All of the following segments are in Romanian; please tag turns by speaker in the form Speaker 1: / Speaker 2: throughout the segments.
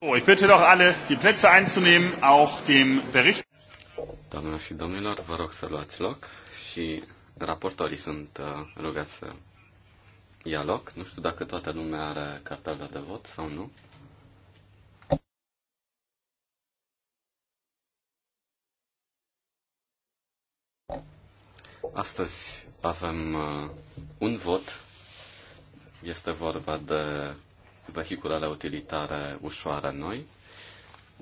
Speaker 1: Oh, ich bitte doch alle, die Plätze einzunehmen, auch dem Bericht. Doamnelor și domnilor, vă rog să luați loc și raportorii sunt uh, rugați să ia loc. Nu știu dacă toată lumea are cartelă de vot sau nu. Astăzi avem uh, un vot. Este vorba de vehiculele utilitare ușoare noi.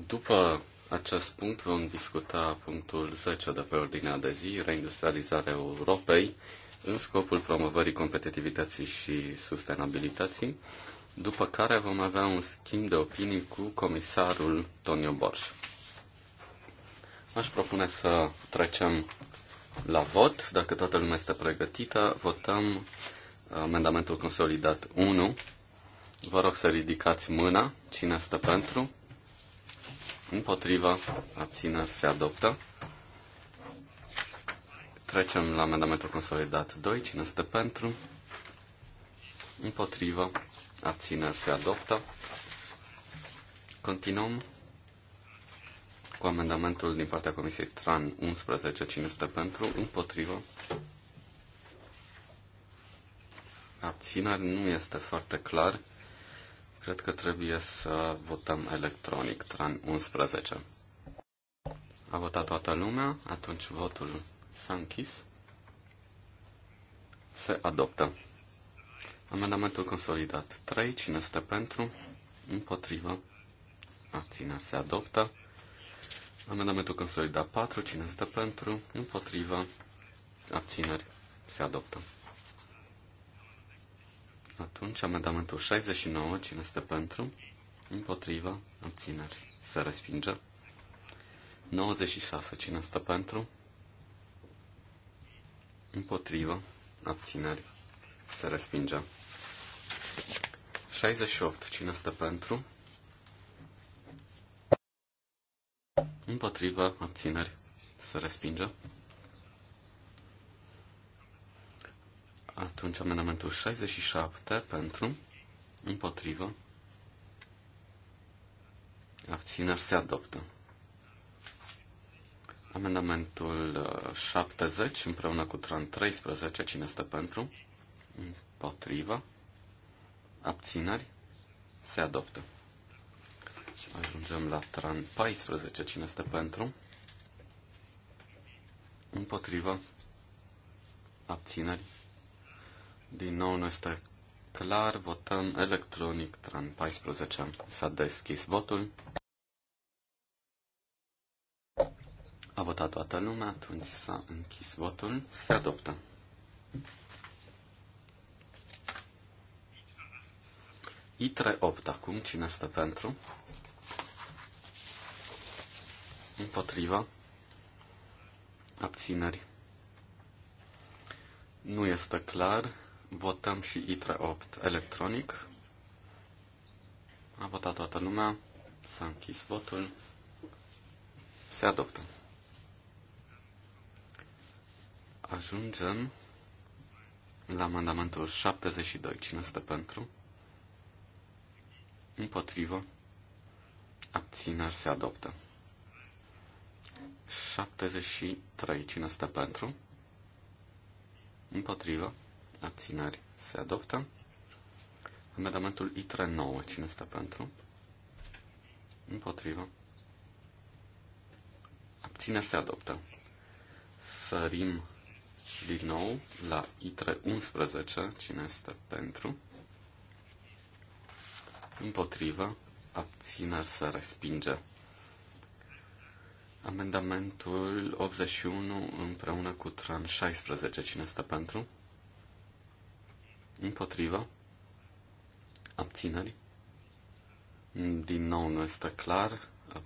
Speaker 1: După acest punct vom discuta punctul 10 de pe ordinea de zi, reindustrializarea Europei, în scopul promovării competitivității și sustenabilității, după care vom avea un schimb de opinii cu comisarul Tonio Borș. Aș propune să trecem la vot. Dacă toată lumea este pregătită, votăm amendamentul consolidat 1 Vă rog să ridicați mâna. Cine stă pentru? Împotriva. abține, se adoptă. Trecem la amendamentul consolidat 2. Cine stă pentru? Împotriva. abține, se adoptă. Continuăm cu amendamentul din partea Comisiei TRAN 11. Cine stă pentru? Împotriva. Abțineri nu este foarte clar. Cred că trebuie să votăm electronic, tran 11. A votat toată lumea, atunci votul s-a închis. Se adoptă. Amendamentul consolidat 3. Cine stă pentru? Împotrivă. Abțineri se adoptă. Amendamentul consolidat 4. Cine stă pentru? Împotrivă. Abțineri se adoptă. Atunci, amendamentul 69, cine este pentru? Împotriva, abțineri, se respinge. 96, cine este pentru? Împotriva, abțineri, se respinge. 68, cine este pentru? Împotriva, abțineri, se respinge. Atunci amendamentul 67 pentru, împotrivă, abțineri se adoptă. Amendamentul 70 uh, împreună cu tran 13, cine este pentru, împotrivă, abțineri se adoptă. Ajungem la tran 14, cine este pentru, împotrivă, abțineri din nou nu este clar. Votăm electronic. Tran 14. S-a deschis votul. A votat toată lumea, atunci s-a închis votul. Se adoptă. I 3 8 acum, cine este pentru? Împotriva. Abțineri. Nu este clar. Votăm și ITRE 8 electronic. A votat toată lumea. S-a închis votul. Se adoptă. Ajungem la amendamentul 72. Cine este pentru? Împotrivă. Abțineri se adoptă. 73. Cine este pentru? Împotrivă abțineri se adoptă. Amendamentul I39, cine este pentru? Împotrivă. Abțineri se adoptă. Sărim din nou la I311, cine este pentru? Împotrivă. Abțineri se respinge. Amendamentul 81 împreună cu tran 16. Cine stă pentru? Împotriva abținerii. Din nou nu este clar.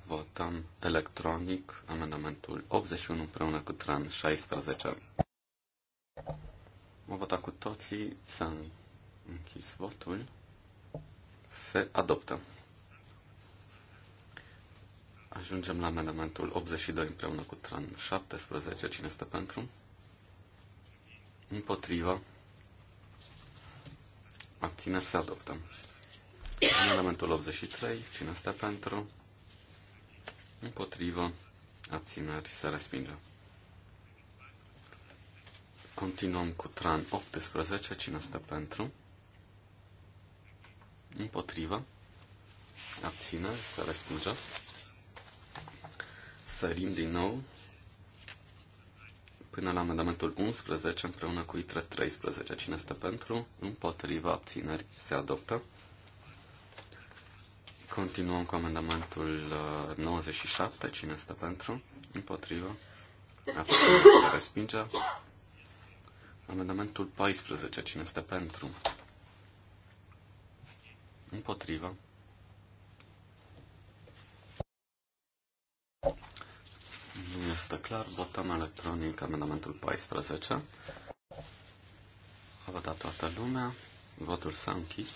Speaker 1: Votăm electronic amendamentul 81 împreună cu tran 16. Am votat cu toții. S-a închis votul. Se adoptă. Ajungem la amendamentul 82 împreună cu tran 17. Cine este pentru? Împotriva abțineri se adoptă. elementul 83, cine stă pentru, împotrivă, abțineri se respingă. Continuăm cu tran 18, cine stă pentru, împotrivă, abțineri se respingă. Sărim din nou până la amendamentul 11 împreună cu ITRE 13. Cine este pentru? Împotriva abțineri se adoptă. Continuăm cu amendamentul 97. Uh, Cine este pentru? Împotriva. Abțineri se respinge. Amendamentul 14. Cine este pentru? Împotriva. este clar. Votăm electronic amendamentul 14. A votat toată lumea. Votul s-a închis.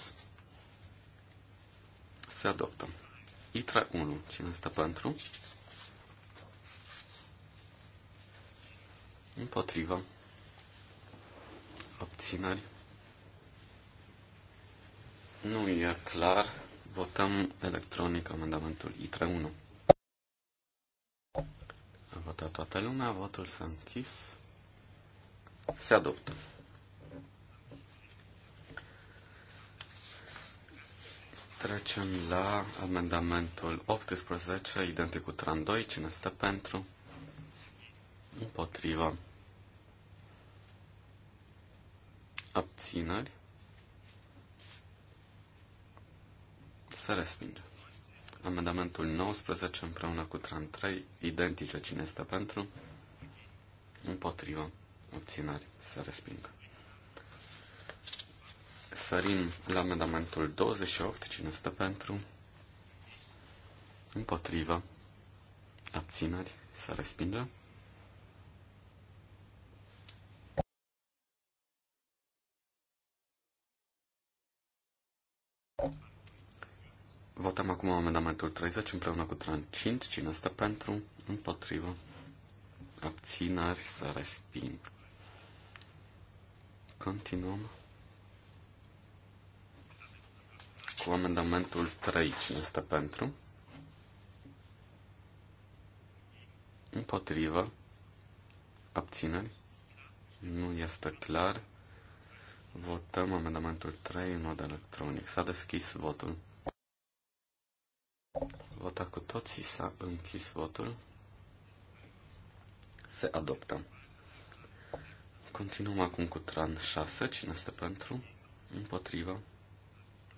Speaker 1: Se adoptă. ITRE 1. Cine este pentru? Împotrivă. Obțineri. Nu e clar. Votăm electronic amendamentul ITRE 1 votat toată lumea, votul s-a închis. Se adoptă. Trecem la amendamentul 18, identic cu tran 2. Cine stă pentru? Împotriva. Abțineri. Se respinge. Amendamentul 19 împreună cu tran 3, identice cine este pentru, împotriva, obținări, se respingă. Sărim la amendamentul 28, cine este pentru, împotriva, abținări, se respingă. Votăm acum amendamentul 30 împreună cu tran 5. Cine este pentru? Împotrivă. Abținări să resping. Continuăm cu amendamentul 3. Cine este pentru? Împotrivă. Abțineri. Nu este clar. Votăm amendamentul 3 în mod electronic. S-a deschis votul. Vota cu toții, s-a închis votul. Se adoptă. Continuăm acum cu tran 6. Cine este pentru? Împotrivă.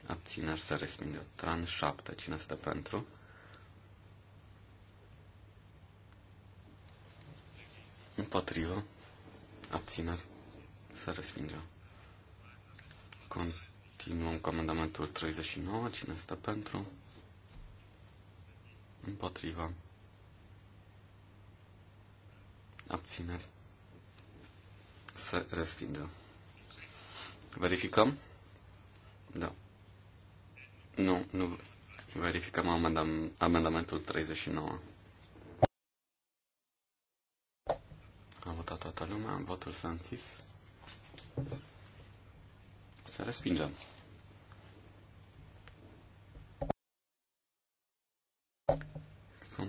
Speaker 1: Abțineri se respinge. Tran 7. Cine este pentru? Împotrivă. Abțineri se respinge. Continuăm cu amendamentul 39. Cine este pentru? împotriva abțineri se respinge. Verificăm? Da. Nu, nu. Verificăm amendam, amendamentul 39. A votat toată lumea, votul s-a închis. Se respinge.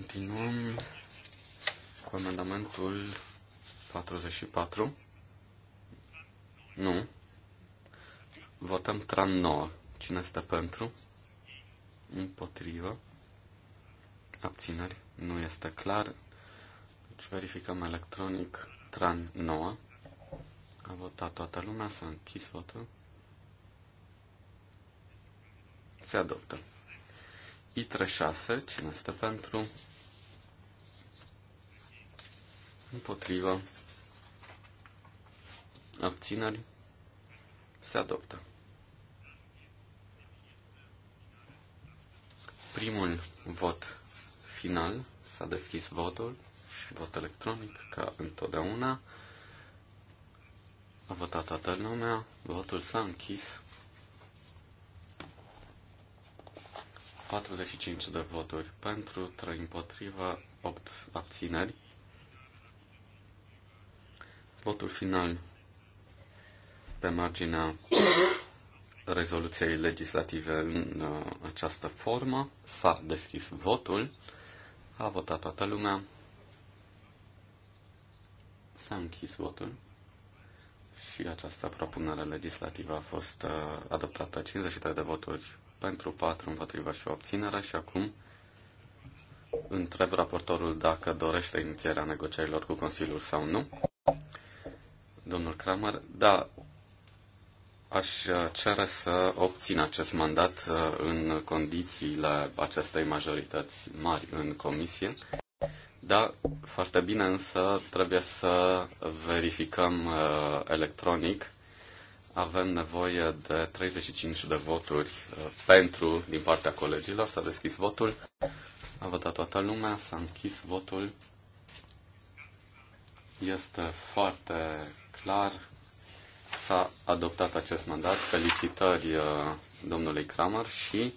Speaker 1: Continuăm cu amendamentul 44. Nu. Votăm tran 9. Cine este pentru? Împotrivă. Abțineri. Nu este clar. Deci verificăm electronic tran 9. A votat toată lumea, s-a închis votul. Se adoptă. I36, cine este pentru? împotriva, abțineri, se adoptă. Primul vot final, s-a deschis votul și vot electronic, ca întotdeauna. A votat toată lumea, votul s-a închis. 45 de voturi pentru, 3 împotriva, 8 abțineri. Votul final pe marginea rezoluției legislative în uh, această formă. S-a deschis votul. A votat toată lumea. S-a închis votul și această propunere legislativă a fost uh, adoptată 53 de voturi pentru 4 împotriva și o obținere și acum întreb raportorul dacă dorește inițierea negocierilor cu Consiliul sau nu. Domnul Kramer, da, aș uh, cere să obțin acest mandat uh, în condițiile acestei majorități mari în comisie. Da, foarte bine, însă trebuie să verificăm uh, electronic. Avem nevoie de 35 de voturi uh, pentru din partea colegilor. S-a deschis votul. A votat toată lumea, s-a închis votul. Este foarte clar s-a adoptat acest mandat. Felicitări uh, domnului Kramer și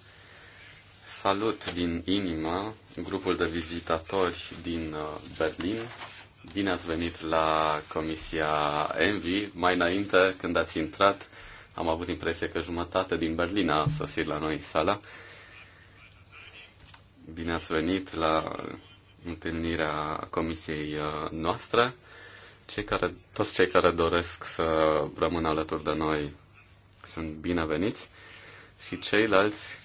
Speaker 1: salut din inimă grupul de vizitatori din uh, Berlin. Bine ați venit la Comisia Envi. Mai înainte, când ați intrat, am avut impresia că jumătate din Berlin a sosit la noi în sala. Bine ați venit la întâlnirea comisiei uh, noastre. Cei care, toți cei care doresc să rămână alături de noi sunt bineveniți și ceilalți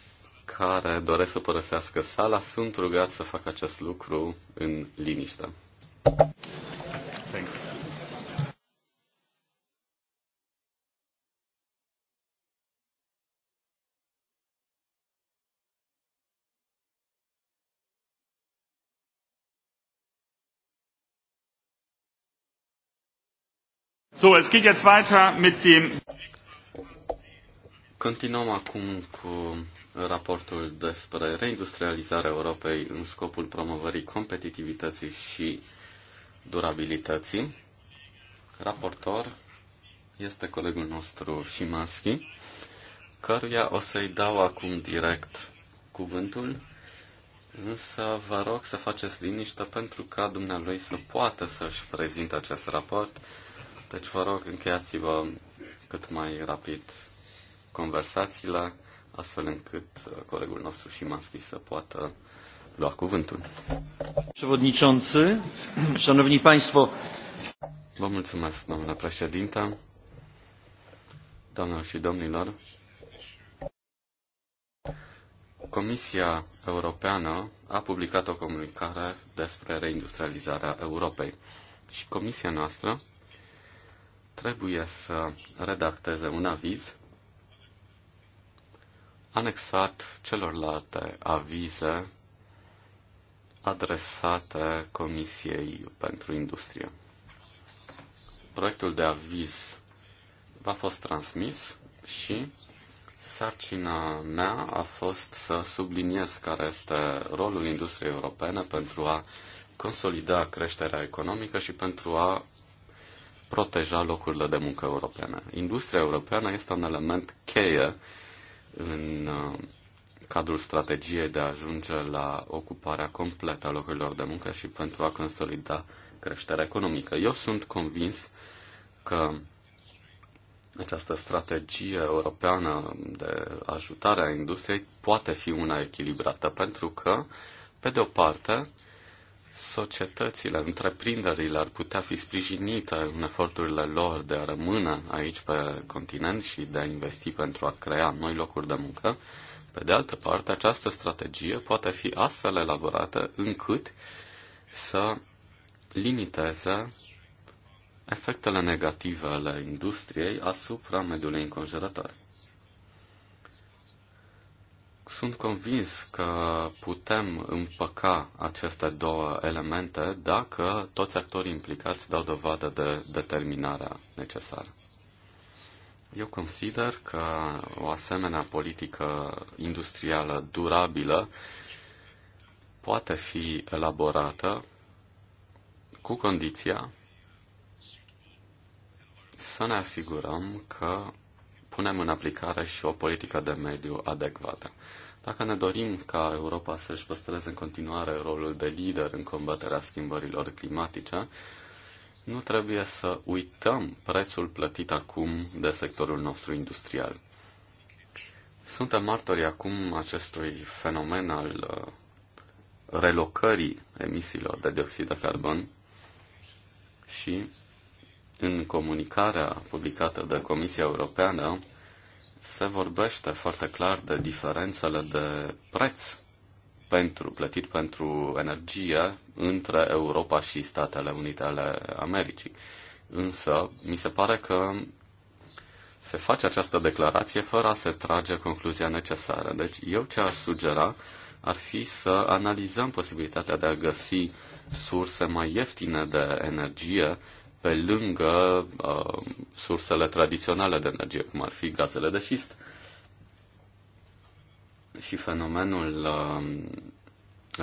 Speaker 1: care doresc să părăsească sala sunt rugați să facă acest lucru în liniște. Thanks.
Speaker 2: So, es geht jetzt weiter mit dem...
Speaker 1: Continuăm acum cu raportul despre reindustrializarea Europei în scopul promovării competitivității și durabilității. Raportor este colegul nostru Șimaschi, căruia o să-i dau acum direct cuvântul, însă vă rog să faceți liniște pentru ca dumnealui să poată să-și prezinte acest raport deci vă rog, încheiați-vă cât mai rapid conversațiile, astfel încât uh, colegul nostru și Maschi să poată lua cuvântul. Przewodniczący, Szanowni Państwo. Vă mulțumesc, domnule președinte, doamnelor și domnilor. Comisia Europeană a publicat o comunicare despre reindustrializarea Europei și Comisia noastră trebuie să redacteze un aviz anexat celorlalte avize adresate Comisiei pentru Industrie. Proiectul de aviz a fost transmis și sarcina mea a fost să subliniez care este rolul industriei europene pentru a consolida creșterea economică și pentru a proteja locurile de muncă europene. Industria europeană este un element cheie în uh, cadrul strategiei de a ajunge la ocuparea completă a locurilor de muncă și pentru a consolida creșterea economică. Eu sunt convins că această strategie europeană de ajutare a industriei poate fi una echilibrată, pentru că, pe de o parte, societățile, întreprinderile ar putea fi sprijinite în eforturile lor de a rămâne aici pe continent și de a investi pentru a crea noi locuri de muncă, pe de altă parte, această strategie poate fi astfel elaborată încât să limiteze efectele negative ale industriei asupra mediului înconjurător. Sunt convins că putem împăca aceste două elemente dacă toți actorii implicați dau dovadă de determinarea necesară. Eu consider că o asemenea politică industrială durabilă poate fi elaborată cu condiția să ne asigurăm că punem în aplicare și o politică de mediu adecvată. Dacă ne dorim ca Europa să-și păstreze în continuare rolul de lider în combaterea schimbărilor climatice, nu trebuie să uităm prețul plătit acum de sectorul nostru industrial. Suntem martori acum acestui fenomen al uh, relocării emisiilor de dioxid de carbon și în comunicarea publicată de Comisia Europeană se vorbește foarte clar de diferențele de preț pentru, plătit pentru energie între Europa și Statele Unite ale Americii. Însă, mi se pare că se face această declarație fără a se trage concluzia necesară. Deci, eu ce aș sugera ar fi să analizăm posibilitatea de a găsi surse mai ieftine de energie pe lângă uh, sursele tradiționale de energie, cum ar fi gazele de șist. Și fenomenul uh,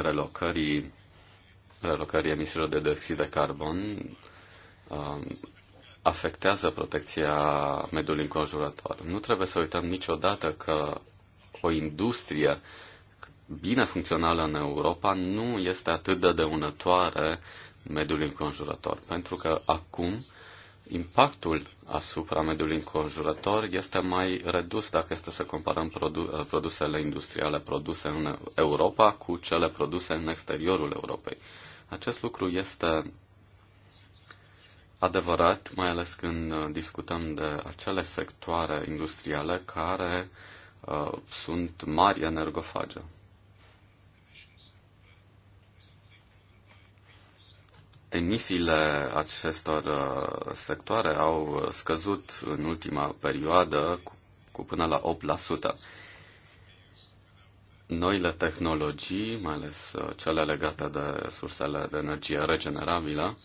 Speaker 1: relocării, relocării emisiilor de dioxid de carbon uh, afectează protecția mediului înconjurător. Nu trebuie să uităm niciodată că o industrie bine funcțională în Europa nu este atât de dăunătoare mediului înconjurător, pentru că acum impactul asupra mediului înconjurător este mai redus dacă este să comparăm produ- produsele industriale produse în Europa cu cele produse în exteriorul Europei. Acest lucru este adevărat, mai ales când discutăm de acele sectoare industriale care uh, sunt mari energofage. Emisiile acestor uh, sectoare au scăzut în ultima perioadă cu, cu până la 8%. Noile tehnologii, mai ales uh, cele legate de sursele de energie regenerabilă,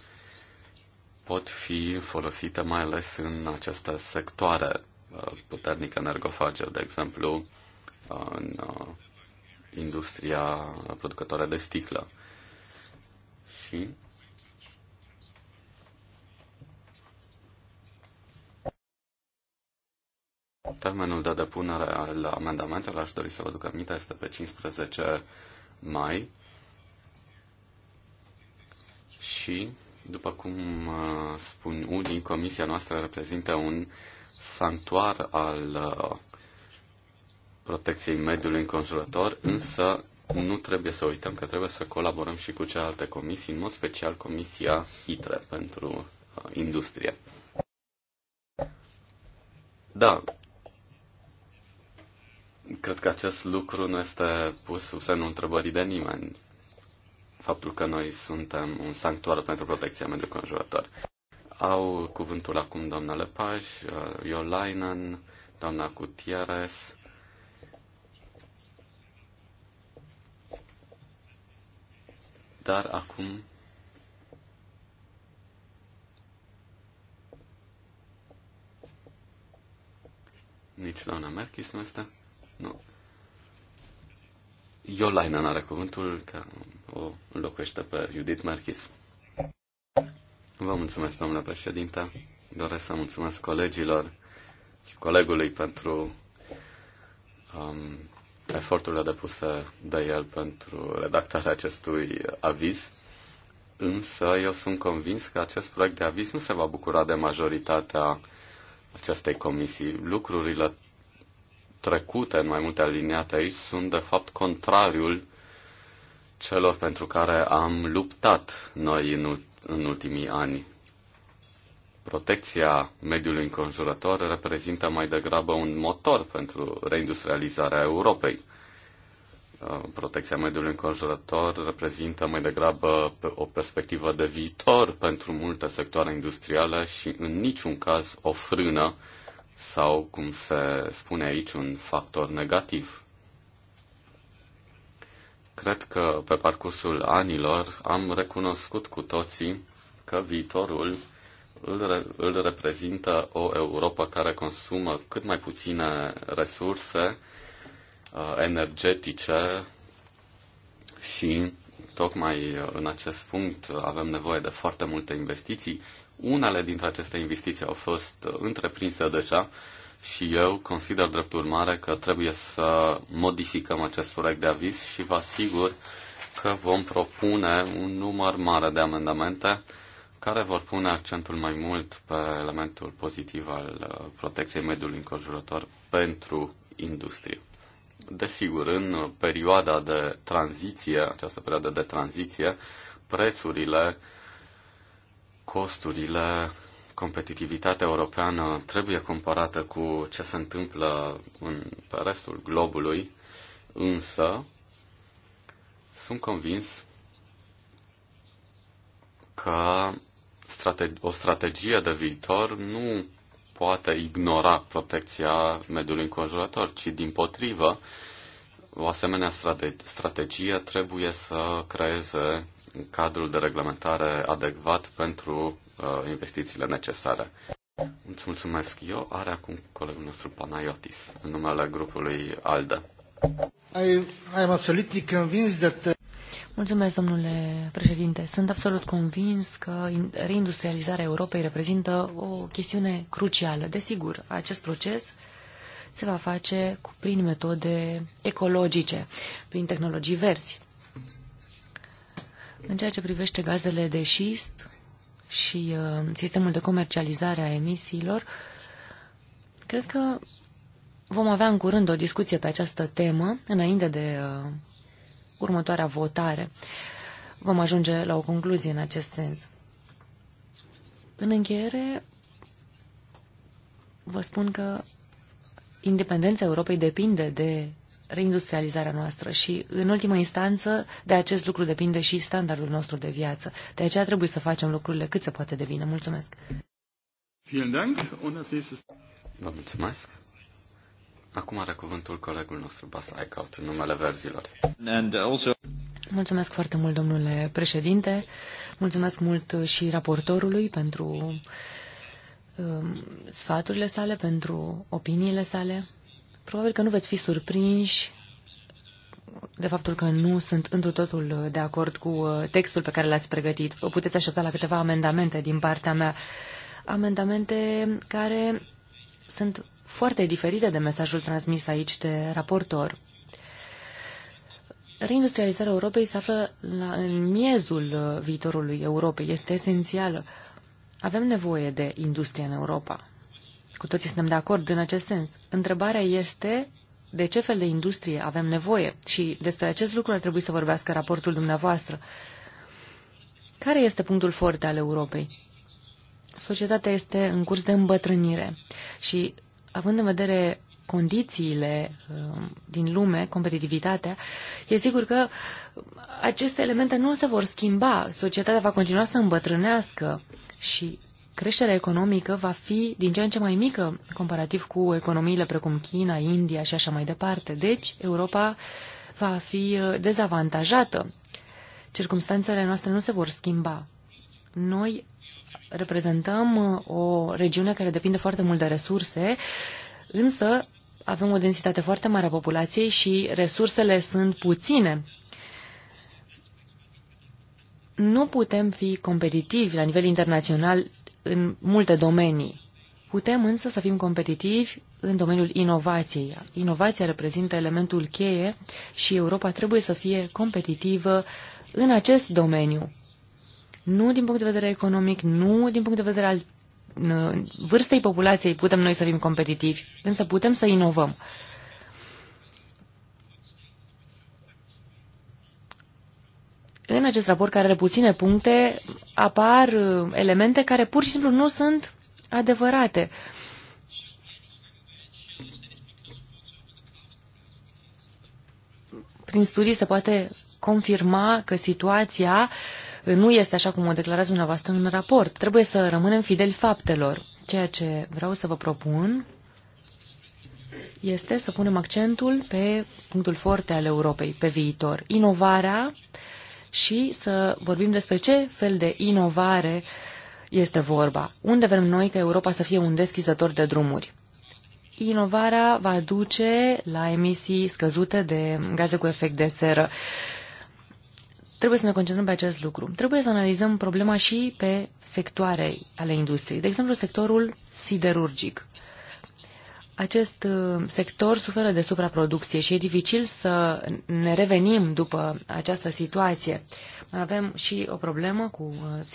Speaker 1: pot fi folosite mai ales în aceste sectoare uh, puternic energofage, de exemplu, în industria producătoare de sticlă. Și Termenul de depunere al amendamentelor, aș dori să vă duc aminte, este pe 15 mai. Și, după cum uh, spun unii, comisia noastră reprezintă un sanctuar al uh, protecției mediului înconjurător, însă nu trebuie să uităm că trebuie să colaborăm și cu celelalte comisii, în mod special Comisia ITRE pentru uh, industrie. Da, Cred că acest lucru nu este pus sub semnul întrebării de nimeni. Faptul că noi suntem un sanctuar pentru protecția mediului conjurător. Au cuvântul acum doamna Lepaj, uh, Iolainen, doamna Gutierrez, dar acum nici doamna Merkis nu este. Nu. n are cuvântul că o înlocuiește pe Judith Marchis. Vă mulțumesc, domnule președinte. Doresc să mulțumesc colegilor și colegului pentru um, eforturile depuse de el pentru redactarea acestui aviz. Însă eu sunt convins că acest proiect de aviz nu se va bucura de majoritatea acestei comisii. Lucrurile trecute în mai multe aliniate aici sunt de fapt contrariul celor pentru care am luptat noi în, în ultimii ani. Protecția mediului înconjurător reprezintă mai degrabă un motor pentru reindustrializarea Europei. Uh, protecția mediului înconjurător reprezintă mai degrabă o perspectivă de viitor pentru multe sectoare industriale și în niciun caz o frână uh, sau, cum se spune aici, un factor negativ. Cred că pe parcursul anilor am recunoscut cu toții că viitorul îl, re- îl reprezintă o Europa care consumă cât mai puține resurse uh, energetice și tocmai în acest punct avem nevoie de foarte multe investiții unele dintre aceste investiții au fost uh, întreprinse deja și eu consider drept urmare că trebuie să modificăm acest proiect de aviz și vă asigur că vom propune un număr mare de amendamente care vor pune accentul mai mult pe elementul pozitiv al uh, protecției mediului înconjurător pentru industrie. Desigur, în perioada de tranziție, această perioadă de tranziție, prețurile costurile, competitivitatea europeană trebuie comparată cu ce se întâmplă în pe restul globului, însă sunt convins că o strategie de viitor nu poate ignora protecția mediului înconjurător, ci din potrivă, o asemenea strate- strategie trebuie să creeze cadrul de reglementare adecvat pentru uh, investițiile necesare. Îți mulțumesc eu. Are acum colegul nostru Panayotis, în numele grupului ALDE.
Speaker 2: I, I am absolutely convinced that...
Speaker 3: Mulțumesc, domnule președinte. Sunt absolut convins că reindustrializarea Europei reprezintă o chestiune crucială. Desigur, acest proces se va face cu, prin metode ecologice, prin tehnologii verzi. În ceea ce privește gazele de șist și uh, sistemul de comercializare a emisiilor, cred că vom avea în curând o discuție pe această temă, înainte de uh, următoarea votare. Vom ajunge la o concluzie în acest sens. În încheiere, vă spun că independența Europei depinde de reindustrializarea noastră și, în ultimă instanță, de acest lucru depinde și standardul nostru de viață. De aceea trebuie să facem lucrurile cât se poate de bine. Mulțumesc!
Speaker 1: Vă mulțumesc! Acum are cuvântul colegul nostru, Bas Aikaut în numele verzilor.
Speaker 3: Mulțumesc foarte mult, domnule președinte. Mulțumesc mult și raportorului pentru um, sfaturile sale, pentru opiniile sale. Probabil că nu veți fi surprinși de faptul că nu sunt întru totul uh, de acord cu uh, textul pe care l-ați pregătit. O puteți aștepta la câteva amendamente din partea mea. Amendamente care sunt foarte diferite de mesajul transmis aici de raportor. Reindustrializarea Europei se află la, în miezul uh, viitorului Europei. Este esențială. Avem nevoie de industrie în Europa. Cu toții suntem de acord în acest sens. Întrebarea este de ce fel de industrie avem nevoie și despre acest lucru ar trebui să vorbească raportul dumneavoastră. Care este punctul forte al Europei? Societatea este în curs de îmbătrânire și, având în vedere condițiile um, din lume, competitivitatea, e sigur că aceste elemente nu se vor schimba. Societatea va continua să îmbătrânească și creșterea economică va fi din ce în ce mai mică comparativ cu economiile precum China, India și așa mai departe. Deci, Europa va fi uh, dezavantajată. Circumstanțele noastre nu se vor schimba. Noi reprezentăm uh, o regiune care depinde foarte mult de resurse, însă avem o densitate foarte mare a populației și resursele sunt puține. Nu putem fi competitivi la nivel internațional în multe domenii. Putem însă să fim competitivi în domeniul inovației. Inovația reprezintă elementul cheie și Europa trebuie să fie competitivă în acest domeniu. Nu din punct de vedere economic, nu din punct de vedere al vârstei populației putem noi să fim competitivi, însă putem să inovăm. în acest raport, care are puține puncte, apar uh, elemente care pur și simplu nu sunt adevărate. Prin studii se poate confirma că situația uh, nu este așa cum o declarați dumneavoastră în raport. Trebuie să rămânem fideli faptelor. Ceea ce vreau să vă propun este să punem accentul pe punctul forte al Europei pe viitor. Inovarea uh, și să vorbim despre ce fel de inovare este vorba. Unde vrem noi ca Europa să fie un deschizător de drumuri? Inovarea va duce la emisii scăzute de gaze cu efect de seră. Trebuie să ne concentrăm pe acest lucru. Trebuie să analizăm problema și pe sectoare ale industriei. De exemplu, sectorul siderurgic. Acest uh, sector suferă de supraproducție și e dificil să ne revenim după această situație. Mai avem și o problemă cu,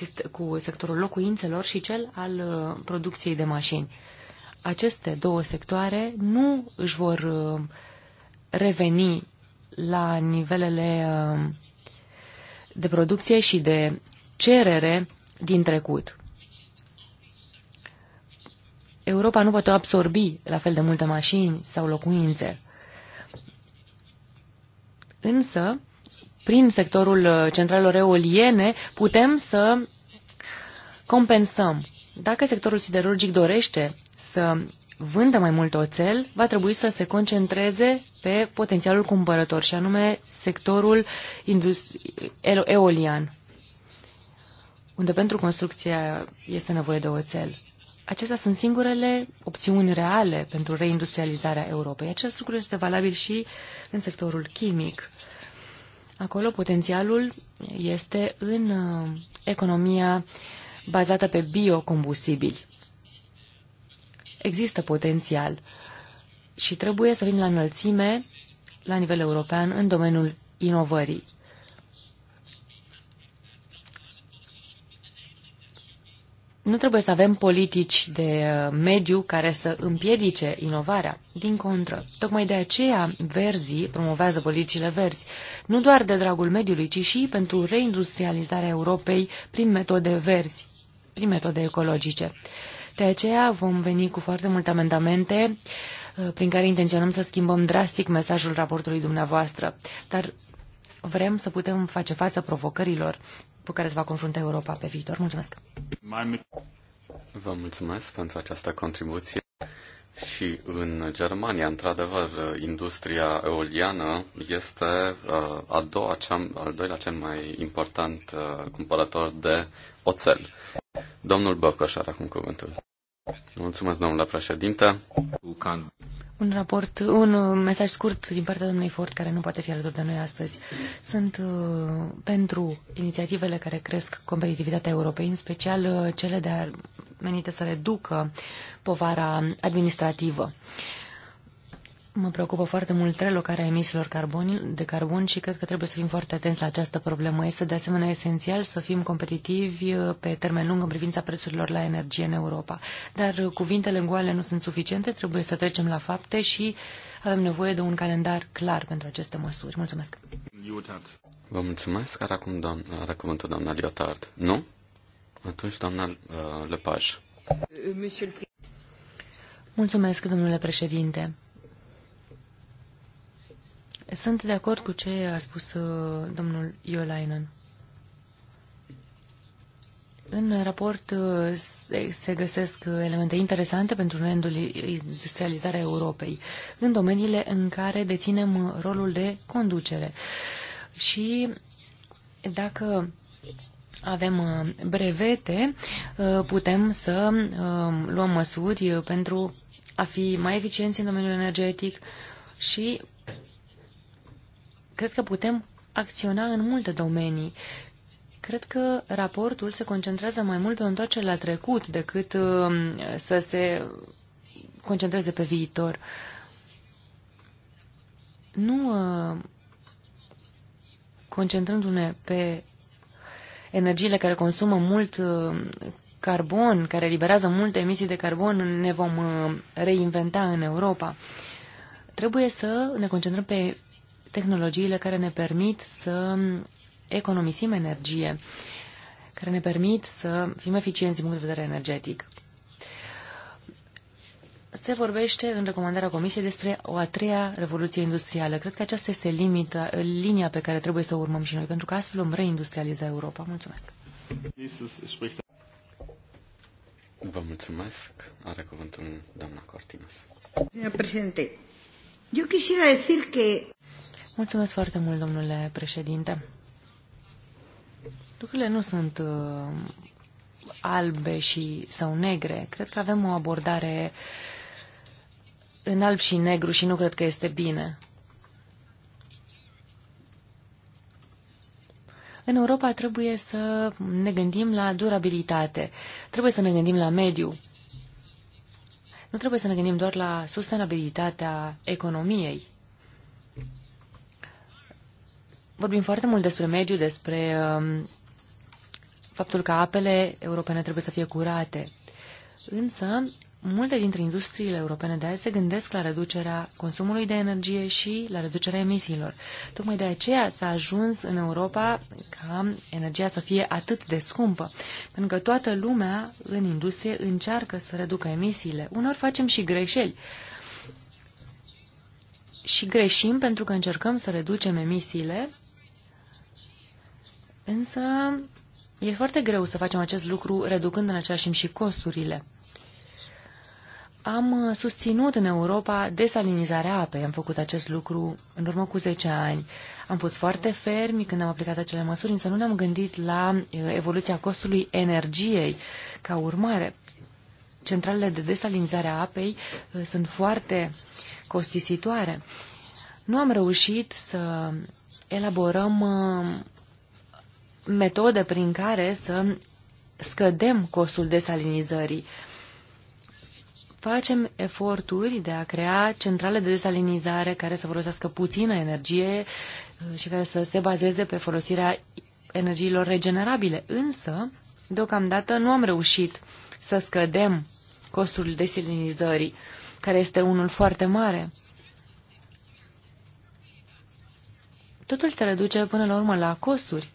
Speaker 3: uh, cu sectorul locuințelor și cel al uh, producției de mașini. Aceste două sectoare nu își vor reveni la nivelele de producție și de cerere din trecut. Europa nu poate absorbi la fel de multe mașini sau locuințe. Însă, prin sectorul uh, centralelor eoliene, putem să compensăm. Dacă sectorul siderurgic dorește să vândă mai mult oțel, va trebui să se concentreze pe potențialul cumpărător, și anume sectorul eolian, unde pentru construcția este nevoie de oțel. Acestea sunt singurele opțiuni reale pentru reindustrializarea Europei. Acest lucru este valabil și în sectorul chimic. Acolo potențialul este în uh, economia bazată pe biocombustibili. Există potențial și trebuie să fim la înălțime la nivel european în domeniul inovării. Nu trebuie să avem politici de uh, mediu care să împiedice inovarea. Din contră, tocmai de aceea verzii promovează politicile verzi, nu doar de dragul mediului, ci și pentru reindustrializarea Europei prin metode verzi, prin metode ecologice. De aceea vom veni cu foarte multe amendamente uh, prin care intenționăm să schimbăm drastic mesajul raportului dumneavoastră. Dar vrem să putem face față provocărilor cu care se va confrunta Europa pe viitor. Mulțumesc!
Speaker 1: Vă mulțumesc pentru această contribuție. Și în Germania, într-adevăr, industria eoliană este uh, a doua cea, al doilea cel mai important uh, cumpărător de oțel. Domnul Băcoș are acum cuvântul. Mulțumesc, domnule președinte
Speaker 3: un raport, un uh, mesaj scurt din partea domnului Ford, care nu poate fi alături de noi astăzi. Sunt uh, pentru inițiativele care cresc competitivitatea Europei, în special uh, cele de a menite să reducă povara administrativă. Uh, Mă preocupă foarte mult relocarea emisiilor de carbon și cred că trebuie să fim foarte atenți la această problemă. Este de asemenea esențial să fim competitivi uh, pe termen lung în privința prețurilor la energie în Europa. Dar uh, cuvintele goale nu sunt suficiente, trebuie să trecem la fapte și avem nevoie de un calendar clar pentru aceste măsuri. Mulțumesc! Liotard.
Speaker 1: Vă mulțumesc. Are acum doamna, are cuvântul doamna Liotard. Nu? Atunci doamna uh, Lepaj.
Speaker 3: Mulțumesc, domnule președinte. Sunt de acord cu ce a spus uh, domnul Iolainen. În raport uh, se găsesc uh, elemente interesante pentru industrializarea Europei, în domeniile în care deținem rolul de conducere. Și dacă avem brevete, putem să um, luăm măsuri pentru a fi mai eficienți în domeniul energetic și cred că putem acționa în multe domenii. Cred că raportul se concentrează mai mult pe întoarcerea la trecut decât um, să se concentreze pe viitor. Nu uh, concentrându-ne pe energiile care consumă mult uh, carbon, care liberează multe emisii de carbon, ne vom uh, reinventa în Europa. Trebuie să ne concentrăm pe tehnologiile care ne permit să economisim energie, care ne permit să fim eficienți din punct de vedere energetic. Se vorbește în recomandarea Comisiei despre o a treia revoluție industrială. Cred că aceasta este limita, linia pe care trebuie să o urmăm și noi, pentru că astfel vom reindustrializa Europa. Mulțumesc!
Speaker 1: Vă mulțumesc. Are cuvântul doamna Cortinas.
Speaker 3: Eu quisiera
Speaker 2: decir que...
Speaker 3: Mulțumesc foarte mult, domnule președinte. Lucrurile nu sunt uh, albe și sau negre. Cred că avem o abordare în alb și negru și nu cred că este bine. În Europa trebuie să ne gândim la durabilitate, trebuie să ne gândim la mediu. Nu trebuie să ne gândim doar la sustenabilitatea economiei. Vorbim foarte mult despre mediu, despre um, faptul că apele europene trebuie să fie curate. Însă, multe dintre industriile europene de azi se gândesc la reducerea consumului de energie și la reducerea emisiilor. Tocmai de aceea s-a ajuns în Europa ca energia să fie atât de scumpă, pentru că toată lumea în industrie încearcă să reducă emisiile. Unor facem și greșeli. Și greșim pentru că încercăm să reducem emisiile Însă e foarte greu să facem acest lucru reducând în același timp și costurile. Am uh, susținut în Europa desalinizarea apei. Am făcut acest lucru în urmă cu 10 ani. Am fost foarte fermi când am aplicat acele măsuri, însă nu ne-am gândit la uh, evoluția costului energiei ca urmare. Centralele de desalinizare a apei uh, sunt foarte costisitoare. Nu am reușit să elaborăm metodă prin care să scădem costul desalinizării. Facem eforturi de a crea centrale de desalinizare care să folosească puțină energie uh, și care să se bazeze pe folosirea energiilor regenerabile. Însă, deocamdată nu am reușit să scădem costul desalinizării, care este unul foarte mare. Totul se reduce până la urmă la costuri.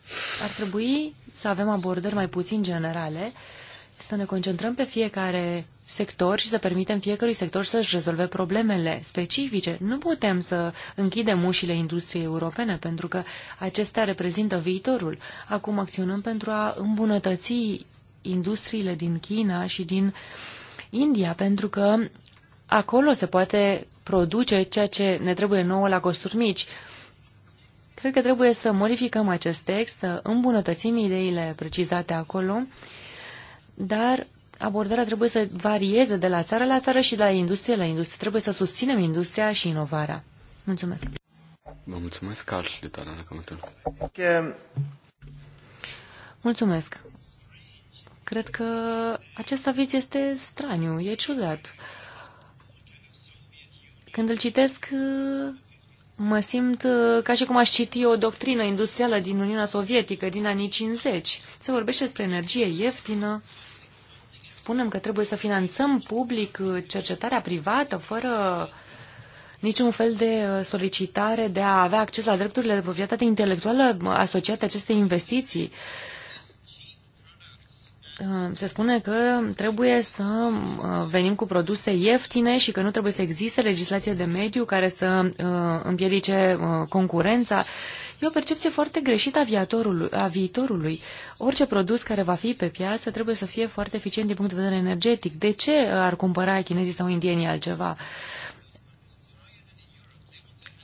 Speaker 3: Ar trebui să avem abordări mai puțin generale, să ne concentrăm pe fiecare sector și să permitem fiecărui sector să-și rezolve problemele specifice. Nu putem să închidem ușile industriei europene, pentru că acestea reprezintă viitorul. Acum acționăm pentru a îmbunătăți industriile din China și din India, pentru că acolo se poate produce ceea ce ne trebuie nouă la costuri mici. Cred că trebuie să modificăm acest text, să îmbunătățim ideile precizate acolo, dar abordarea trebuie să varieze de la țară la țară și de la industrie la industrie. Trebuie să susținem industria și inovarea. Mulțumesc.
Speaker 1: Vă mulțumesc, Carl, și de tare, comentul.
Speaker 3: Mulțumesc. Cred că acest aviz este straniu, e ciudat. Când îl citesc, Mă simt uh, ca și cum aș citi o doctrină industrială din Uniunea Sovietică din anii 50. Se vorbește despre energie ieftină. Spunem că trebuie să finanțăm public uh, cercetarea privată fără niciun fel de uh, solicitare de a avea acces la drepturile de proprietate intelectuală asociate acestei investiții. Uh, Uh, se spune că trebuie să uh, venim cu produse ieftine și că nu trebuie să existe legislație de mediu care să uh, împiedice concurența. E o percepție foarte greșită a, viatorului, a viitorului. Orice produs care va fi pe piață trebuie să fie foarte eficient din punct de vedere energetic. De ce ar cumpăra chinezii sau indienii altceva?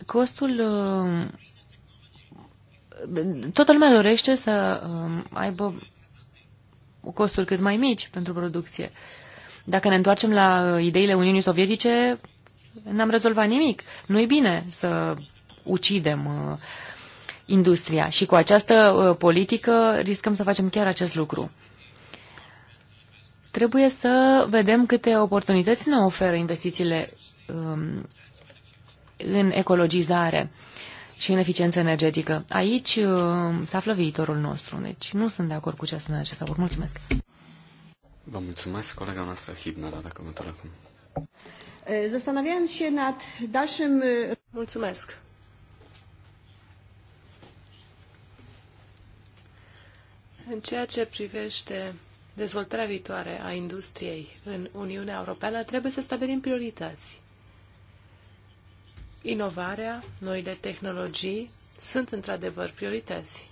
Speaker 3: Costul toată lumea dorește să aibă costuri cât mai mici pentru producție. Dacă ne întoarcem la ideile Uniunii Sovietice, n-am rezolvat nimic. nu e bine să ucidem uh, industria și cu această uh, politică riscăm să facem chiar acest lucru. Trebuie să vedem câte oportunități ne oferă investițiile uh, în ecologizare. Uh, și în eficiență energetică. Aici uh, se află viitorul nostru, deci nu sunt de acord cu ce a spus acesta. Vă mulțumesc!
Speaker 1: Vă mulțumesc, colega noastră Hibnara, dacă mă acum.
Speaker 2: Zastanawiając și nad dașem... Mulțumesc. În ceea ce privește dezvoltarea viitoare a industriei în Uniunea Europeană, trebuie să stabilim priorități. Inovarea, noile tehnologii sunt într-adevăr priorități.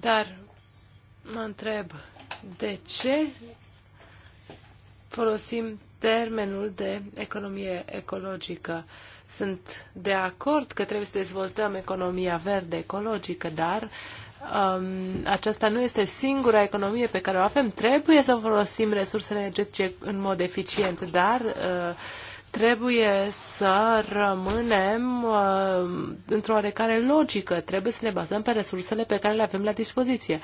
Speaker 2: Dar mă întreb, de ce folosim termenul de economie ecologică? Sunt de acord că trebuie să dezvoltăm economia verde ecologică, dar um, aceasta nu este singura economie pe care o avem. Trebuie să folosim resursele energetice în mod eficient, dar uh, trebuie să rămânem uh, într-o oarecare logică. Trebuie să ne bazăm pe resursele pe care le avem la dispoziție.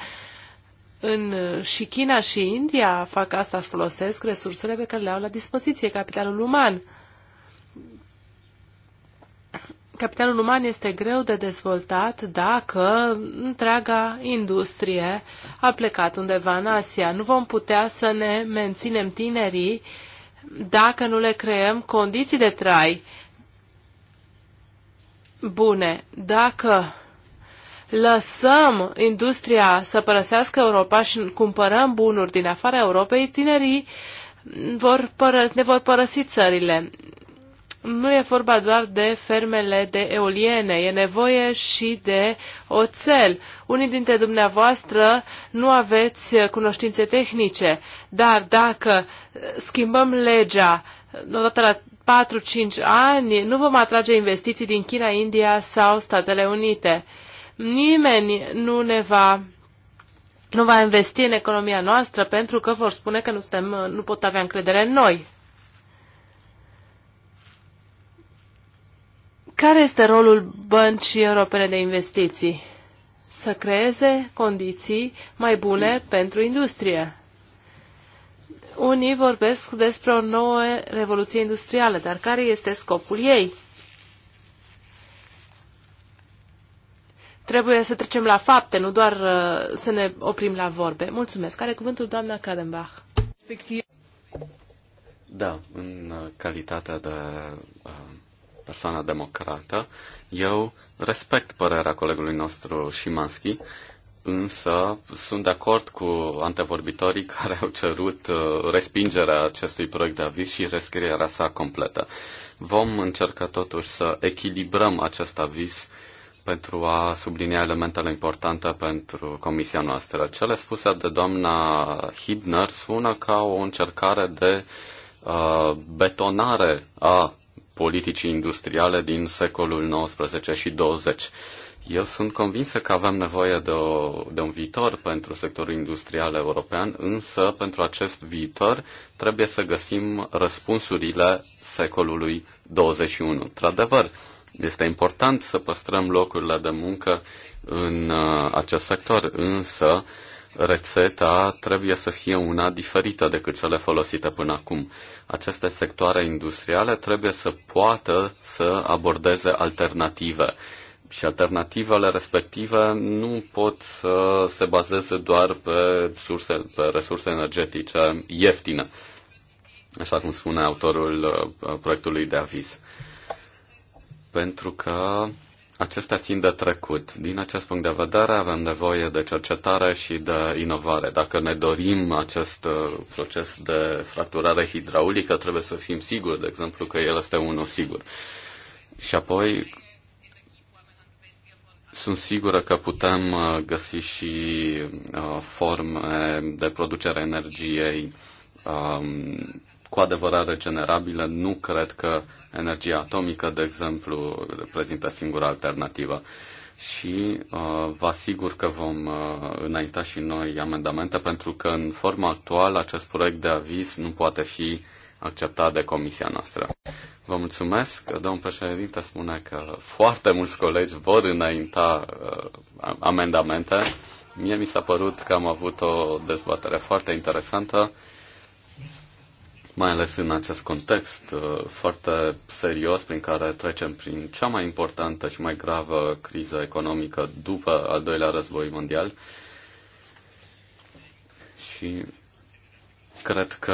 Speaker 2: În, uh, și China și India fac asta, folosesc resursele pe care le au la dispoziție, capitalul uman. Uh, capitalul uman este greu de dezvoltat dacă întreaga industrie a plecat undeva în Asia. Nu vom putea să ne menținem tinerii dacă nu le creăm condiții de trai bune. Dacă lăsăm industria să părăsească Europa și cumpărăm bunuri din afara Europei, tinerii vor ne vor părăsi țările nu e vorba doar de fermele de eoliene, e nevoie și de oțel. Unii dintre dumneavoastră nu aveți cunoștințe tehnice, dar dacă schimbăm legea odată la 4-5 ani, nu vom atrage investiții din China, India sau Statele Unite. Nimeni nu ne va nu va investi în economia noastră pentru că vor spune că nu, suntem, nu pot avea încredere în noi. Care este rolul Băncii Europene de Investiții? Să creeze condiții mai bune pentru industrie. Unii vorbesc despre o nouă revoluție industrială, dar care este scopul ei? Trebuie să trecem la fapte, nu doar uh, să ne oprim la vorbe. Mulțumesc. Care cuvântul doamna Kadenbach.
Speaker 1: Da, în calitatea de uh, persoană democrată. Eu respect părerea colegului nostru Șimanski, însă sunt de acord cu antevorbitorii care au cerut uh, respingerea acestui proiect de aviz și rescrierea sa completă. Vom încerca totuși să echilibrăm acest aviz pentru a sublinia elementele importante pentru comisia noastră. Cele spuse de doamna Hibner sună ca o încercare de uh, betonare a politicii industriale din secolul 19 și 20. Eu sunt convinsă că avem nevoie de, o, de un viitor pentru sectorul industrial european, însă pentru acest viitor trebuie să găsim răspunsurile secolului 21. Într-adevăr, este important să păstrăm locurile de muncă în uh, acest sector, însă uh, rețeta trebuie să fie una diferită decât cele folosite până acum. Aceste sectoare industriale trebuie să poată să abordeze alternative și alternativele respective nu pot să se bazeze doar pe, surse, pe resurse energetice ieftine, așa cum spune autorul uh, proiectului de aviz. Pentru că Acestea țin de trecut. Din acest punct de vedere avem nevoie de cercetare și de inovare. Dacă ne dorim acest uh, proces de fracturare hidraulică, trebuie să fim siguri, de exemplu, că el este unul sigur. Și apoi sunt sigură că putem uh, găsi și uh, forme de producere a energiei um, cu adevărat regenerabile. Nu cred că energia atomică, de exemplu, reprezintă singura alternativă. Și uh, vă asigur că vom uh, înainta și noi amendamente, pentru că în forma actuală acest proiect de aviz nu poate fi acceptat de comisia noastră. Vă mulțumesc. Domnul președinte spune că foarte mulți colegi vor înainta uh, amendamente. Mie mi s-a părut că am avut o dezbatere foarte interesantă mai ales în acest context uh, foarte serios prin care trecem prin cea mai importantă și mai gravă criză economică după al doilea război mondial. Și cred că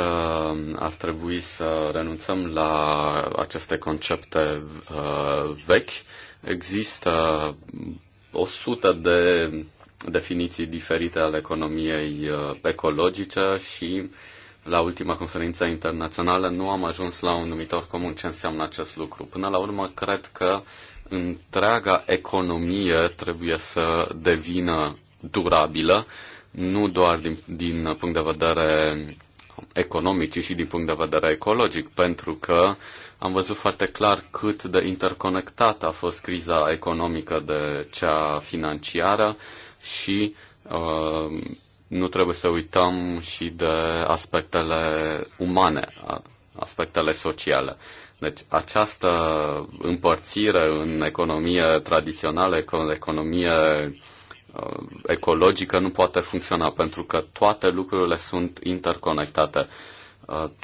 Speaker 1: ar trebui să renunțăm la aceste concepte uh, vechi. Există o sută de definiții diferite ale economiei uh, ecologice și uh, la ultima conferință internațională nu am ajuns la un numitor comun ce înseamnă acest lucru. Până la urmă, cred că întreaga economie trebuie să devină durabilă, nu doar din, din punct de vedere economic, ci și din punct de vedere ecologic, pentru că am văzut foarte clar cât de interconectată a fost criza economică de cea financiară și uh, nu trebuie să uităm și de aspectele umane, aspectele sociale. Deci această împărțire în economie tradițională, economie ecologică nu poate funcționa pentru că toate lucrurile sunt interconectate.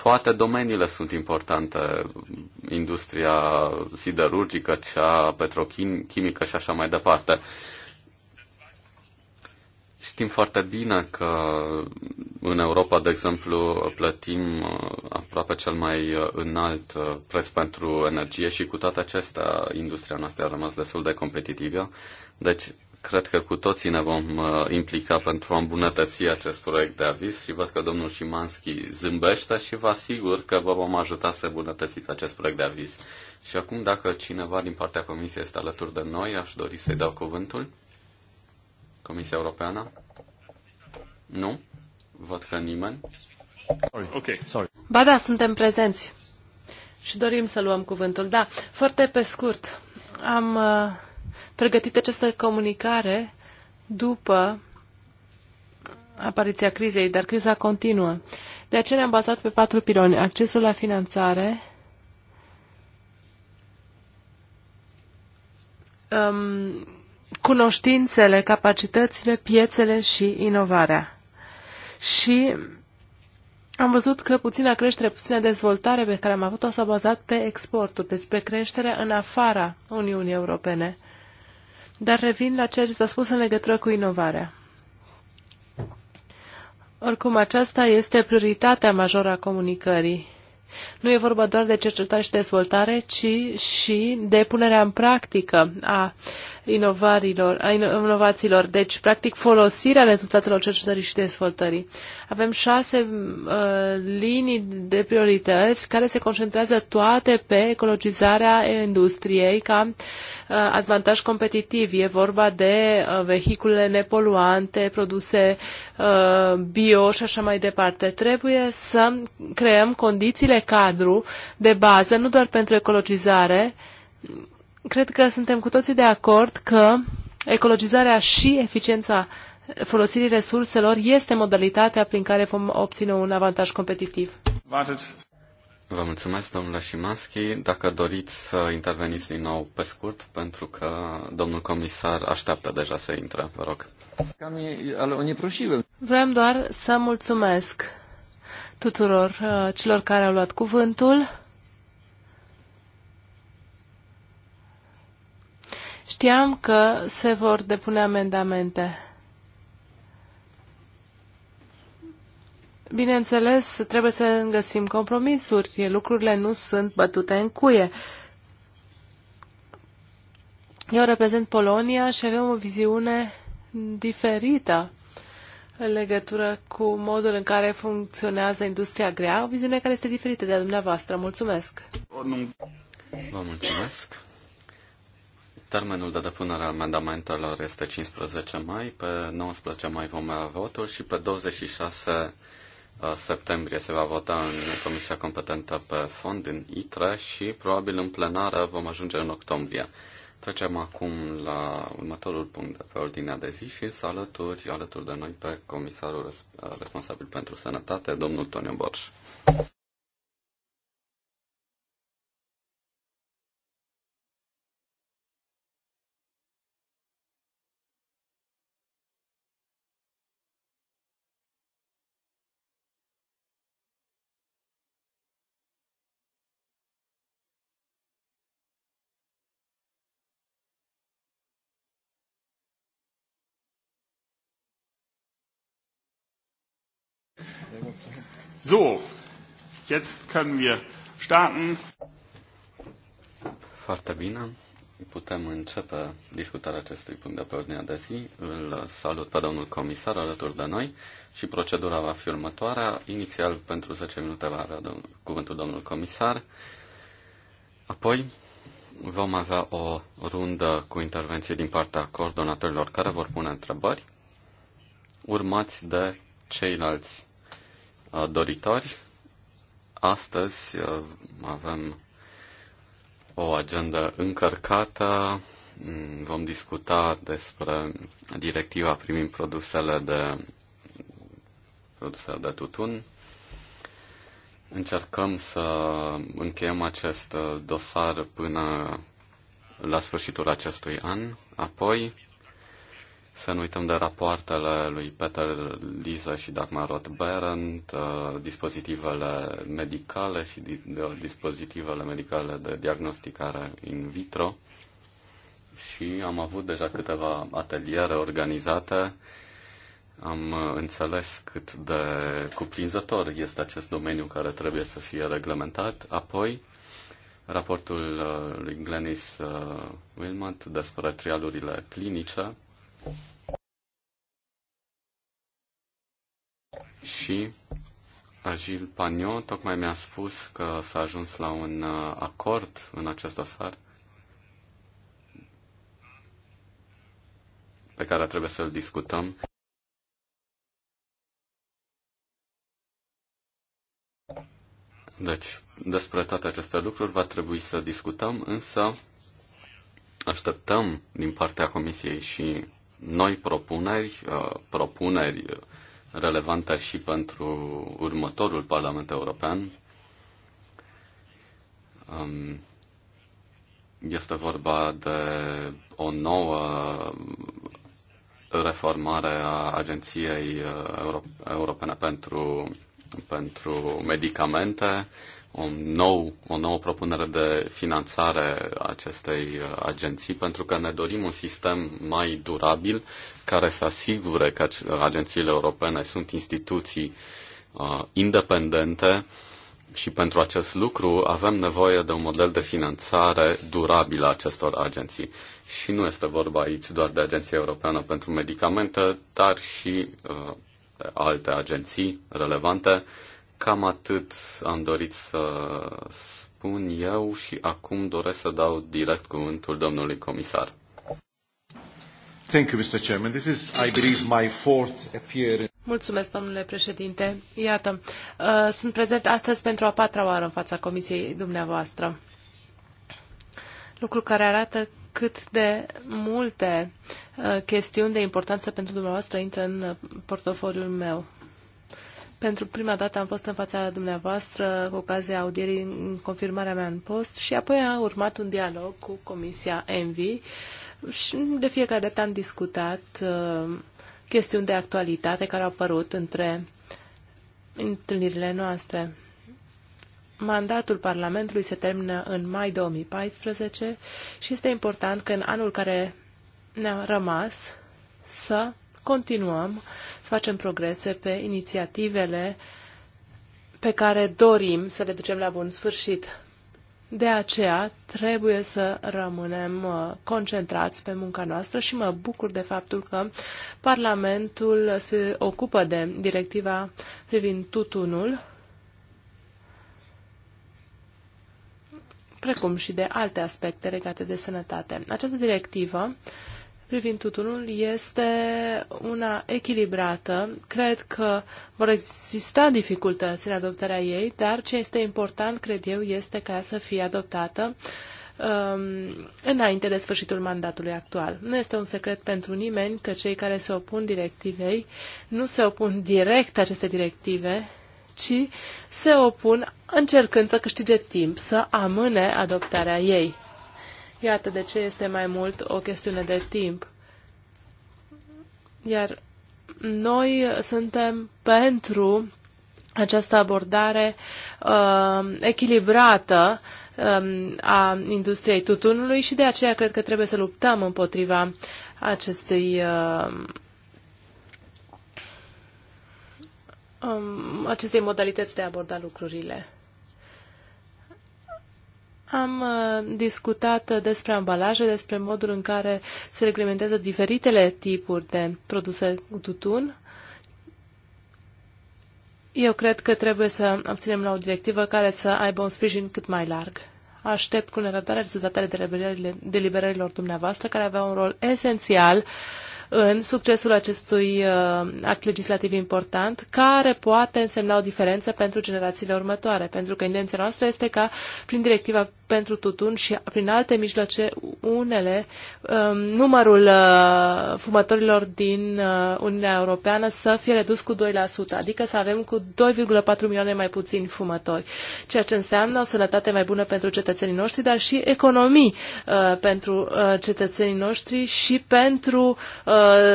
Speaker 1: Toate domeniile sunt importante, industria siderurgică, cea petrochimică și așa mai departe. Uh, Știm foarte bine că în Europa, de exemplu, plătim uh, aproape cel mai uh, înalt uh, preț pentru energie și cu toate acestea industria noastră a rămas destul de competitivă. Deci, cred că cu toții ne vom implica pentru a îmbunătăți acest proiect de aviz și văd că domnul Șimanski zâmbește și vă asigur că vă vom ajuta să îmbunătățiți acest proiect de aviz. Și acum, dacă cineva din partea comisiei este alături de noi, aș dori să-i dau cuvântul. Comisia Europeană? Nu? Văd că nimeni. Sorry. Okay. Sorry.
Speaker 2: Ba da, suntem prezenți și dorim să luăm cuvântul. Da, foarte pe scurt, am uh, pregătit această comunicare după apariția crizei, dar criza continuă. De aceea ne-am bazat pe patru piloni. Accesul la finanțare, um, cunoștințele, capacitățile, piețele și inovarea. Și am văzut că puțina creștere, puțină dezvoltare pe care am avut-o s-a bazat pe exporturi, deci pe creștere în afara Uniunii Europene. Dar revin la ceea ce s-a spus în legătură cu inovarea. Oricum, aceasta este prioritatea majoră a comunicării nu e vorba doar de cercetare și dezvoltare, ci și de punerea în practică a, inovarilor, a inovațiilor. Deci, practic, folosirea rezultatelor cercetării și dezvoltării. Avem șase uh, linii de priorități care se concentrează toate pe ecologizarea industriei ca uh, Uh, avantaj competitiv. E vorba de uh, vehicule nepoluante, produse uh, bio și așa mai departe. Trebuie să creăm condițiile cadru de bază, nu doar pentru ecologizare. Cred că suntem cu toții de acord că ecologizarea și eficiența folosirii resurselor este modalitatea prin care vom obține un avantaj competitiv.
Speaker 1: Wartet. Vă mulțumesc, domnule Șimanski. Dacă doriți să interveniți din nou pe scurt, pentru că domnul comisar așteaptă deja să intre, vă rog.
Speaker 2: Vrem doar să mulțumesc tuturor uh, celor care au luat cuvântul. Știam că se vor depune amendamente. Bineînțeles, trebuie să găsim compromisuri. Lucrurile nu sunt bătute în cuie. Eu reprezent Polonia și avem o viziune diferită în legătură cu modul în care funcționează industria grea, o viziune care este diferită de a dumneavoastră. Mulțumesc!
Speaker 1: Vă mulțumesc! Termenul de depunere al amendamentelor este 15 mai, pe 19 mai vom avea votul și pe 26 Uh, septembrie se va vota în Comisia Competentă pe Fond, din ITRE, și probabil în plenară vom ajunge în octombrie. Trecem acum la următorul punct de pe ordinea de zi și să alături, alături de noi pe comisarul uh, responsabil pentru sănătate, domnul Tonio Borș.
Speaker 2: So, jetzt können wir starten.
Speaker 1: Foarte bine. Putem începe discutarea acestui punct de pe ordinea de zi. Îl salut pe domnul comisar alături de noi și procedura va fi următoarea. Inițial, pentru 10 minute, va avea domn- cuvântul domnul comisar. Apoi vom avea o rundă cu intervenție din partea coordonatorilor care vor pune întrebări, urmați de ceilalți Uh, doritori. Astăzi uh, avem o agendă încărcată. Mm, vom discuta despre directiva privind produsele de, produsele de tutun. Încercăm să încheiem acest uh, dosar până la sfârșitul acestui an. Apoi să nu uităm de rapoartele lui Peter Liza și Dagmar Roth-Berendt, uh, dispozitivele medicale și dispozitivele medicale de diagnosticare in vitro. Și am avut deja câteva ateliere organizate. Am înțeles cât de cuprinzător este acest domeniu care trebuie să fie reglementat. Apoi, raportul uh, lui Glenis uh, Wilmot despre trialurile clinice, și Agil Pagno tocmai mi-a spus că s-a ajuns la un uh, acord în acest dosar pe care trebuie să-l discutăm. Deci, despre toate aceste lucruri va trebui să discutăm, însă așteptăm din partea Comisiei și noi propuneri, uh, propuneri uh, Relevantă și pentru următorul Parlament European. Um, este vorba de o nouă reformare a Agenției uh, Europene pentru, pentru Medicamente, un nou, o nouă propunere de finanțare a acestei uh, agenții, pentru că ne dorim un sistem mai durabil care să asigure că agențiile europene sunt instituții uh, independente și pentru acest lucru avem nevoie de un model de finanțare durabil a acestor agenții. Și nu este vorba aici doar de Agenția Europeană pentru Medicamente, dar și uh, alte agenții relevante. Cam atât am dorit să spun eu și acum doresc să dau direct cuvântul domnului comisar. Thank you, Mr. Chairman. This is, I believe, my fourth appearance.
Speaker 2: Mulțumesc, domnule președinte. Iată, uh, sunt prezent astăzi pentru a patra oară în fața comisiei dumneavoastră. Lucru care arată cât de multe uh, chestiuni de importanță pentru dumneavoastră intră în uh, portofoliul meu. Pentru prima dată am fost în fața dumneavoastră cu ocazia audierii în confirmarea mea în post și apoi a urmat un dialog cu Comisia Envi. Uh, și de fiecare dată am discutat uh, chestiuni de actualitate care au apărut între întâlnirile noastre. Mandatul Parlamentului se termină în mai 2014 și este important că în anul care ne-a rămas să continuăm să facem progrese pe inițiativele pe care dorim să le ducem la bun sfârșit. De aceea trebuie să rămânem uh, concentrați pe munca noastră și mă bucur de faptul că Parlamentul se ocupă de directiva privind tutunul, precum și de alte aspecte legate de sănătate. Această directivă uh, privind tutunul este una echilibrată. Cred că vor exista dificultăți în adoptarea ei, dar ce este important, cred eu, este ca să fie adoptată um, înainte de sfârșitul mandatului actual. Nu este un secret pentru nimeni că cei care se opun directivei nu se opun direct aceste directive, ci se opun încercând să câștige timp, să amâne adoptarea ei. Iată de ce este mai mult o chestiune de timp. Iar noi suntem pentru această abordare uh, echilibrată uh, a industriei tutunului și de aceea cred că trebuie să luptăm împotriva acestui uh, um, um, acestei modalități de a aborda lucrurile. Am uh, discutat despre ambalaje, despre modul în care se reglementează diferitele tipuri de produse cu tutun. Eu cred că trebuie să obținem la o directivă care să aibă un sprijin cât mai larg. Aștept cu nerăbdare rezultatele deliberărilor dumneavoastră, care aveau un rol esențial uh, în succesul acestui uh, act legislativ important, care poate însemna o diferență pentru generațiile următoare, pentru că intenția noastră este ca prin directiva pentru tutun și prin alte mijloace, unele, um, numărul uh, fumătorilor din uh, Uniunea Europeană să fie redus cu 2%, adică să avem cu 2,4 milioane mai puțini fumători, ceea ce înseamnă o sănătate mai bună pentru cetățenii noștri, dar și economii uh, pentru cetățenii noștri și pentru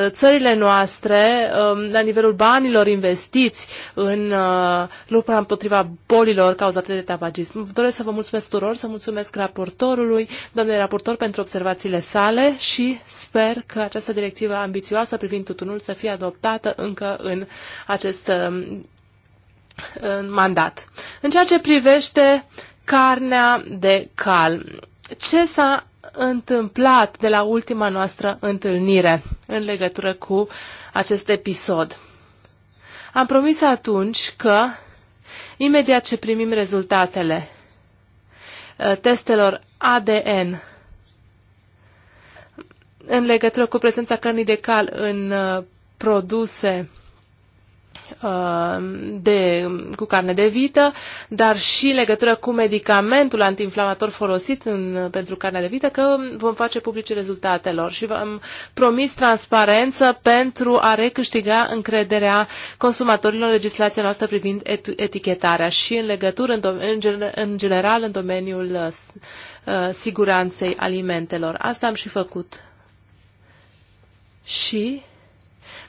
Speaker 2: țările noastre, um, la nivelul banilor investiți în lupta împotriva bolilor cauzate de tabagism. Doresc să vă mulțumesc tuturor, să mulțumesc mulțumesc raportorului, doamnei raportor, pentru observațiile sale și sper că această directivă ambițioasă privind tutunul să fie adoptată încă în acest um, în mandat. În ceea ce privește carnea de cal, ce s-a întâmplat de la ultima noastră întâlnire în legătură cu acest episod? Am promis atunci că, imediat ce primim rezultatele Uh, testelor ADN în legătură cu prezența cărnii de cal în uh, produse Uh, de, cu carne de vită, dar și legătură cu medicamentul antiinflamator folosit în, pentru carne de vită, că vom face publice rezultatelor și v-am promis transparență pentru a recâștiga încrederea consumatorilor în legislația noastră privind et, etichetarea și în legătură, în, în, în general, în domeniul uh, uh, siguranței alimentelor. Asta am și făcut. Și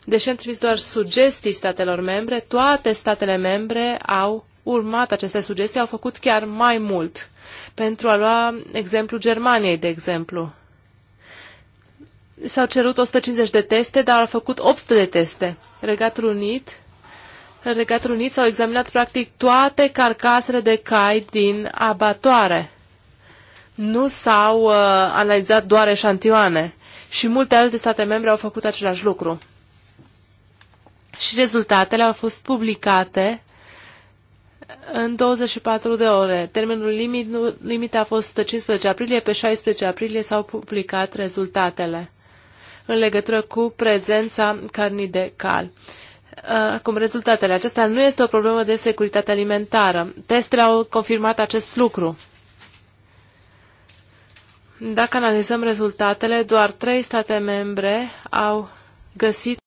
Speaker 2: Deși am trimis doar sugestii statelor membre, toate statele membre au urmat aceste sugestii, au făcut chiar mai mult. Pentru a lua exemplu Germaniei, de exemplu. S-au cerut 150 de teste, dar au făcut 800 de teste. Regatul Unit în Regatul Unit s-au examinat practic toate carcasele de cai din abatoare. Nu s-au uh, analizat doar eșantioane și multe alte state membre au făcut același lucru și deci, rezultatele au fost publicate în 24 de ore. Termenul limit, nu, limit a fost 15 aprilie, pe 16 aprilie s-au publicat rezultatele în legătură cu prezența carnii de cal. Acum, rezultatele acestea nu este o problemă de securitate alimentară. Testele au confirmat acest lucru. Dacă analizăm rezultatele, doar trei state membre au găsit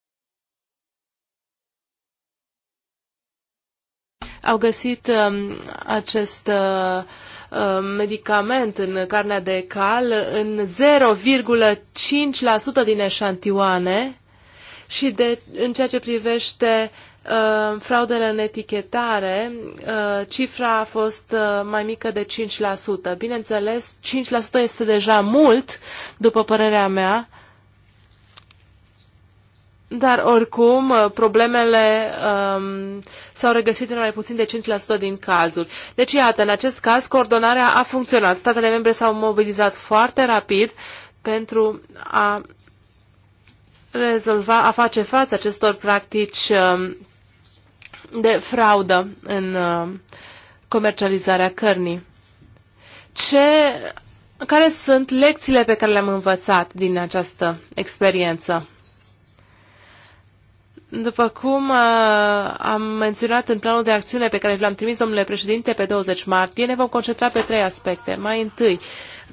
Speaker 2: au găsit um, acest uh, um, medicament în carnea de cal în 0,5% din eșantioane și de, în ceea ce privește uh, fraudele în etichetare, uh, cifra a fost uh, mai mică de 5%. Bineînțeles, 5% este deja mult, după părerea mea, dar oricum, uh, problemele um, s-au regăsit în mai puțin de 5% din cazuri. Deci, iată, în acest caz, coordonarea a funcționat. Statele membre s-au mobilizat foarte rapid pentru a rezolva, a face față acestor practici um, de fraudă în uh, comercializarea cărnii. Ce, care sunt lecțiile pe care le-am învățat din această experiență? După cum uh, am menționat în planul de acțiune pe care l-am trimis, domnule președinte, pe 20 martie, ne vom concentra pe trei aspecte. Mai întâi,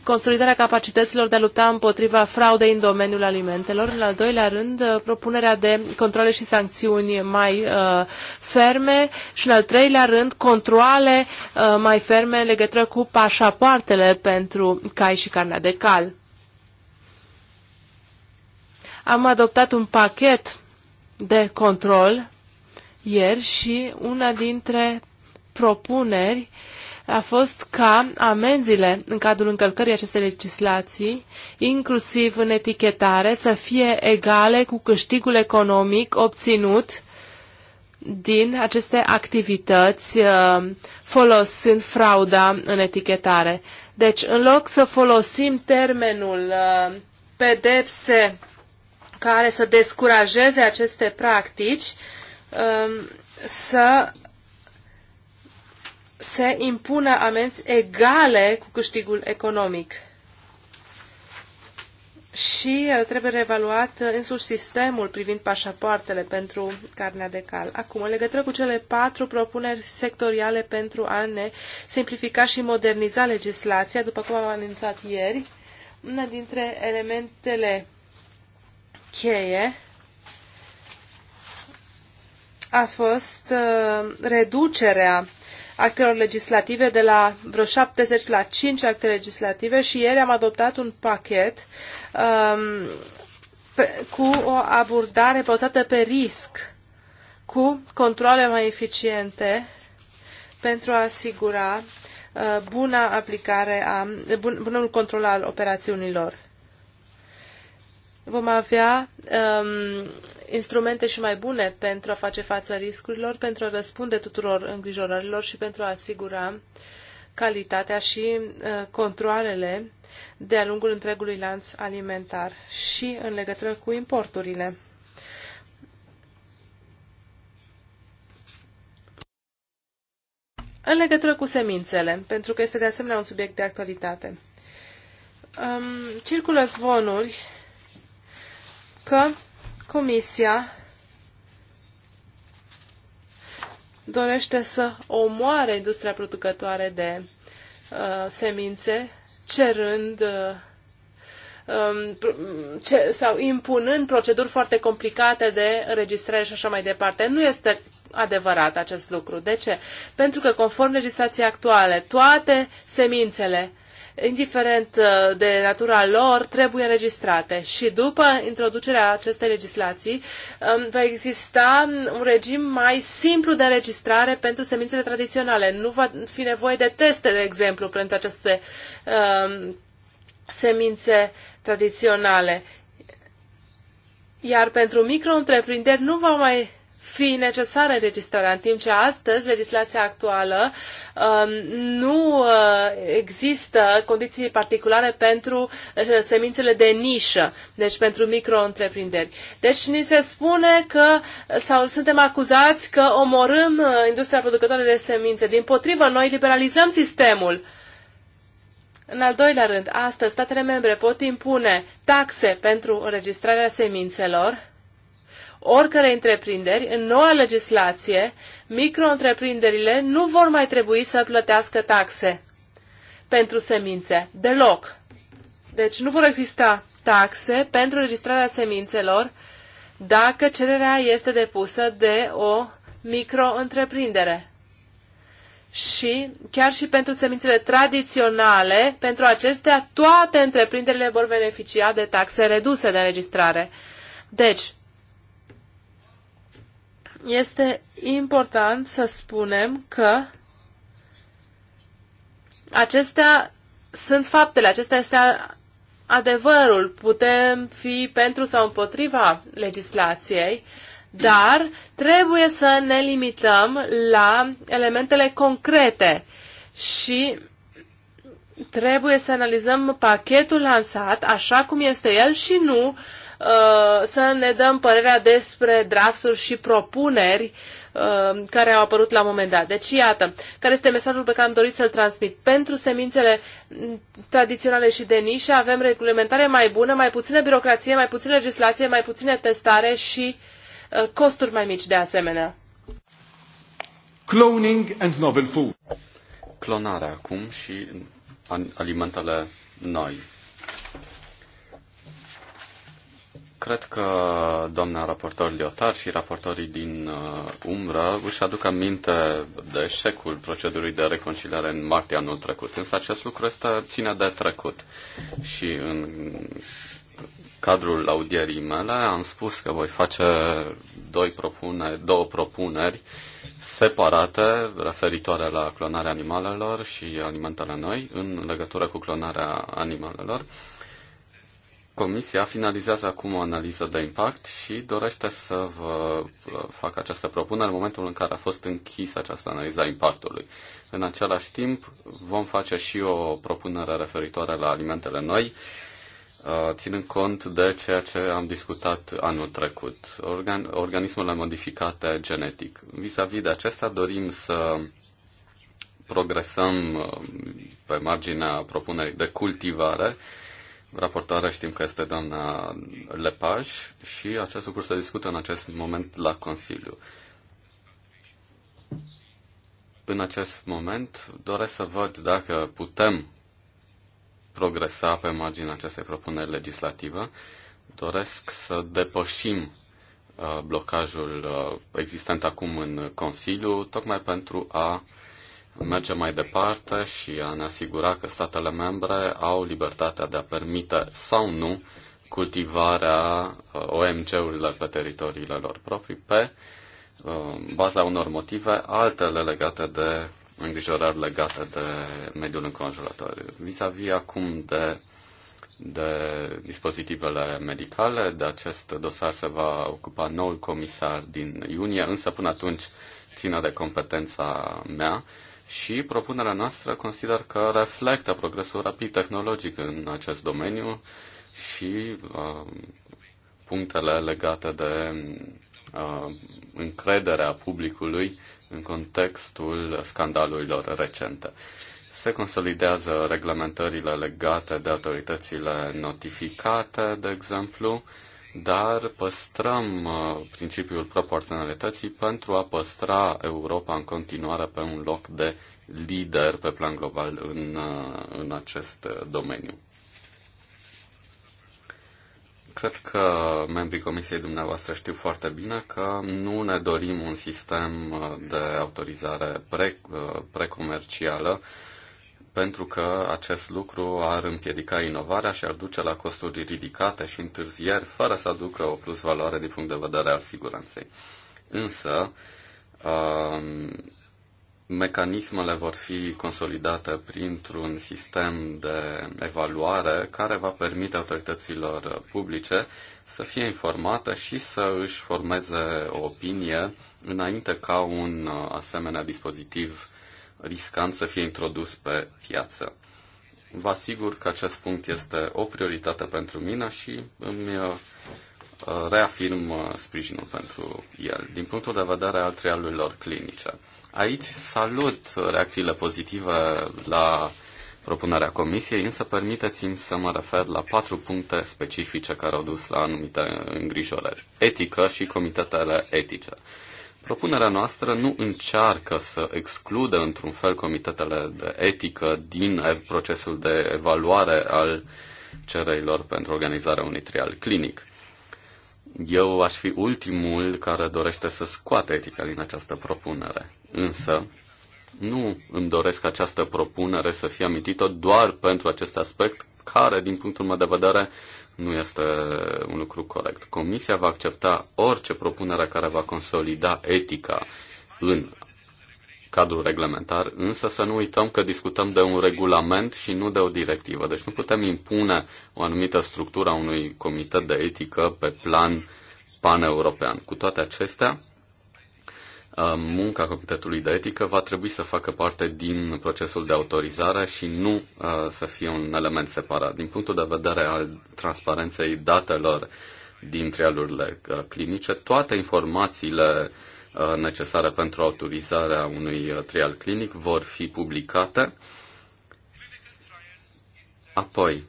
Speaker 2: consolidarea capacităților de a lupta împotriva fraudei în domeniul alimentelor, în al doilea rând uh, propunerea de controle și sancțiuni mai uh, ferme și în al treilea rând controle uh, mai ferme în legătură cu pașapoartele pentru cai și carnea de cal. Am adoptat un pachet de control ieri și una dintre propuneri a fost ca amenziile în cadrul încălcării acestei legislații, inclusiv în etichetare, să fie egale cu câștigul economic obținut din aceste activități uh, folosind frauda în etichetare. Deci, în loc să folosim termenul uh, pedepse care să descurajeze aceste practici um, să se impună amenzi egale cu câștigul economic. Și uh, trebuie reevaluat uh, însuși sistemul privind pașapoartele pentru carnea de cal. Acum, în legătură cu cele patru propuneri sectoriale pentru a ne simplifica și moderniza legislația, după cum am anunțat ieri, una dintre elementele cheie a fost uh, reducerea actelor legislative de la vreo 70 la 5 acte legislative și ieri am adoptat un pachet um, pe, cu o abordare bazată pe risc, cu controle mai eficiente pentru a asigura uh, buna aplicare a, bun, bunul control al operațiunilor vom avea um, instrumente și mai bune pentru a face față riscurilor, pentru a răspunde tuturor îngrijorărilor și pentru a asigura calitatea și uh, controlele de-a lungul întregului lanț alimentar și în legătură cu importurile. În legătură cu semințele, pentru că este de asemenea un subiect de actualitate. Um, circulă zvonuri că Comisia dorește să omoare industria producătoare de uh, semințe, cerând uh, um, ce, sau impunând proceduri foarte complicate de registrare și așa mai departe. Nu este adevărat acest lucru. De ce? Pentru că, conform legislației actuale, toate semințele indiferent uh, de natura lor, trebuie înregistrate. Și după introducerea acestei legislații, um, va exista un regim mai simplu de înregistrare pentru semințele tradiționale. Nu va fi nevoie de teste, de exemplu, pentru aceste um, semințe tradiționale. Iar pentru micro-întreprinderi nu va mai fi necesară înregistrarea, în timp ce astăzi legislația actuală um, nu uh, există condiții particulare pentru uh, semințele de nișă, deci pentru micro-întreprinderi. Deci ni se spune că, sau suntem acuzați că omorâm uh, industria producătoare de semințe. Din potrivă, noi liberalizăm sistemul. În al doilea rând, astăzi statele membre pot impune taxe pentru înregistrarea semințelor, oricărei întreprinderi, în noua legislație, micro-întreprinderile nu vor mai trebui să plătească taxe pentru semințe, deloc. Deci nu vor exista taxe pentru registrarea semințelor dacă cererea este depusă de o micro-întreprindere. Și chiar și pentru semințele tradiționale, pentru acestea toate întreprinderile vor beneficia de taxe reduse de înregistrare. Deci, este important să spunem că acestea sunt faptele, acesta este adevărul. Putem fi pentru sau împotriva legislației, dar trebuie să ne limităm la elementele concrete și trebuie să analizăm pachetul lansat așa cum este el și nu Uh, să ne dăm părerea despre drafturi și propuneri uh, care au apărut la un moment dat. Deci, iată, care este mesajul pe care am dorit să-l transmit. Pentru semințele tradiționale și de nișă avem reglementare mai bună, mai puțină birocrație, mai puțină legislație, mai puțină testare și uh, costuri mai mici de asemenea.
Speaker 1: Cloning
Speaker 3: and novel food.
Speaker 1: Clonarea acum și alimentele noi. Cred că doamna raportor Liotar și raportorii din uh, umbră își aduc aminte de eșecul procedurii de reconciliare în martie anul trecut, însă acest lucru este ține de trecut. Și în cadrul audierii mele am spus că voi face doi propune, două propuneri separate referitoare la clonarea animalelor și alimentele noi în legătură cu clonarea animalelor. Uh, Comisia finalizează acum o analiză de impact și dorește să vă facă această propunere în momentul în care a fost închisă această analiză a impactului. În același timp, vom face și o propunere referitoare la alimentele noi, uh, ținând cont de ceea ce am discutat anul trecut, organ- organismele modificate genetic. Vis-a-vis -vis de acestea, dorim să progresăm uh, pe marginea propunerii de cultivare, Raportoarea știm că este doamna Lepaj și acest lucru se discută în acest moment la Consiliu. În acest moment doresc să văd dacă putem progresa pe marginea acestei propuneri legislative. Doresc să depășim uh, blocajul uh, existent acum în Consiliu, tocmai pentru a merge mai departe și a ne asigura că statele membre au libertatea de a permite sau nu cultivarea uh, OMG-urilor pe teritoriile lor proprii pe uh, baza unor motive, altele legate de îngrijorări legate de mediul înconjurător. Vis-a-vis -vis acum de, de dispozitivele medicale, de acest dosar se va ocupa noul comisar din iunie, însă până atunci ține de competența mea și propunerea noastră consider că reflectă progresul rapid tehnologic în acest domeniu și uh, punctele legate de uh, încrederea publicului în contextul scandalurilor recente. Se consolidează reglementările legate de autoritățile notificate, de exemplu, uh, dar păstrăm uh, principiul proporționalității pentru a păstra Europa în continuare pe un loc de lider pe plan global în, uh, în acest uh, domeniu. Cred că membrii comisiei dumneavoastră știu foarte bine că nu ne dorim un sistem de autorizare pre, precomercială pentru că acest lucru ar împiedica inovarea și ar duce la costuri ridicate și întârzieri, fără să aducă o plus valoare din punct de vedere al siguranței. Însă, um, mecanismele vor fi consolidate printr-un sistem de evaluare care va permite autorităților publice să fie informate și să își formeze o opinie înainte ca un uh, asemenea dispozitiv riscant să fie introdus pe piață. Vă asigur că acest punct este o prioritate pentru mine și îmi uh, uh, reafirm uh, sprijinul pentru el, din punctul de vedere al trialurilor clinice. Aici salut reacțiile pozitive la propunerea comisiei, însă permiteți-mi să mă refer la patru puncte specifice care au dus la anumite îngrijorări. Etică și comitetele etice. Propunerea noastră nu încearcă să excludă într-un fel comitetele de etică din procesul de evaluare al cererilor pentru organizarea unui trial clinic. Eu aș fi ultimul care dorește să scoată etica din această propunere. Însă, nu îmi doresc această propunere să fie amintită doar pentru acest aspect care, din punctul meu de vedere, nu este un lucru corect. Comisia va accepta orice propunere care va consolida etica în cadrul reglementar, însă să nu uităm că discutăm de un regulament și nu de o directivă. Deci nu putem impune o anumită structură a unui comitet de etică pe plan paneuropean. Cu toate acestea, Uh, munca Comitetului de Etică va trebui să facă parte din procesul de autorizare și nu uh, să fie un element separat. Din punctul de vedere al transparenței datelor din trialurile uh, clinice, toate informațiile necesare pentru autorizarea unui trial clinic vor fi publicate. Apoi,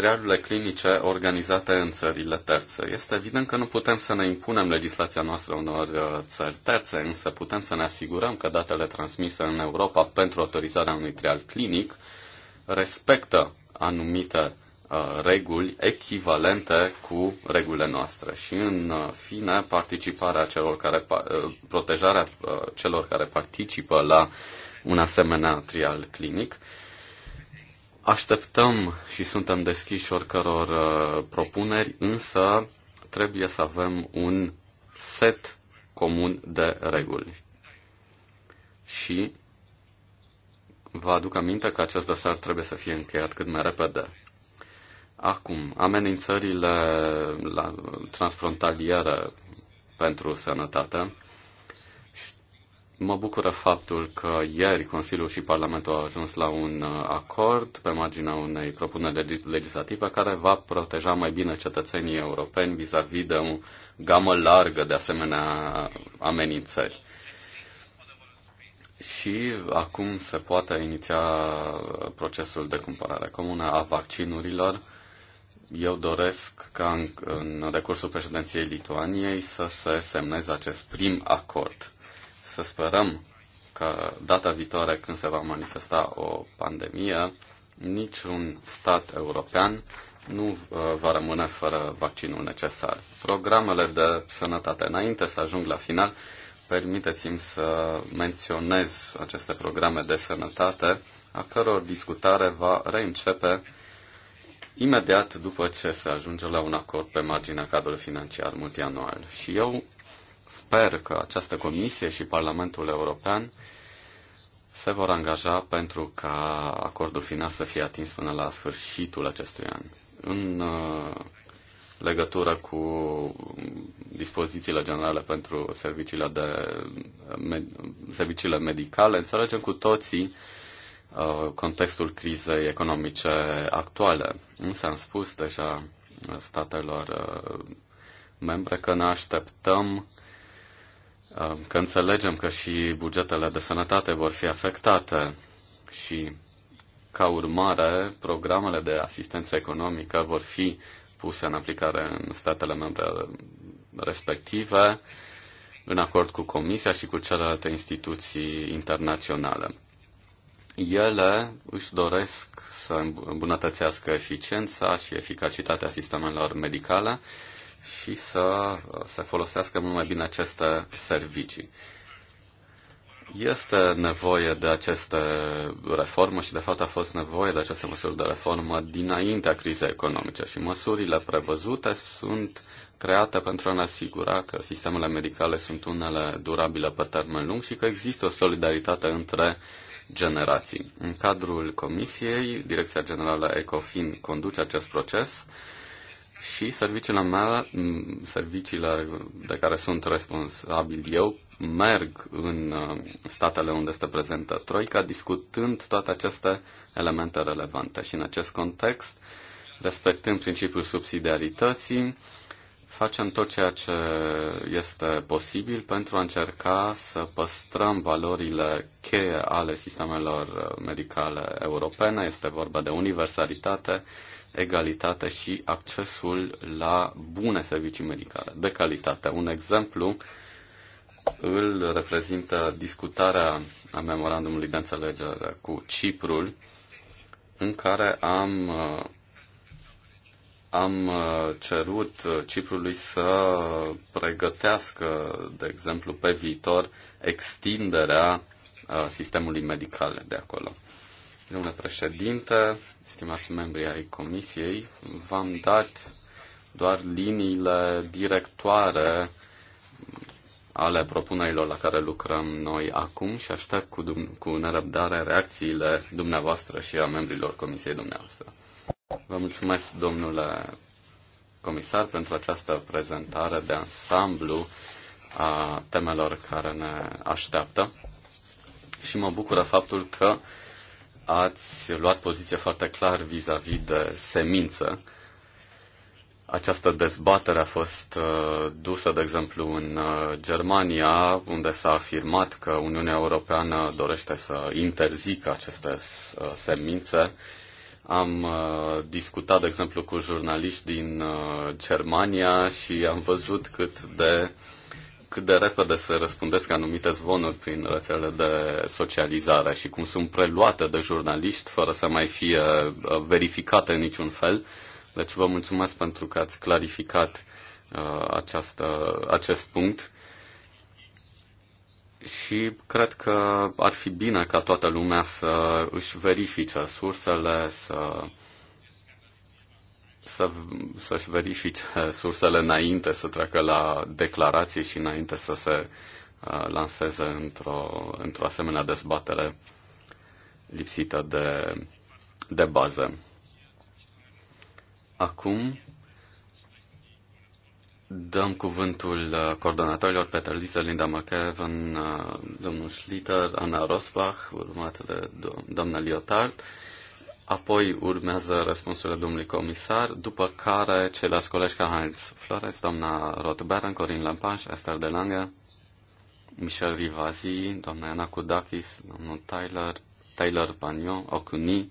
Speaker 1: trialurile clinice organizate în țările terțe. Este evident că nu putem să ne impunem legislația noastră unor uh, țări terțe, însă putem să ne asigurăm că datele transmise în Europa pentru autorizarea unui trial clinic respectă anumite uh, reguli echivalente cu regulile noastre și în uh, fine participarea celor care protejarea celor care participă la un asemenea trial clinic Așteptăm și suntem deschiși oricăror uh, propuneri, însă trebuie să avem un set comun de reguli. Și vă aduc aminte că acest dosar trebuie să fie încheiat cât mai repede. Acum, amenințările la transfrontaliere pentru sănătate. Mă bucură faptul că ieri Consiliul și Parlamentul au ajuns la un uh, acord pe marginea unei propuneri legislative care va proteja mai bine cetățenii europeni vis-a-vis -vis de o gamă largă de asemenea amenințări. Și acum se poate iniția procesul de cumpărare comună a vaccinurilor. Eu doresc ca în, în decursul președinției Lituaniei să se semneze acest prim acord să sperăm că data viitoare, când se va manifesta o pandemie, niciun stat european nu uh, va rămâne fără vaccinul necesar. Programele de sănătate, înainte să ajung la final, permiteți-mi să menționez aceste programe de sănătate, a căror discutare va reîncepe imediat după ce se ajunge la un acord pe marginea cadrului financiar multianual. Și eu Sper că această comisie și Parlamentul European se vor angaja pentru ca acordul final să fie atins până la sfârșitul acestui an. În uh, legătură cu dispozițiile generale pentru serviciile, de, med- serviciile medicale, înțelegem cu toții uh, contextul crizei economice actuale. Însă am spus deja statelor uh, membre că ne așteptăm Um, că înțelegem că și bugetele de sănătate vor fi afectate și, ca urmare, programele de asistență economică vor fi puse în aplicare în statele membre respective, în acord cu Comisia și cu celelalte instituții internaționale. Ele își doresc să îmbunătățească eficiența și eficacitatea sistemelor medicale și să se folosească mult mai bine aceste servicii. Este nevoie de această reformă și, de fapt, a fost nevoie de aceste măsuri de reformă dinaintea crizei economice și măsurile prevăzute sunt create pentru a ne asigura că sistemele medicale sunt unele durabile pe termen lung și că există o solidaritate între generații. În cadrul Comisiei, Direcția Generală ECOFIN conduce acest proces și serviciile mele, serviciile de care sunt responsabil eu, merg în uh, statele unde este prezentă Troica, discutând toate aceste elemente relevante. Și în acest context, respectând principiul subsidiarității, facem tot ceea ce este posibil pentru a încerca să păstrăm valorile cheie ale sistemelor uh, medicale europene. Este vorba de universalitate, egalitate și accesul la bune servicii medicale de calitate. Un exemplu îl reprezintă discutarea a memorandumului de înțelegere cu Ciprul, în care am, am cerut Ciprului să pregătească, de exemplu, pe viitor extinderea uh, sistemului medical de acolo. Domnule președinte, stimați membri ai comisiei, v-am dat doar liniile directoare ale propunerilor la care lucrăm noi acum și aștept cu, cu nerăbdare reacțiile dumneavoastră și a membrilor comisiei dumneavoastră. Vă mulțumesc, domnule comisar, pentru această prezentare de ansamblu a temelor care ne așteaptă și mă bucură faptul că ați luat poziție foarte clar vis-a-vis -vis de semință. Această dezbatere a fost uh, dusă, de exemplu, în uh, Germania, unde s-a afirmat că Uniunea Europeană dorește să interzică aceste uh, semințe. Am discutat, de exemplu, cu jurnaliști din Germania și am văzut cât de cât de repede se răspundesc anumite zvonuri prin rețele de socializare și cum sunt preluate de jurnaliști fără să mai fie uh, verificate în niciun fel. Deci vă mulțumesc pentru că ați clarificat uh, această, acest punct și cred că ar fi bine ca toată lumea să își verifice sursele, să să, să-și verifice sursele înainte să treacă la declarații și înainte să se uh, lanseze într-o, într-o asemenea dezbatere lipsită de, de bază. Acum dăm cuvântul uh, coordonatorilor Peter Lise, Linda McEvan, uh, domnul Schlitter, Ana Rosbach, urmat de domnul doamna Liotard Apoi urmează răspunsurile domnului comisar, după care ceilalți colegi ca Heinz Flores, doamna Rod Baron, Corin Lampaș, Esther de Lange, Michel Rivazi, doamna Iana Kudakis, domnul Tyler, Taylor Pagnon, Ocuni,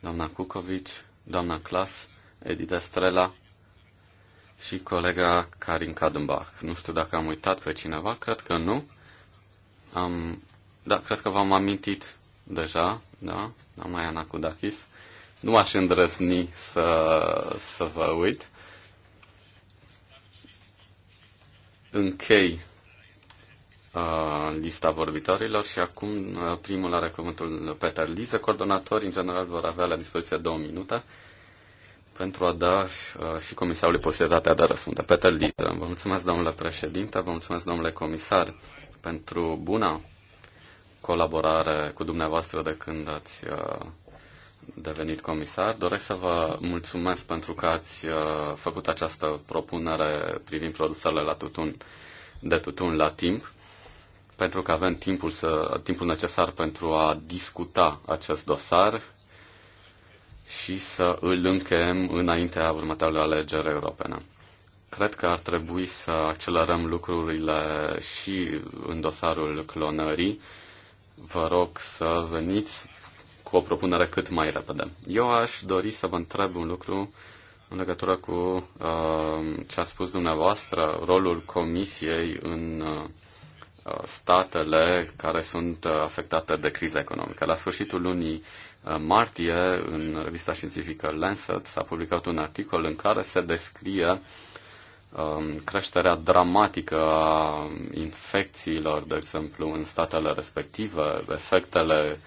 Speaker 1: doamna Kukovic, doamna klas, Edith Strela și colega Karin Kadenbach. Nu știu dacă am uitat pe cineva, cred că nu. Am, da, cred că v-am amintit deja, da, Amaia Anacudakis. Nu aș îndrăzni să, să vă uit. Închei uh, lista vorbitorilor și acum uh, primul are cuvântul Peter Liză. Coordonatorii, în general, vor avea la dispoziție două minute pentru a da uh, și comisarului posibilitatea de a răspunde. Peter Liză, vă mulțumesc, domnule președinte, vă mulțumesc, domnule comisar, pentru buna colaborare cu dumneavoastră de când ați uh, devenit comisar. Doresc să vă mulțumesc pentru că ați uh, făcut această propunere privind produsele la tutun, de tutun la timp, pentru că avem timpul, să, timpul necesar pentru a discuta acest dosar și să îl încheiem înaintea următoarelor alegeri europene. Cred că ar trebui să accelerăm lucrurile și în dosarul clonării, vă rog să veniți cu o propunere cât mai repede. Eu aș dori să vă întreb un lucru în legătură cu uh, ce a spus dumneavoastră, rolul Comisiei în uh, statele care sunt uh, afectate de criza economică. La sfârșitul lunii uh, martie, în revista științifică Lancet, s-a publicat un articol în care se descrie Um, creșterea dramatică a infecțiilor, de exemplu, în statele respective, efectele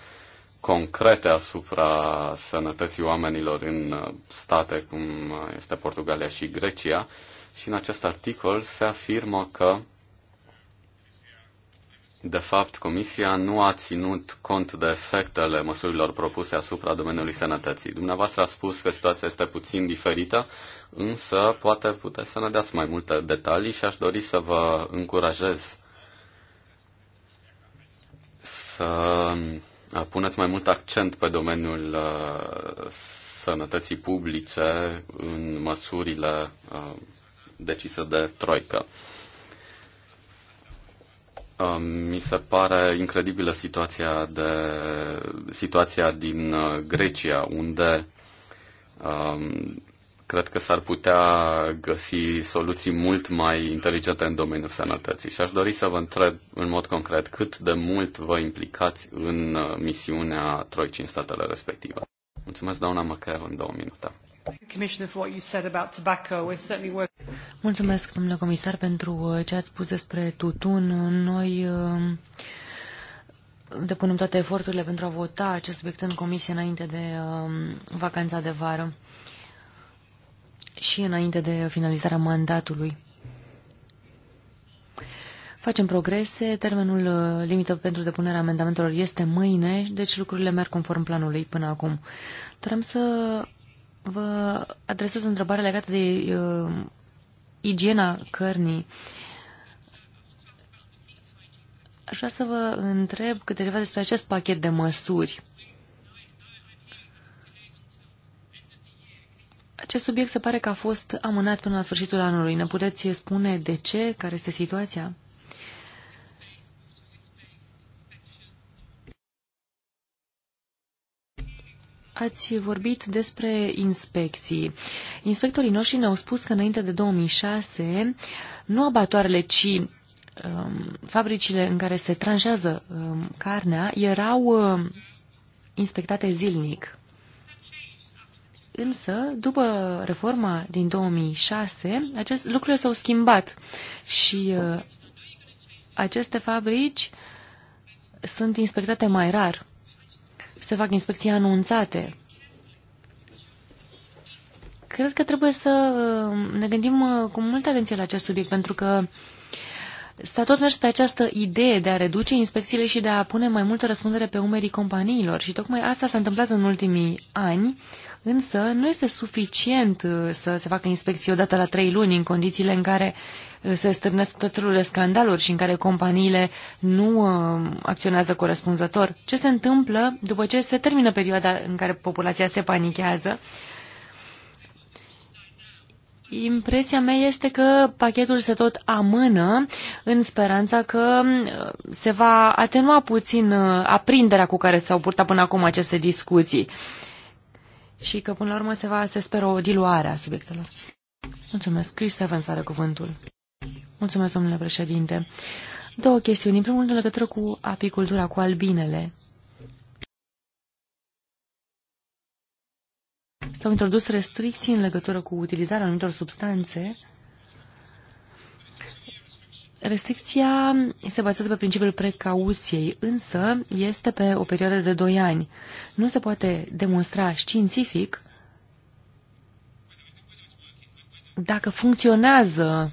Speaker 1: concrete asupra sănătății oamenilor în uh, state cum uh, este Portugalia și Grecia. Și în acest articol se afirmă că, de fapt, Comisia nu a ținut cont de efectele măsurilor propuse asupra domeniului sănătății. Dumneavoastră a spus că situația este puțin diferită, însă poate puteți să ne dați mai multe detalii și aș dori să vă încurajez să puneți mai mult accent pe domeniul sănătății publice în măsurile decise de Troică. Mi se pare incredibilă situația, de, situația din Grecia, unde cred că s-ar putea găsi soluții mult mai inteligente în domeniul sănătății. Și aș dori să vă întreb în mod concret cât de mult vă implicați în uh, misiunea Troici în statele respective. Mulțumesc, doamna Măcar, în două
Speaker 3: minute. Mulțumesc, domnule comisar, pentru uh, ce ați spus despre tutun. Noi uh, depunem toate eforturile pentru a vota acest subiect în comisie înainte de vacanța de vară și înainte de finalizarea mandatului. Facem progrese, termenul uh, limită pentru depunerea amendamentelor este mâine, deci lucrurile merg conform planului până acum. Doream să vă adresez o întrebare legată de uh, igiena cărnii. Aș vrea să vă întreb câteva despre acest pachet de măsuri. Acest subiect se pare că a fost amânat până la sfârșitul anului. Ne puteți spune de ce? Care este situația? Ați vorbit despre inspecții. Inspectorii noștri ne-au spus că înainte de 2006 nu abatoarele, ci um, fabricile în care se tranjează um, carnea erau um, inspectate zilnic. Însă, după reforma din 2006, acest, lucrurile s-au schimbat și uh, aceste fabrici sunt inspectate mai rar. Se fac inspecții anunțate. Cred că trebuie să uh, ne gândim uh, cu multă atenție la acest subiect, pentru că s-a tot mers pe această idee de a reduce inspecțiile și de a pune mai multă răspundere pe umerii companiilor. Și tocmai asta s-a întâmplat în ultimii ani Însă nu este suficient uh, să se facă inspecții odată la trei luni în condițiile în care uh, se stârnesc tot felul de scandaluri și în care companiile nu uh, acționează corespunzător. Ce se întâmplă după ce se termină perioada în care populația se panichează? Impresia mea este că pachetul se tot amână în speranța că se va atenua puțin aprinderea cu care s-au purtat până acum aceste discuții. Uh, și că până la urmă se, va, se speră o diluare a subiectelor. Mulțumesc. Chris Evans are cuvântul. Mulțumesc, domnule președinte. Două chestiuni. În primul rând, în legătură cu apicultura, cu albinele. S-au introdus restricții în legătură cu utilizarea anumitor substanțe Restricția se bazează pe principiul precauției, însă este pe o perioadă de 2 ani. Nu se poate demonstra științific dacă funcționează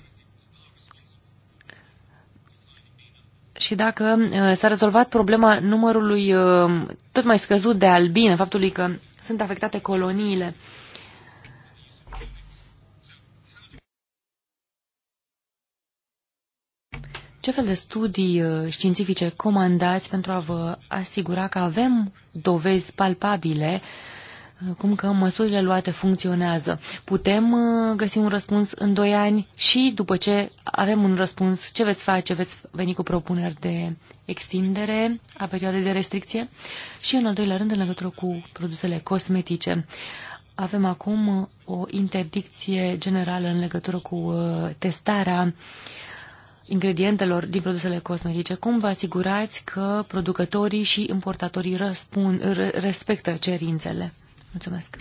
Speaker 3: și dacă uh, s-a rezolvat problema numărului uh, tot mai scăzut de albine, faptului că sunt afectate coloniile. ce fel de studii uh, științifice comandați pentru a vă asigura că avem dovezi palpabile uh, cum că măsurile luate funcționează. Putem uh, găsi un răspuns în doi ani și după ce avem un răspuns, ce veți face? Veți veni cu propuneri de extindere a perioadei de restricție? Și în al doilea rând, în legătură cu produsele cosmetice. Avem acum o interdicție generală în legătură cu testarea uh, ingredientelor din produsele cosmetice, cum vă asigurați că producătorii și importatorii răspund, respectă cerințele? Mulțumesc.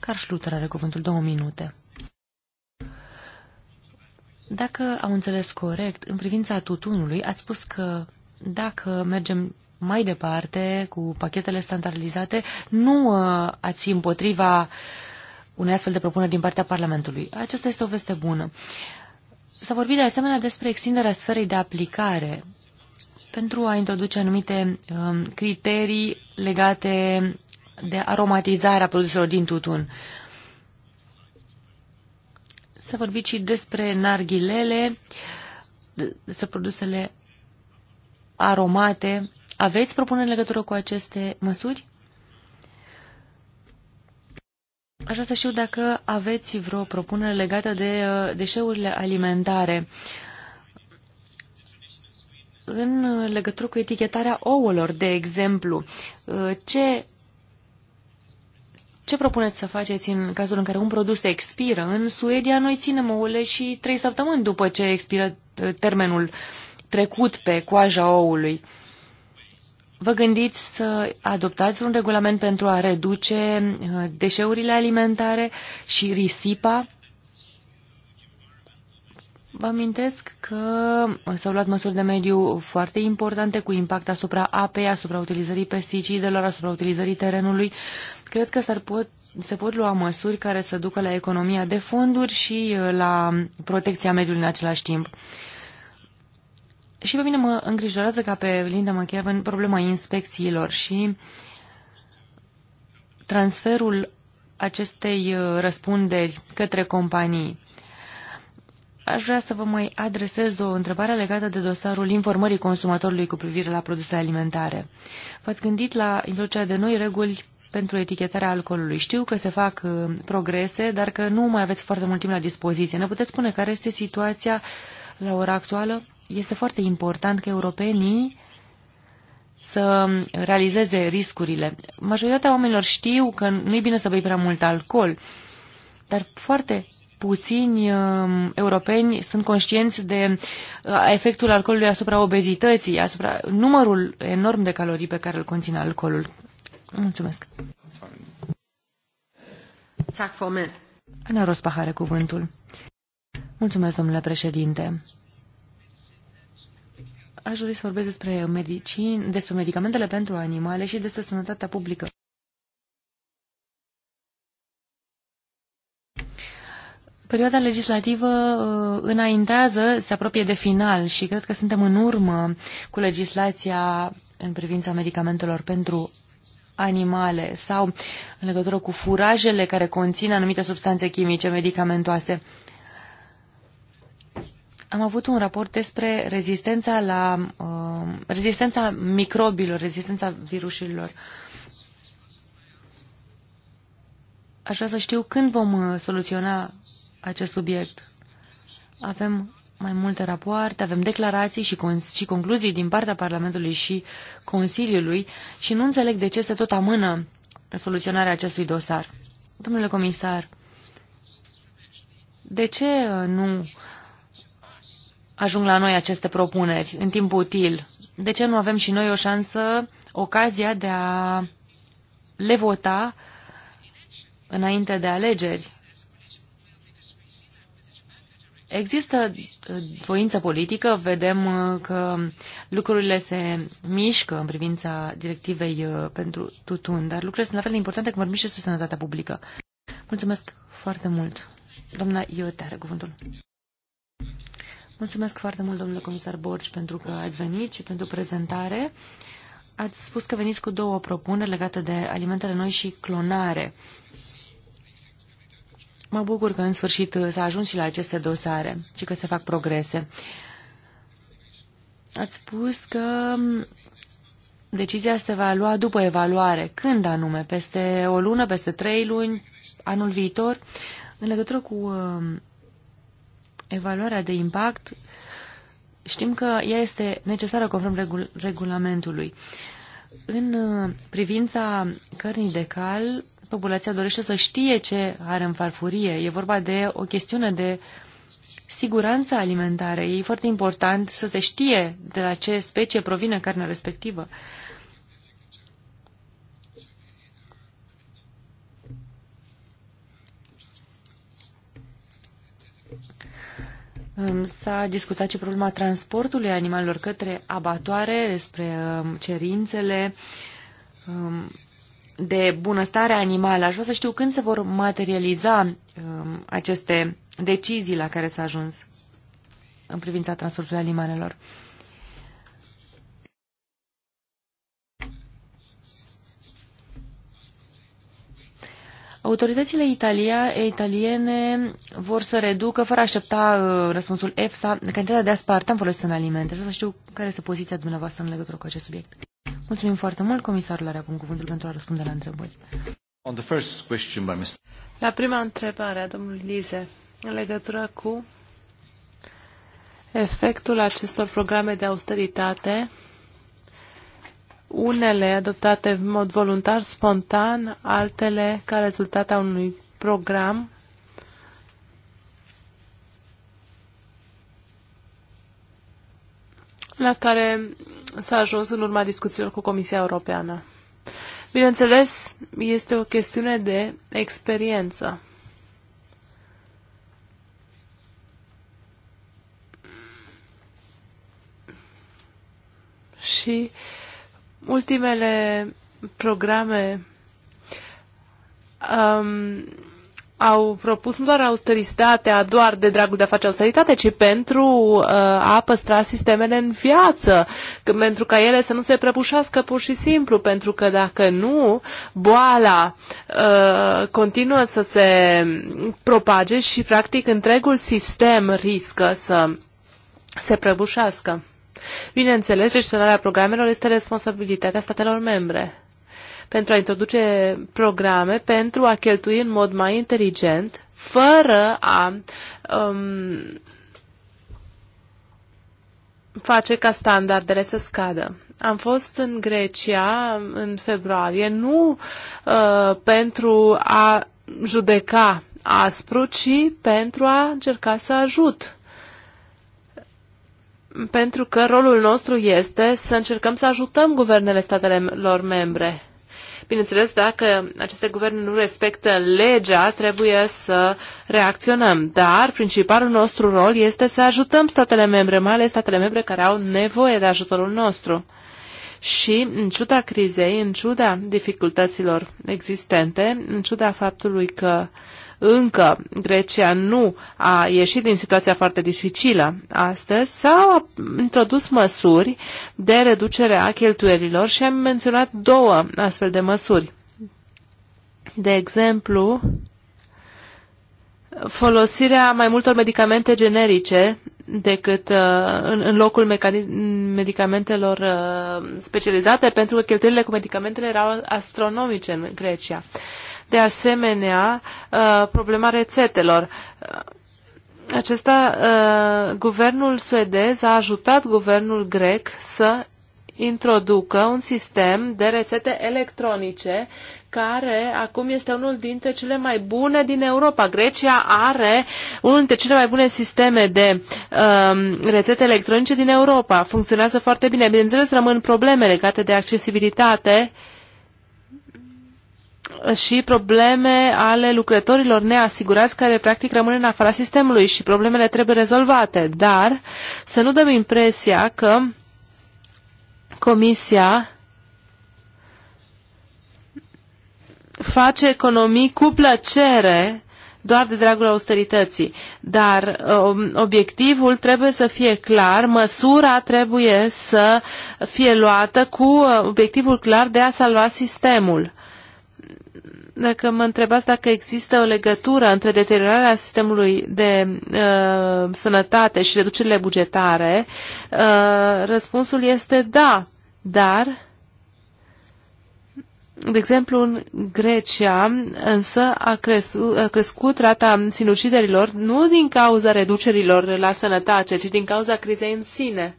Speaker 3: Carl Schluter are cuvântul două minute. Dacă am înțeles corect, în privința tutunului, ați spus că dacă mergem mai departe cu pachetele standardizate, nu uh, ați împotriva unei astfel de propuneri din partea Parlamentului. Aceasta este o veste bună. S-a vorbit de asemenea despre extinderea sferei de aplicare pentru a introduce anumite um, criterii legate de aromatizarea produselor din tutun. S-a vorbit și despre narghilele, despre produsele aromate. Aveți propuneri în legătură cu aceste măsuri? Aș vrea să știu dacă aveți vreo propunere legată de uh, deșeurile alimentare. În legătură cu etichetarea ouălor, de exemplu, uh, ce, ce propuneți să faceți în cazul în care un produs expiră? În Suedia noi ținem ouăle și trei săptămâni după ce expiră uh, termenul trecut pe coaja oului. Vă gândiți să adoptați un regulament pentru a reduce uh, deșeurile alimentare și risipa? Vă amintesc că uh, s-au luat măsuri de mediu foarte importante cu impact asupra apei, asupra utilizării pesticidelor, asupra utilizării terenului. Cred că s-ar pot, se pot lua măsuri care să ducă la economia de fonduri și uh, la protecția mediului în același timp. Și pe mine mă îngrijorează ca pe Linda McKeven problema inspecțiilor și transferul acestei uh, răspunderi către companii. Aș vrea să vă mai adresez o întrebare legată de dosarul informării consumatorului cu privire la produse alimentare. V-ați gândit la introducerea de noi reguli pentru etichetarea alcoolului. Știu că se fac uh, progrese, dar că nu mai aveți foarte mult timp la dispoziție. Ne puteți spune care este situația la ora actuală? este foarte important că europenii să realizeze riscurile. Majoritatea oamenilor știu că nu e bine să bei prea mult alcool, dar foarte puțini uh, europeni sunt conștienți de uh, efectul alcoolului asupra obezității, asupra numărul enorm de calorii pe care îl conține alcoolul. Mulțumesc. Ana Rospahare cuvântul. Mulțumesc, domnule președinte aș dori să vorbesc despre, medicin, despre medicamentele pentru animale și despre sănătatea publică. Perioada legislativă uh, înaintează, se apropie de final și cred că suntem în urmă cu legislația în privința medicamentelor pentru animale sau în legătură cu furajele care conțin anumite substanțe chimice medicamentoase. Uh, am avut un raport despre rezistența la uh, rezistența microbilor, rezistența virusilor. Aș vrea să știu când vom uh, soluționa acest subiect. Avem mai multe rapoarte, avem declarații și, con- și concluzii din partea Parlamentului și Consiliului și nu înțeleg de ce se tot amână soluționarea acestui dosar. Domnule comisar, de ce uh, nu ajung la noi aceste propuneri în timp util? De ce nu avem și noi o șansă, ocazia de a le vota înainte de alegeri? Există uh, voință politică, vedem uh, că lucrurile se mișcă în privința directivei uh, pentru tutun, dar lucrurile sunt la fel de importante când vorbim și despre sănătatea publică. Mulțumesc foarte mult. Doamna Iotea, are cuvântul. Mulțumesc foarte mult, domnule comisar Borci, pentru că ați venit și pentru prezentare. Ați spus că veniți cu două propuneri legate de alimentele noi și clonare. Mă bucur că în sfârșit s-a ajuns și la aceste dosare și că se fac progrese. Ați spus că decizia se va lua după evaluare. Când anume? Peste o lună, peste trei luni, anul viitor? În legătură cu uh, evaluarea de impact știm că ea este necesară conform regul regulamentului. În uh, privința cărnii de cal, populația dorește să știe ce are în farfurie. E vorba de o chestiune de siguranță alimentară. E foarte important să se știe de la ce specie provine carnea respectivă. Uh, S-a discutat și problema transportului animalelor către abatoare, despre cerințele de bunăstare animală. Aș vrea să știu când se vor materializa aceste decizii la care s-a ajuns în privința transportului animalelor. Autoritățile italia, italiene vor să reducă, fără a aștepta uh, răspunsul EFSA, cantitatea de aspartam folosită în alimente. Vreau să știu care este poziția dumneavoastră în legătură cu acest subiect. Mulțumim foarte mult. Comisarul are acum cuvântul pentru a răspunde la întrebări. On the first question by Mr.
Speaker 2: La prima întrebare a domnului Lize, în legătură cu efectul acestor programe de austeritate unele adoptate în mod voluntar, spontan, altele ca rezultat a unui program la care s-a ajuns în urma discuțiilor cu Comisia Europeană. Bineînțeles, este o chestiune de experiență. Și uh, Ultimele programe um, au propus nu doar austeritatea, doar de dragul de a face austeritate, ci pentru uh, a păstra sistemele în viață, pentru ca ele să nu se prăbușească pur și simplu, pentru că dacă nu, boala uh, continuă să se propage și practic întregul sistem riscă să se prăbușească. Bineînțeles, gestionarea programelor este responsabilitatea statelor membre pentru a introduce programe pentru a cheltui în mod mai inteligent, fără a um, face ca standardele să scadă. Am fost în Grecia în februarie, nu uh, pentru a judeca aspru, ci pentru a încerca să ajut pentru că rolul nostru este să încercăm să ajutăm guvernele statelor membre. Bineînțeles, dacă aceste guverne nu respectă legea, trebuie să reacționăm. Dar principalul nostru rol este să ajutăm statele membre, mai ales statele membre care au nevoie de ajutorul nostru. Și, în ciuda crizei, în ciuda dificultăților existente, în ciuda faptului că încă Grecia nu a ieșit din situația foarte dificilă astăzi, s-au introdus măsuri de reducere a cheltuielilor și am menționat două astfel de măsuri. De exemplu, folosirea mai multor medicamente generice decât uh, în, în locul medicamentelor uh, specializate, pentru că cheltuielile cu medicamentele erau astronomice în Grecia. Uh, de asemenea uh, problema rețetelor. Acesta, uh, guvernul suedez a ajutat guvernul grec să introducă un sistem de rețete electronice care acum este unul dintre cele mai bune din Europa. Grecia are unul dintre cele mai bune sisteme de um, rețete electronice din Europa. Funcționează foarte bine. Bineînțeles, rămân probleme legate de accesibilitate uh, și probleme ale lucrătorilor neasigurați care practic rămân în afara sistemului și problemele trebuie rezolvate, dar să nu dăm impresia că Comisia face economii cu plăcere doar de dragul austerității. Dar um, obiectivul trebuie să fie clar, măsura trebuie să fie luată cu uh, obiectivul clar de a salva sistemul dacă mă întrebați dacă există o legătură între deteriorarea sistemului de uh, sănătate și reducerile bugetare, uh, răspunsul este da, dar de exemplu, în Grecia, însă, a, cresu, a crescut rata sinuciderilor nu din cauza reducerilor la sănătate, ci din cauza crizei în sine.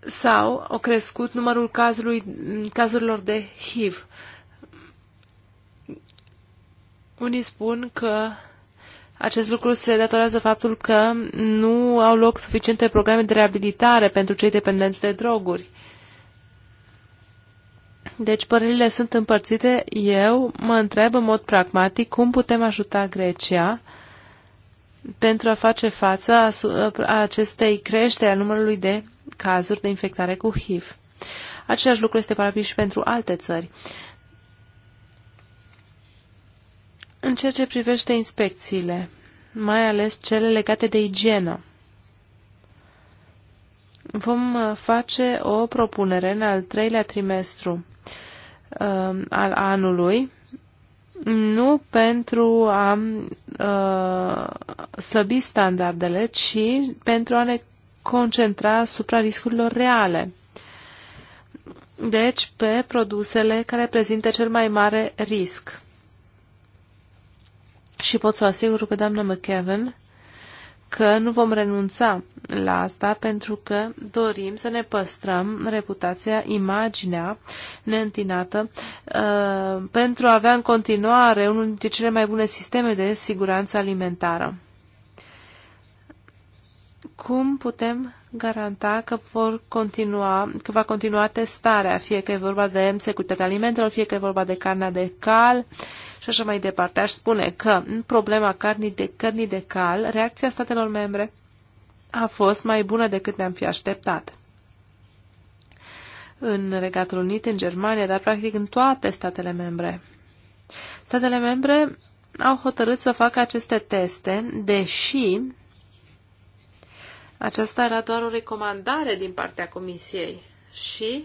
Speaker 2: Sau a crescut numărul cazului, cazurilor de HIV. Unii spun că acest lucru se datorează faptul că nu au loc suficiente programe de reabilitare pentru cei dependenți de droguri. Deci părerile sunt împărțite. Eu mă întreb în mod pragmatic cum putem ajuta Grecia pentru a face față a, acestei creșteri a numărului de cazuri de infectare cu HIV. Același lucru este valabil și pentru alte țări. Uh, În ceea ce privește inspecțiile, mai ales cele legate de igienă, vom uh, face o propunere în al treilea trimestru uh, al anului, nu pentru a uh, slăbi standardele, ci pentru a ne concentra asupra riscurilor reale. Deci, pe produsele care prezintă cel mai mare risc și pot să o asigur pe doamna McKevin că nu vom renunța la asta pentru că dorim să ne păstrăm reputația, imaginea neîntinată uh, pentru a avea în continuare unul dintre cele mai bune sisteme de siguranță alimentară. Cum putem garanta că, vor continua, că va continua testarea, fie că e vorba de securitatea alimentelor, fie că e vorba de carnea de cal, uh, și așa mai departe. Aș spune că în problema cărnii de, cărnii de cal, reacția statelor membre a fost mai bună decât ne-am fi așteptat. În Regatul Unit, în Germania, dar practic în toate statele membre. Statele membre au hotărât să facă aceste teste, deși aceasta era doar o recomandare din partea Comisiei și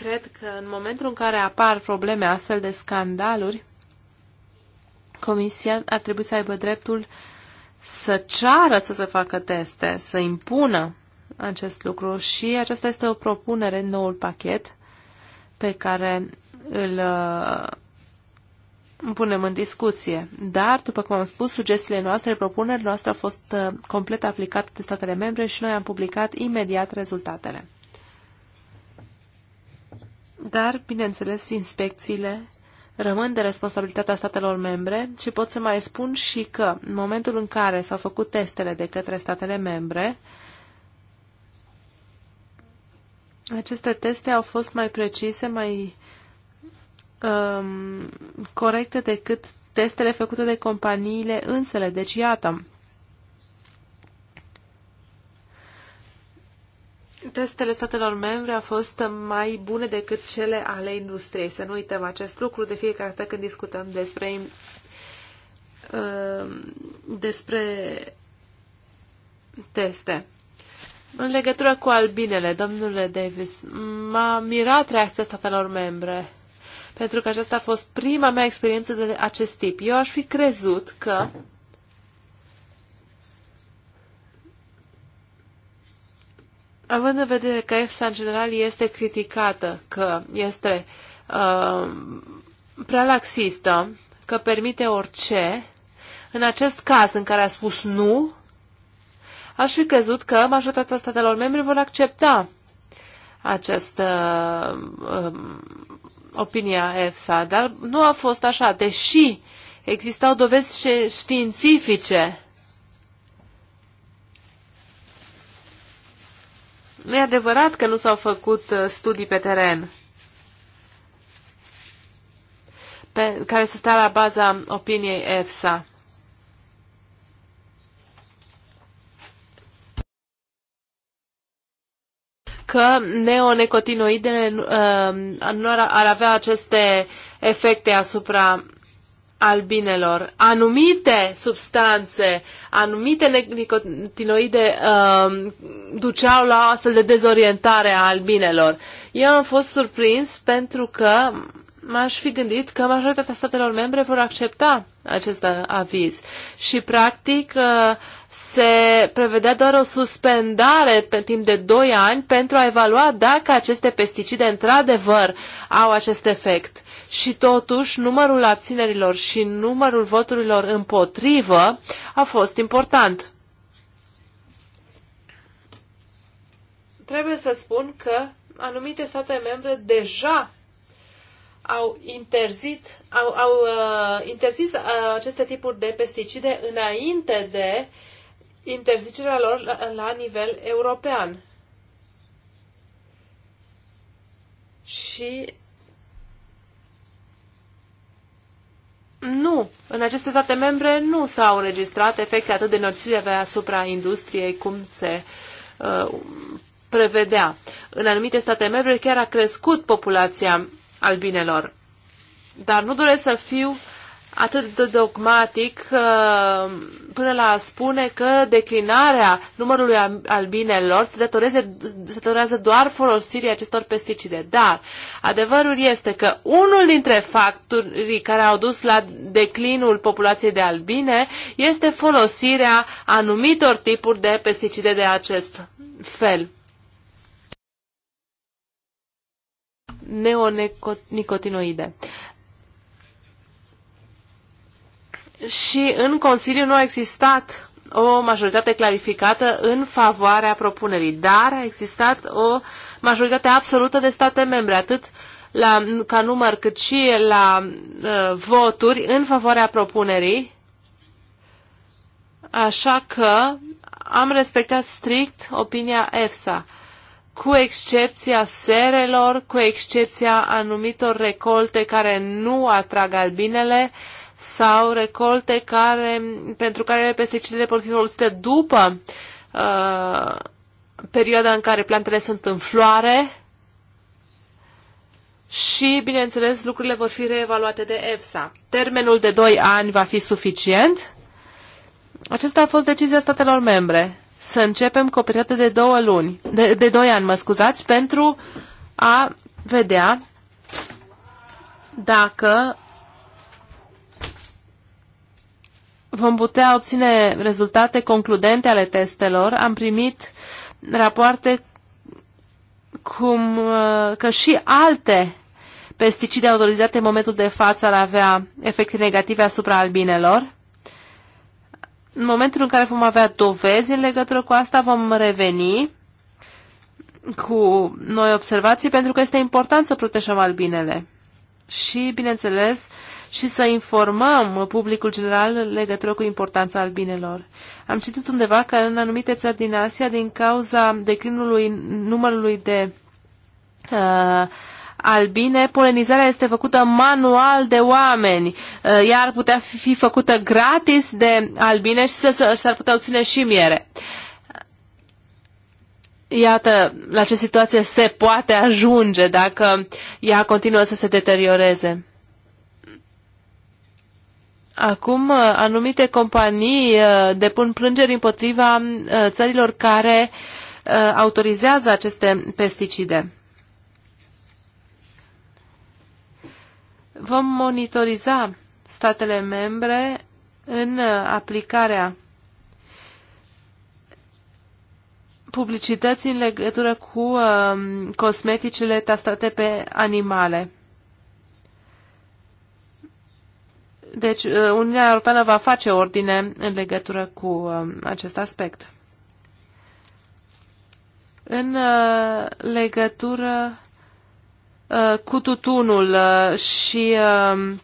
Speaker 2: Cred că în momentul în care apar probleme astfel de scandaluri, Comisia ar trebui să aibă dreptul să ceară să se facă teste, să impună acest lucru și aceasta este o propunere în noul pachet pe care îl uh, punem în discuție. Dar, după cum am spus, sugestiile noastre, propunerile noastre au fost uh, complet aplicate de statele membre și noi am publicat imediat rezultatele. Dar, bineînțeles, inspecțiile rămân de responsabilitatea statelor membre și pot să mai spun și că în momentul în care s-au făcut testele de către statele membre, aceste teste au fost mai precise, mai um, corecte decât testele făcute de companiile însele. Deci, iată, testele statelor membre au fost mai bune decât cele ale industriei. Să nu uităm acest lucru de fiecare dată când discutăm despre uh, despre teste. În legătură cu albinele, domnule Davis, m-a mirat reacția statelor membre, pentru că aceasta a fost prima mea experiență de acest tip. Eu aș fi crezut că Având în vedere că EFSA în general este criticată, că este uh, prea laxistă, că permite orice, în acest caz în care a spus nu, aș fi crezut că majoritatea statelor membre vor accepta această uh, opinia EFSA, dar nu a fost așa, deși existau dovezi științifice Nu e adevărat că nu s-au făcut uh, studii pe teren pe, care să stea la baza opiniei EFSA. că neonecotinoidele uh, nu ar, ar avea aceste efecte asupra albinelor. Anumite substanțe, anumite nicotinoide uh, um, duceau la o astfel de dezorientare a albinelor. Eu am fost surprins pentru că m-aș fi gândit că majoritatea statelor membre vor accepta acest aviz și, practic, uh, se prevedea doar o suspendare pe timp de 2 ani pentru a evalua dacă aceste pesticide într-adevăr au acest efect. Și totuși numărul abținerilor și numărul voturilor împotrivă a fost important. Trebuie să spun că anumite state membre deja au, interzit, au, au uh, interzis uh, aceste tipuri de pesticide înainte de interzicerea lor la, nivel european. Și Nu, în aceste state membre nu s-au înregistrat efecte atât de nocive asupra industriei cum se uh, prevedea. În anumite state membre chiar a crescut populația albinelor. Dar nu doresc să fiu atât de dogmatic uh, până la a spune că declinarea numărului albinelor se, se datorează doar folosirii acestor pesticide. Dar adevărul este că unul dintre factorii care au dus la declinul populației de albine este folosirea anumitor tipuri de pesticide de acest fel. Neonicotinoide. Uh, și în Consiliu nu a existat o majoritate clarificată în favoarea propunerii, dar a existat o majoritate absolută de state membre, atât la, ca număr cât și la uh, voturi în favoarea propunerii, așa că am respectat strict opinia EFSA, cu excepția serelor, cu excepția anumitor recolte care nu atrag albinele, uh, sau recolte care, pentru care pesticidele pot fi folosite după uh, perioada în care plantele sunt în floare și, bineînțeles, lucrurile vor fi reevaluate de EFSA. Termenul de 2 ani va fi suficient? Acesta a fost decizia statelor membre. Să începem cu o perioadă de 2 luni, de, de doi ani, mă scuzați, pentru a vedea dacă vom putea obține rezultate concludente ale testelor. Am primit rapoarte cum uh, că și alte pesticide autorizate în momentul de față ar avea efecte negative asupra albinelor. În momentul în care vom avea dovezi în legătură cu asta, vom reveni cu noi observații, pentru că este important să protejăm albinele și, bineînțeles, și să informăm publicul general în legătură cu importanța albinelor. Am citit undeva că în anumite țări din Asia, din cauza declinului numărului de uh, albine, polenizarea este făcută manual de oameni. Uh, iar putea fi făcută gratis de albine și să s-ar putea obține și miere. Uh, iată la ce situație se poate ajunge dacă ea continuă să se deterioreze. Acum, uh, anumite companii uh, depun plângeri împotriva uh, țărilor care autorizează aceste pesticide. Vom monitoriza statele membre în aplicarea publicității în legătură cu uh, cosmeticele tastate pe animale. Deci, uh, Uniunea Europeană va face ordine în legătură cu uh, acest aspect. În uh, legătură uh, cu tutunul uh, și uh,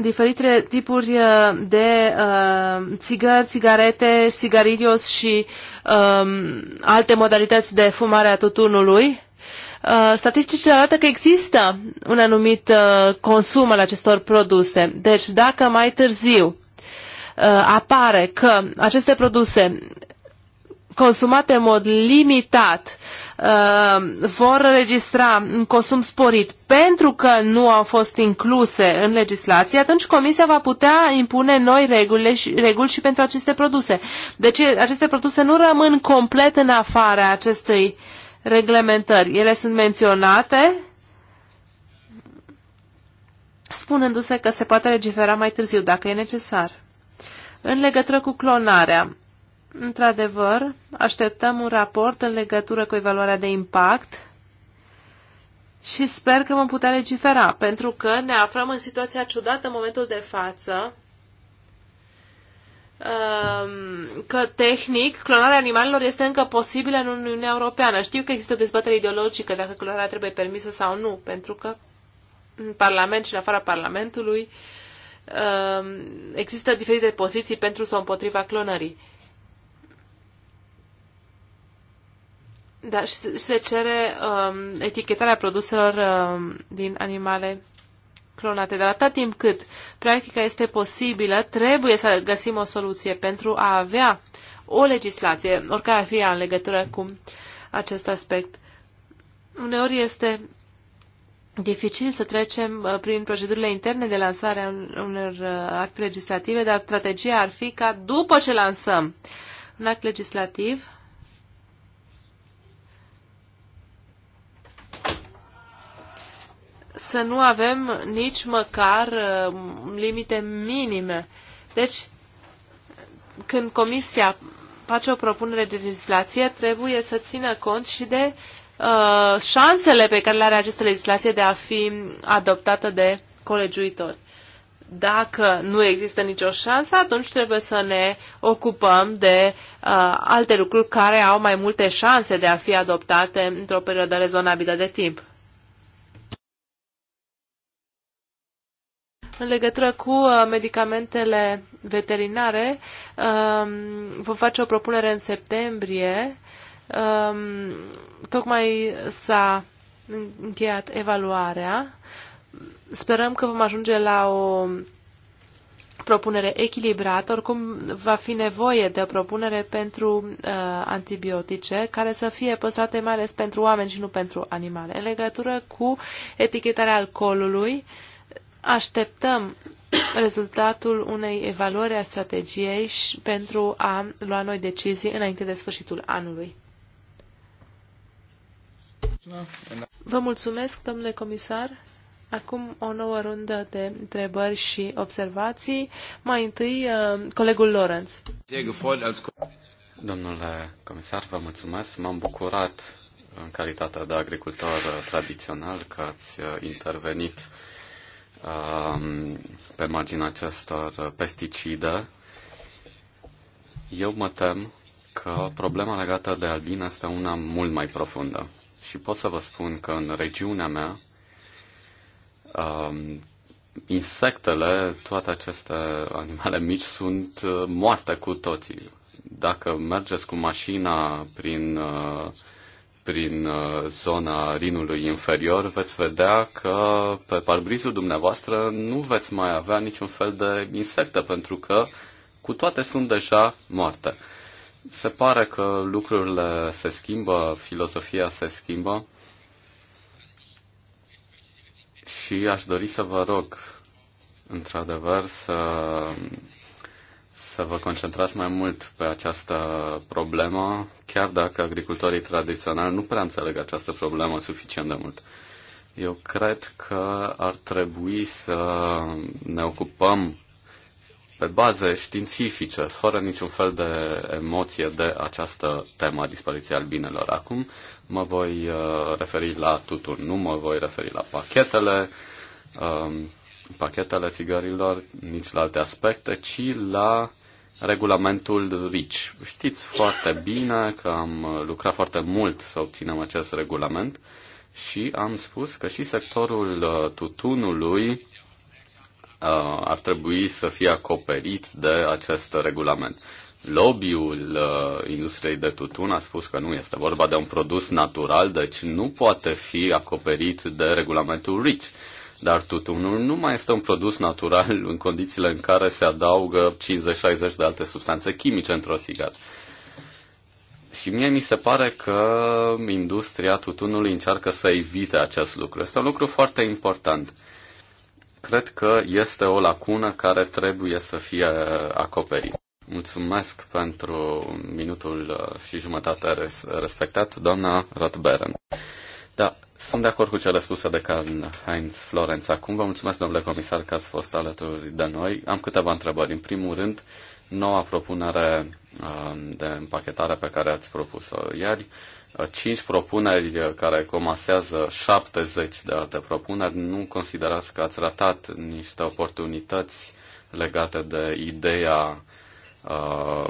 Speaker 2: diferite tipuri uh, de uh, țigări, țigarete, sigarilios și um, alte modalități de fumare a tutunului. Uh, statisticile arată că există un anumit uh, consum al acestor produse. Deci dacă mai târziu uh, apare că aceste produse consumate în mod limitat uh, Uh, vor registra un consum sporit pentru că nu au fost incluse în legislație, atunci Comisia va putea impune noi reguli și, reguli și pentru aceste produse. Deci aceste produse nu rămân complet în afara acestei reglementări. Ele sunt menționate spunându-se că se poate legifera mai târziu, dacă e necesar. În legătură cu clonarea, într-adevăr, așteptăm un raport în legătură cu evaluarea de impact și sper că vom putea legifera, pentru că ne aflăm în situația ciudată în momentul de față, um, că tehnic clonarea animalelor este încă posibilă în Uniunea Europeană. Știu că există o dezbatere ideologică dacă clonarea trebuie permisă sau nu, pentru că în Parlament și în afara Parlamentului um, există diferite poziții pentru sau împotriva clonării. Da, și se cere um, etichetarea produselor um, din animale clonate. Dar atât timp cât practica este posibilă, trebuie să găsim o soluție pentru a avea o legislație, oricare ar fi în legătură cu acest aspect. Uneori este dificil să trecem uh, prin procedurile interne de lansare a unor uh, acte legislative, dar strategia ar fi ca după ce lansăm un act legislativ, să nu avem nici măcar uh, limite minime. Deci, când Comisia face o propunere de legislație, trebuie să țină cont și de uh, șansele pe care le are această legislație de a fi adoptată de colegiuitori. Dacă nu există nicio șansă, atunci trebuie să ne ocupăm de uh, alte lucruri care au mai multe șanse de a fi adoptate într-o perioadă rezonabilă de timp. În legătură cu uh, medicamentele veterinare, um, vă face o propunere în septembrie. Um, tocmai s-a încheiat evaluarea. Sperăm că vom ajunge la o propunere echilibrată, oricum va fi nevoie de o propunere pentru uh, antibiotice care să fie păsate mai ales pentru oameni și nu pentru animale. În legătură cu etichetarea alcoolului, uh, Așteptăm rezultatul unei evaluări a strategiei și pentru a lua noi decizii înainte de sfârșitul anului. Vă mulțumesc, domnule comisar. Acum o nouă rundă de întrebări și observații. Mai întâi, uh, colegul Lorenz.
Speaker 1: Domnule comisar, vă mulțumesc. M-am bucurat în calitatea de agricultor tradițional că ați uh, intervenit Um, pe marginea acestor pesticide, eu mă tem că problema legată de albine este una mult mai profundă. Și pot să vă spun că în regiunea mea, um, insectele, toate aceste animale mici, sunt uh, moarte cu toții. Dacă mergeți cu mașina prin uh, prin uh, zona Rinului inferior, veți vedea că pe parbrizul dumneavoastră nu veți mai avea niciun fel de insecte, pentru că cu toate sunt deja moarte. Se pare că lucrurile se schimbă, filozofia se schimbă și aș dori să vă rog, într-adevăr, să să vă concentrați mai mult pe această problemă, chiar dacă agricultorii tradiționali nu prea înțeleg această problemă suficient de mult. Eu cred că ar trebui să ne ocupăm pe baze științifice, fără niciun fel de emoție de această temă a dispariției albinelor. Acum mă voi uh, referi la tutun, nu mă voi referi la pachetele, um, pachetele țigărilor, nici la alte aspecte, ci la regulamentul RICI. Știți foarte bine că am lucrat foarte mult să obținem acest regulament și am spus că și sectorul uh, tutunului uh, ar trebui să fie acoperit de acest regulament. Lobby-ul uh, industriei de tutun a spus că nu este vorba de un produs natural, deci nu poate fi acoperit de regulamentul RICI. Dar tutunul nu mai este un produs natural în condițiile în care se adaugă 50-60 de alte substanțe chimice într-o țigară. Și mie mi se pare că industria tutunului încearcă să evite acest lucru. Este un lucru foarte important. Cred că este o lacună care trebuie să fie acoperită. Mulțumesc pentru minutul uh, și jumătate respectat, doamna Rotberen. Da, sunt de acord cu cele spuse de Carl Heinz Florenz. Acum vă mulțumesc, domnule comisar, că ați fost alături de noi. Am câteva întrebări. În primul rând, noua propunere um, de împachetare pe care ați propus-o ieri, cinci propuneri care comasează 70 de alte propuneri, nu considerați că ați ratat niște oportunități legate de ideea Uh,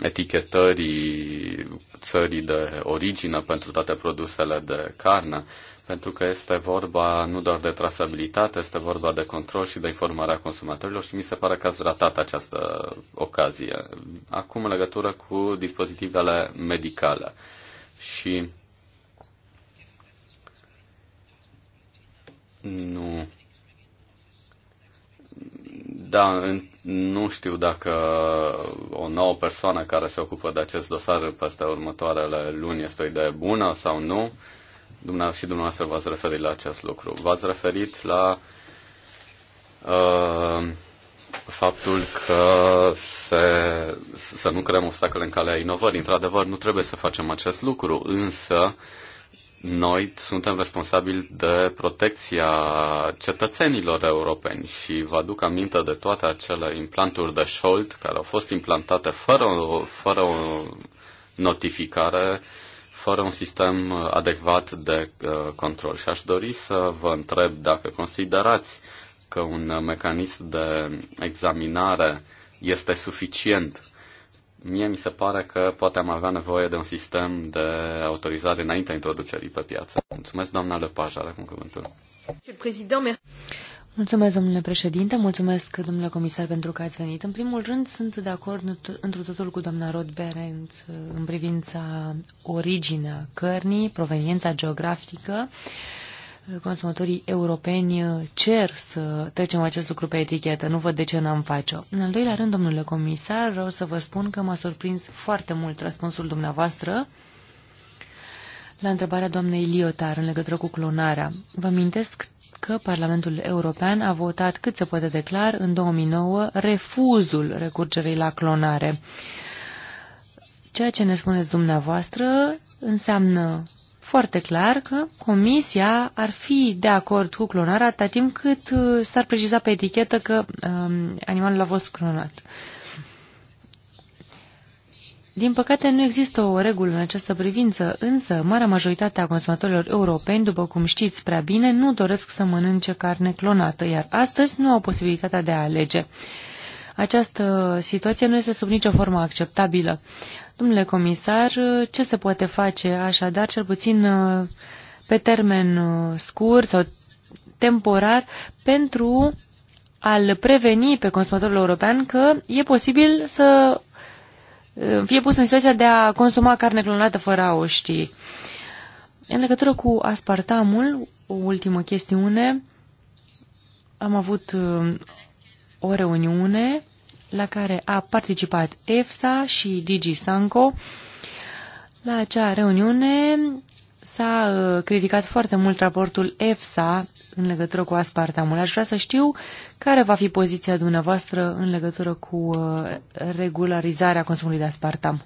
Speaker 1: etichetării țării de origine pentru toate produsele de carne, pentru că este vorba nu doar de trasabilitate, este vorba de control și de informarea consumatorilor și mi se pare că ați ratat această ocazie. Acum în legătură cu dispozitivele medicale și nu da, nu știu dacă o nouă persoană care se ocupă de acest dosar peste următoarele luni este o idee bună sau nu. Dumneavoastră și dumneavoastră v-ați referit la acest lucru. V-ați referit la uh, faptul că se, să nu creăm obstacole în calea inovării. Într-adevăr, nu trebuie să facem acest lucru, însă uh, noi suntem responsabili de protecția cetățenilor europeni și vă aduc aminte de toate acele implanturi de șold care au fost implantate fără, fără o notificare, fără un sistem adecvat de uh, control. Și aș dori să vă întreb dacă considerați că un mecanism de examinare este suficient Mie mi se pare că poate am avea nevoie de un sistem de autorizare înaintea introducerii pe piață. Mulțumesc, doamna Lepaj, are cu cuvântul.
Speaker 3: Mulțumesc, domnule președinte, mulțumesc, domnule comisar, pentru că ați venit. În primul rând, sunt de acord într totul cu doamna Rod Berend uh, în privința originea cărnii, proveniența geografică, uh, consumatorii europeni uh, cer să trecem acest lucru pe etichetă. Nu văd de ce n-am face-o. În al doilea rând, domnule comisar, vreau să vă spun că m-a surprins foarte mult răspunsul dumneavoastră la întrebarea doamnei Liotar în legătură cu clonarea. Vă amintesc că Parlamentul European a votat cât se poate declar în 2009 refuzul recurgerii la clonare. Ceea ce ne spuneți dumneavoastră înseamnă foarte clar că comisia ar fi de acord cu clonarea atâta timp cât uh, s-ar preciza pe etichetă că um, animalul a fost clonat. Din păcate, nu există o regulă în această privință, însă marea majoritate a consumatorilor europeni, după cum știți prea bine, nu doresc să mănânce carne clonată, iar astăzi nu au posibilitatea de a alege. Această situație nu este sub nicio formă acceptabilă. Domnule comisar, ce se poate face așadar, cel puțin uh, pe termen uh, scurt sau temporar, pentru a-l preveni pe consumatorul european că e posibil să uh, fie pus în situația de a consuma carne clonată fără a o ști. În legătură cu aspartamul, o ultimă chestiune, am avut o reuniune la care a participat EFSA și Digi Sanco. La acea reuniune s-a uh, criticat foarte mult raportul EFSA în legătură cu aspartamul. Aș vrea să știu care va fi poziția dumneavoastră în legătură cu uh, regularizarea consumului de aspartam.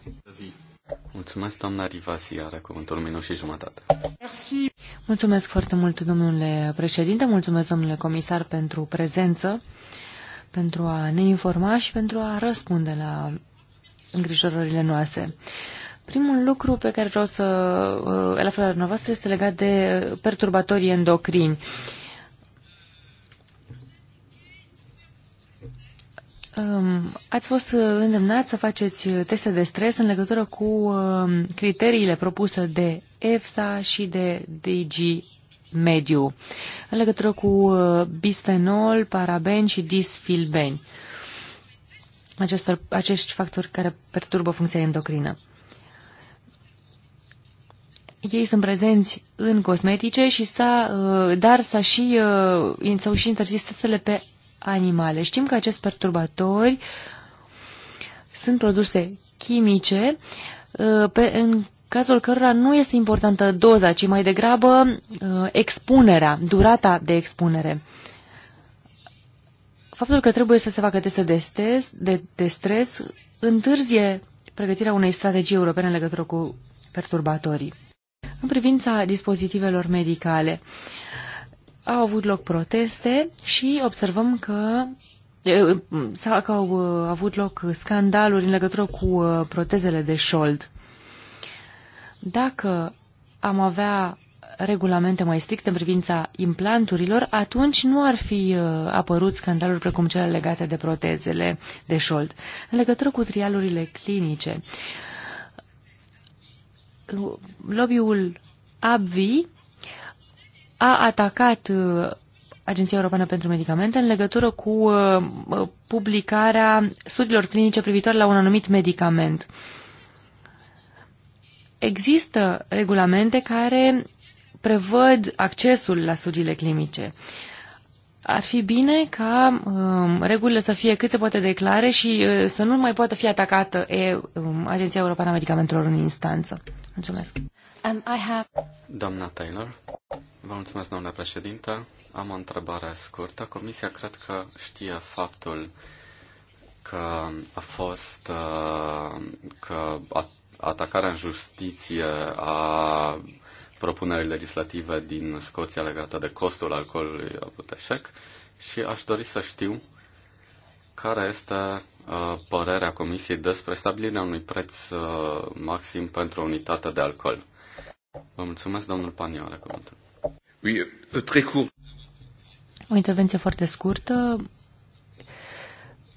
Speaker 1: Mulțumesc, doamna Rivasi, are cuvântul minut și jumătate.
Speaker 3: Merci. Mulțumesc foarte mult, domnule președinte, mulțumesc, domnule comisar, pentru prezență pentru a ne informa și pentru a răspunde la îngrijorările noastre. Primul lucru pe care vreau să îl uh, aflu la dumneavoastră este legat de perturbatorii endocrini. Um, ați fost îndemnat să faceți teste de stres în legătură cu um, criteriile propuse de EFSA și de DG mediu, în legătură cu uh, bistenol, paraben și disfilbeni, acestor, acești factori care perturbă funcția endocrină. Ei sunt prezenți în cosmetice, și s-a, uh, dar s-a și, uh, s-au și interzis testele pe animale. Știm că acești perturbatori sunt produse chimice pe, în cazul cărora nu este importantă doza, ci mai degrabă uh, expunerea, durata de expunere. Faptul că trebuie să se facă teste de stres, de, de stres întârzie pregătirea unei strategii europene în legătură cu perturbatorii. În privința dispozitivelor medicale, au avut loc proteste și observăm că sau că au uh, avut loc scandaluri în legătură cu uh, protezele de șold. Dacă am avea regulamente mai stricte în privința implanturilor, atunci nu ar fi uh, apărut scandaluri precum cele legate de protezele de șold. În legătură cu trialurile clinice, lobby-ul ABVI a atacat uh, Agenția Europeană pentru Medicamente în legătură cu uh, publicarea studiilor clinice privitoare la un anumit medicament. Există regulamente care prevăd accesul la studiile clinice. Ar fi bine ca um, regulile să fie cât se poate declare și uh, să nu mai poată fi atacată e, um, Agenția Europeană a Medicamentelor în instanță. Mulțumesc.
Speaker 2: Um, I have...
Speaker 1: Doamna Taylor, vă mulțumesc, doamna președintă. Am o întrebare scurtă. Comisia cred că știe faptul că a fost uh, că a atacarea în justiție a propunerii legislative din Scoția legată de costul alcoolului a avut eșec și aș dori să știu care este uh, părerea Comisiei despre stabilirea unui preț uh, maxim pentru o unitate de alcool. Vă mulțumesc, domnul Pania are cuvântul. Euh,
Speaker 3: o intervenție foarte scurtă.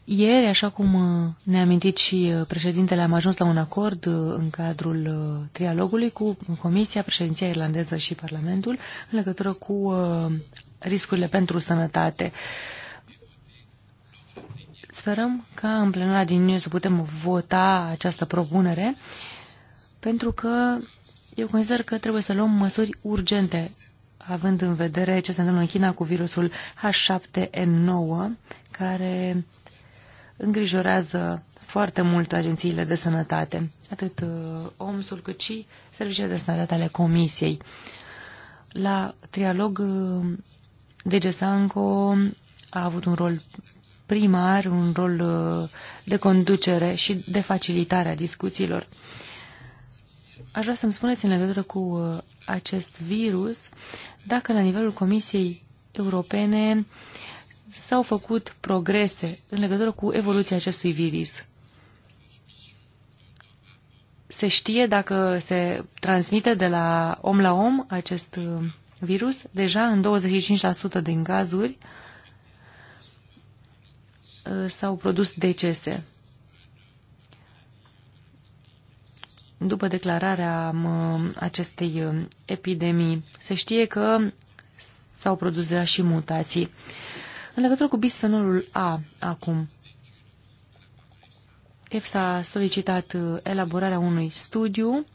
Speaker 3: Ieri, așa cum uh, ne-a amintit și uh, președintele, am ajuns la un acord uh, în cadrul trialogului cu Comisia, președinția irlandeză și Parlamentul în legătură cu riscurile pentru sănătate. Sperăm ca în plenul din iunie să putem vota această propunere, pentru că eu consider că trebuie să luăm măsuri urgente, având în vedere ce se întâmplă în China cu virusul H7N9, care îngrijorează foarte mult agențiile de sănătate, atât uh, OMS-ul cât și serviciile de sănătate ale Comisiei. La trialog, uh, DG Sanco a avut un rol primar, un rol uh, de conducere și de facilitare a discuțiilor. Aș vrea să-mi spuneți în legătură cu acest virus, dacă la nivelul Comisiei Europene uh, s-au făcut progrese în legătură cu evoluția acestui virus? Se știe dacă se transmite de la om la om acest uh, virus? Deja în 25% din cazuri uh, s-au produs decese. După declararea um, acestei um, epidemii, se știe că s-au produs deja și mutații. În legătură cu bisfenolul A, acum, EFSA a solicitat uh, elaborarea unui studiu,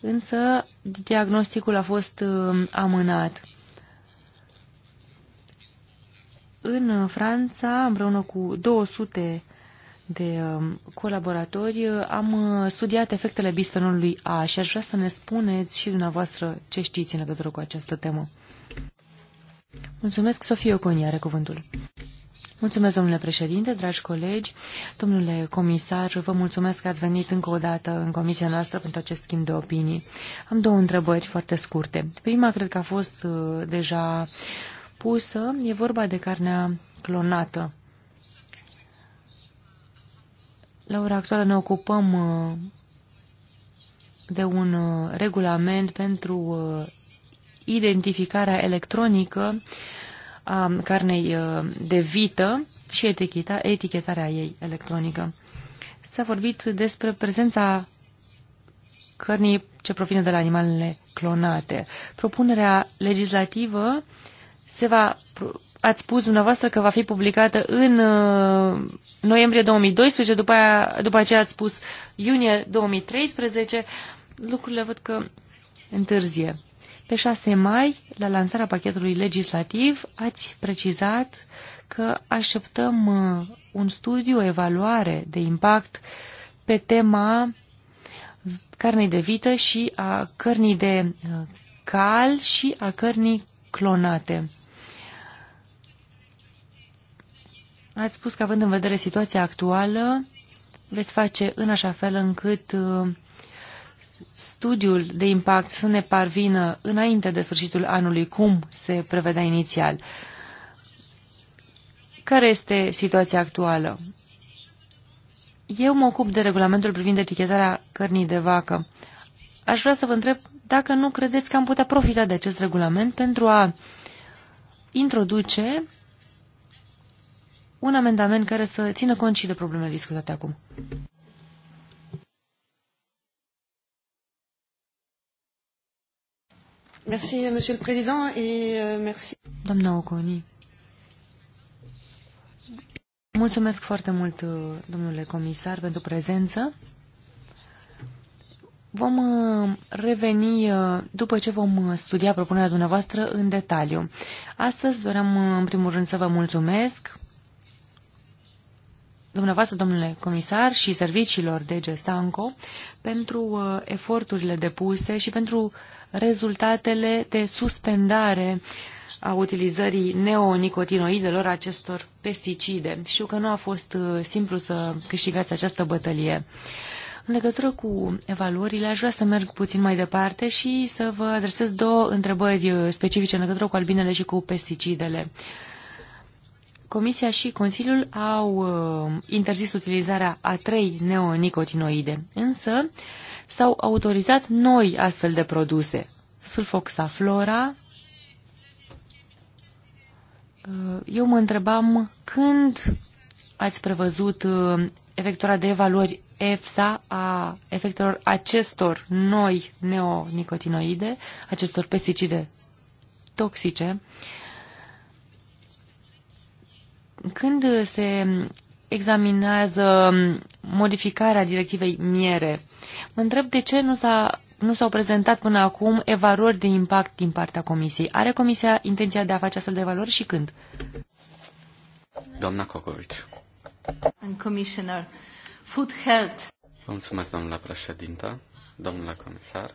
Speaker 3: însă diagnosticul a fost uh, amânat. În Franța, împreună cu 200 de um, colaboratori, uh, am studiat efectele bisfenolului A și aș vrea să ne spuneți și dumneavoastră ce știți în legătură cu această temă. Mulțumesc, Sofie Oconia are cuvântul. Mulțumesc, domnule președinte, dragi colegi, domnule comisar, vă mulțumesc că ați venit încă o dată în comisia noastră pentru acest schimb de opinii. Am două întrebări foarte scurte. Prima cred că a fost uh, deja pusă, e vorba de carnea clonată. La ora actuală ne ocupăm uh, de un uh, regulament pentru identificarea electronică a carnei uh, de vită și eticheta, etichetarea ei electronică. S-a vorbit despre prezența cărnii ce provine de la animalele clonate. Propunerea legislativă se va ați spus dumneavoastră că va fi publicată în uh, noiembrie 2012, după, aia, după aceea ați spus iunie 2013. Lucrurile văd că întârzie. Pe 6 mai, la lansarea pachetului legislativ, ați precizat că așteptăm uh, un studiu, o evaluare de impact pe tema carnei de vită și a cărnii de uh, cal și a cărnii clonate. Ați spus că, având în vedere situația actuală, veți face în așa fel încât uh, studiul de impact să ne parvină înainte de sfârșitul anului, cum se prevedea inițial. Care este situația actuală? Eu mă ocup de regulamentul privind etichetarea cărnii de vacă. Aș vrea să vă întreb dacă nu credeți că am putea profita de acest regulament pentru a introduce un amendament care să țină cont și de problemele discutate acum. Merci, Monsieur le Président, et euh, merci. Doamna Oconi. Mulțumesc foarte mult, uh, domnule comisar, pentru prezență. Vom uh, reveni uh, după ce vom studia propunerea dumneavoastră în detaliu. Astăzi doream, în primul rând, să vă mulțumesc dumneavoastră, domnule comisar, și serviciilor de GESANCO pentru eforturile depuse și pentru uh, rezultatele de suspendare a utilizării neonicotinoidelor acestor pesticide. Știu că nu a fost uh, simplu să câștigați această bătălie. În legătură cu evaluările, aș vrea să merg puțin mai departe și să vă adresez două întrebări uh, specifice în legătură cu albinele și cu pesticidele. Comisia și Consiliul au uh, interzis utilizarea a trei neonicotinoide, însă uh, s-au autorizat noi astfel de produse. Sulfoxaflora, uh, eu mă întrebam când ați prevăzut uh, efectuarea de evaluări EFSA a efectelor acestor noi neonicotinoide, acestor pesticide toxice, când se examinează um, modificarea directivei miere. Mă întreb de ce nu, s-a, nu s-au prezentat până acum evaluări de impact din partea Comisiei. Are Comisia intenția de a face astfel de evaluări și când?
Speaker 1: Doamna Cocovici.
Speaker 2: And Commissioner, Food Health.
Speaker 1: Vă mulțumesc, domnule președinte, domnule comisar.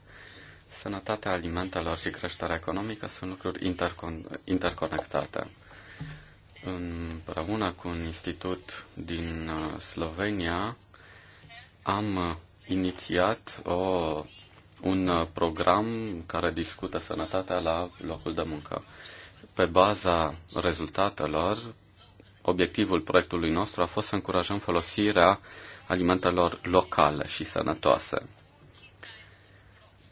Speaker 1: Sănătatea alimentelor și creșterea economică sunt lucruri intercon- interconectate împreună cu un institut din uh, Slovenia, am uh, inițiat o, un uh, program care discută sănătatea la locul de muncă. Pe baza rezultatelor, obiectivul proiectului nostru a fost să încurajăm folosirea alimentelor locale și sănătoase.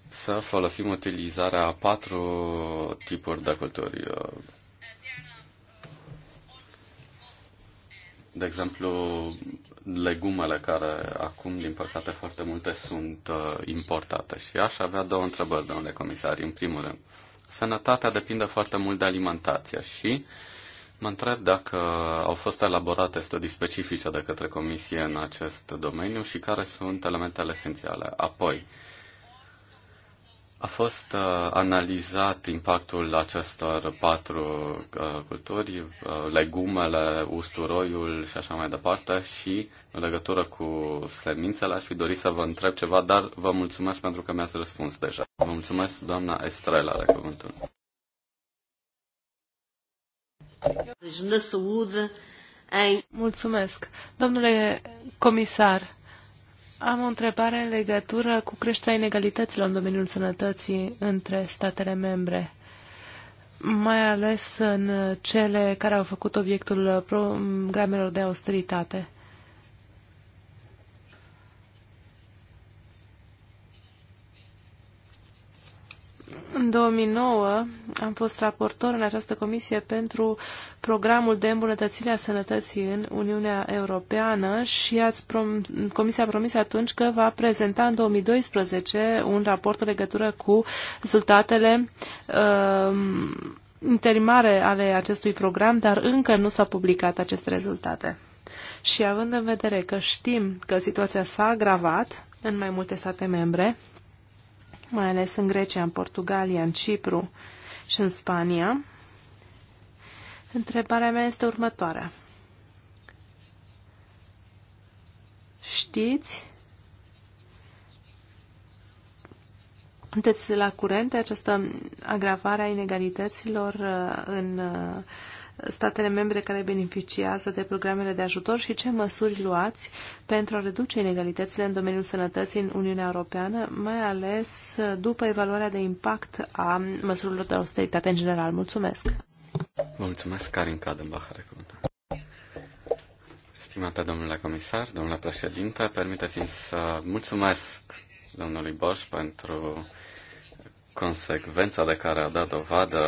Speaker 1: Să folosim utilizarea a patru tipuri de culturi de exemplu, legumele care acum, din păcate, foarte multe sunt uh, importate. Și aș avea două întrebări, domnule comisar. În primul rând, sănătatea depinde foarte mult de alimentație și mă întreb dacă au fost elaborate studii specifice de către Comisie în acest domeniu și care sunt elementele esențiale. Apoi, uh, a fost uh, analizat impactul acestor patru uh, culturi, uh, legumele, usturoiul și așa mai departe și în legătură cu semințele aș fi dorit să vă întreb ceva, dar vă mulțumesc pentru că mi-ați răspuns deja. Vă mulțumesc, doamna Estrela, la cuvântul.
Speaker 2: Deci, mulțumesc. Domnule comisar, am o întrebare în legătură cu creșterea inegalităților în domeniul sănătății între statele membre, mai ales în cele care au făcut obiectul programelor de austeritate. În 2009 am fost raportor în această comisie pentru programul de îmbunătățire a sănătății în Uniunea Europeană și ați prom Comisia a promis atunci că va prezenta în 2012 un raport în legătură cu rezultatele uh, interimare ale acestui program, dar încă nu s-au publicat aceste rezultate. Și având în vedere că știm că situația s-a agravat în mai multe state membre, mai ales în Grecia, în Portugalia, în Cipru și în Spania. Întrebarea mea este următoarea. Știți? Sunteți la curent de această agravare a inegalităților uh, în uh, statele membre care beneficiază de programele de ajutor și ce măsuri luați pentru a reduce inegalitățile în domeniul sănătății în Uniunea Europeană, mai ales după evaluarea de impact a măsurilor de austeritate în general. Mulțumesc!
Speaker 1: Mulțumesc, Karin Kadenbach, Stimată domnule comisar, domnule președinte, permiteți-mi să mulțumesc domnului Bosch pentru consecvența de care a dat dovadă,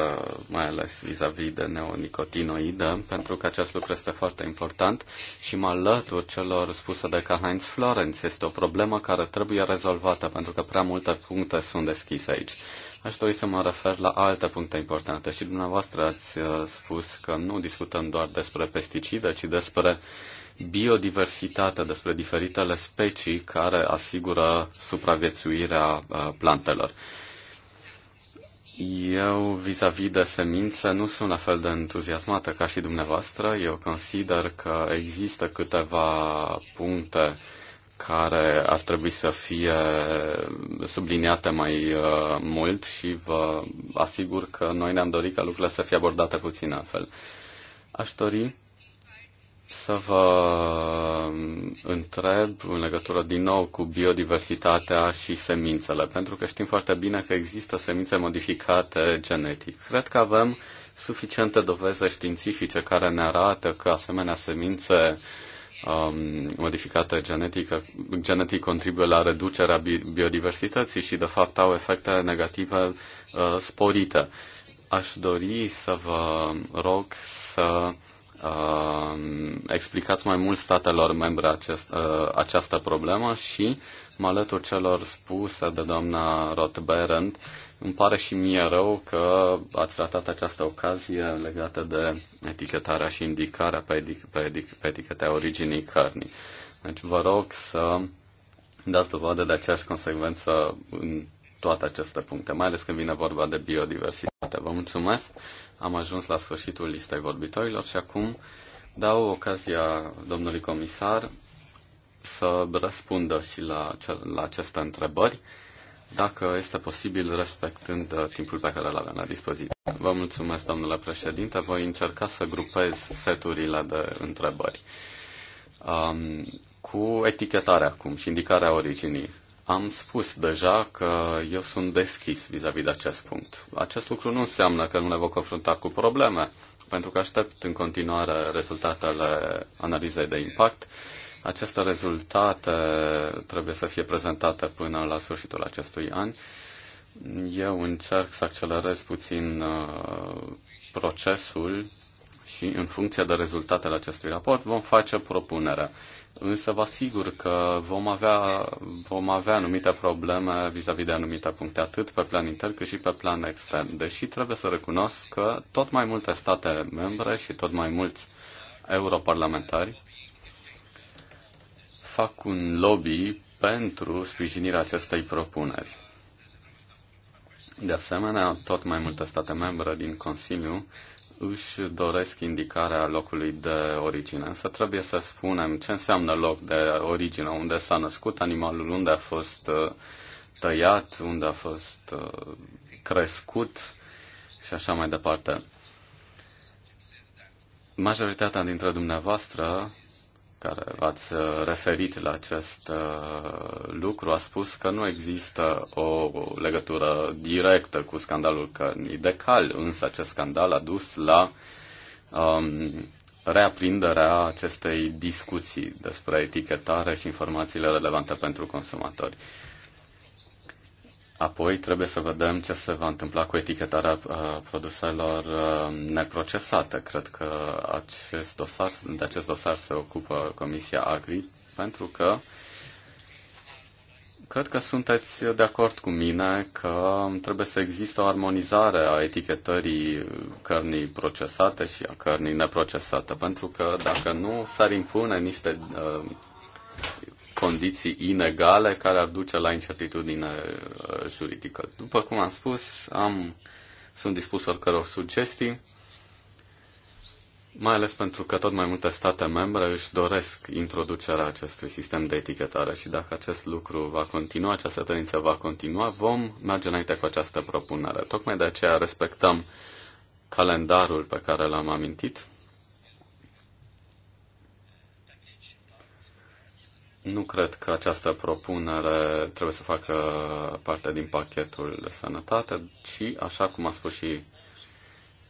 Speaker 1: mai ales vis-a-vis -vis de neonicotinoidă, pentru că acest lucru este foarte important și mă alătur celor spuse de ca Heinz Florence. Este o problemă care trebuie rezolvată, pentru că prea multe puncte sunt deschise aici. Aș dori să mă refer la alte puncte importante și dumneavoastră ați uh, spus că nu discutăm doar despre pesticide, ci despre biodiversitate, despre diferitele specii care asigură supraviețuirea uh, plantelor. Eu, vis-a-vis -vis de semințe, nu sunt la fel de entuziasmată ca și dumneavoastră. Eu consider că există câteva puncte care ar trebui să fie subliniate mai uh, mult și vă asigur că noi ne-am dorit ca lucrurile să fie abordate puțin altfel. Aș dori să vă um, întreb în legătură din nou cu biodiversitatea și semințele, pentru că știm foarte bine că există semințe modificate genetic. Cred că avem suficiente doveze științifice care ne arată că asemenea semințe um, modificate genetică, genetic contribuie la reducerea biodiversității și, de fapt, au efecte negative uh, sporite. Aș dori să vă rog să Um, explicați mai mult statelor membre acest, uh, această problemă și mă alătur celor spuse de doamna Rothberend. Îmi pare și mie rău că ați ratat această ocazie legată de etichetarea și indicarea pe, edic- pe, edic- pe etichetea originii cărnii. Deci vă rog să dați dovadă de aceeași consecvență în toate aceste puncte, mai ales când vine vorba de biodiversitate. Vă mulțumesc! Am ajuns la sfârșitul listei vorbitorilor și acum dau ocazia domnului comisar să răspundă și la, ce, la aceste întrebări, dacă este posibil, respectând uh, timpul pe care îl avem la dispoziție. Vă mulțumesc, domnule președinte. Voi încerca să grupez seturile de întrebări. Um, cu etichetarea acum și indicarea originii. Am spus deja că eu sunt deschis vis-a-vis -vis de acest punct. Acest lucru nu înseamnă că nu ne vom confrunta cu probleme, pentru că aștept în continuare rezultatele analizei de impact. Aceste rezultate trebuie să fie prezentate până la sfârșitul acestui an. Eu încerc să accelerez puțin uh, procesul și în funcție de rezultatele acestui raport vom face propunerea. Însă vă asigur că vom avea, vom avea anumite probleme vis-a-vis -vis de anumite puncte, atât pe plan intern cât și pe plan extern. Deși trebuie să recunosc că tot mai multe state membre și tot mai mulți europarlamentari fac un lobby pentru sprijinirea acestei propuneri. De asemenea, tot mai multe state membre din Consiliu își doresc indicarea locului de origine. Însă trebuie să spunem ce înseamnă loc de origine, unde s-a născut animalul, unde a fost uh, tăiat, unde a fost uh, crescut și așa mai departe. Majoritatea dintre dumneavoastră care v-ați uh, referit la acest uh, lucru a spus că nu există o legătură directă cu scandalul cărnii de cal, însă acest scandal a dus la um, reaprinderea acestei discuții despre etichetare și informațiile relevante pentru consumatori. Uh, Apoi trebuie să vedem ce se va întâmpla cu etichetarea uh, produselor uh, neprocesate. Cred că acest dosar, de acest dosar se ocupă Comisia Agri pentru că cred că sunteți de acord cu mine că trebuie să există o armonizare a etichetării cărnii procesate și a cărnii neprocesate, pentru că dacă nu, s-ar impune niște uh, condiții inegale care ar duce la incertitudine uh, juridică. După cum am spus, am, sunt dispus oricăror sugestii, mai ales pentru că tot mai multe state membre își doresc introducerea acestui sistem de etichetare și dacă acest lucru va continua, această tendință va continua, vom merge înainte cu această propunere. Tocmai de aceea respectăm calendarul pe care l-am amintit Nu cred că această propunere trebuie să facă parte din pachetul de sănătate, ci, așa cum a spus și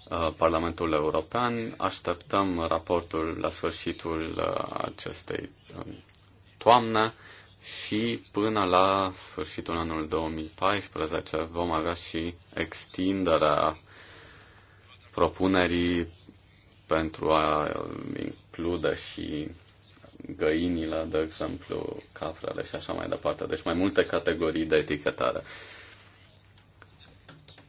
Speaker 1: uh, Parlamentul European, așteptăm raportul la sfârșitul uh, acestei um, toamne și până la sfârșitul anului 2014 vom avea și extinderea propunerii pentru a uh, include și găinile, de exemplu, caprele și așa mai departe. Deci mai multe categorii de etichetare.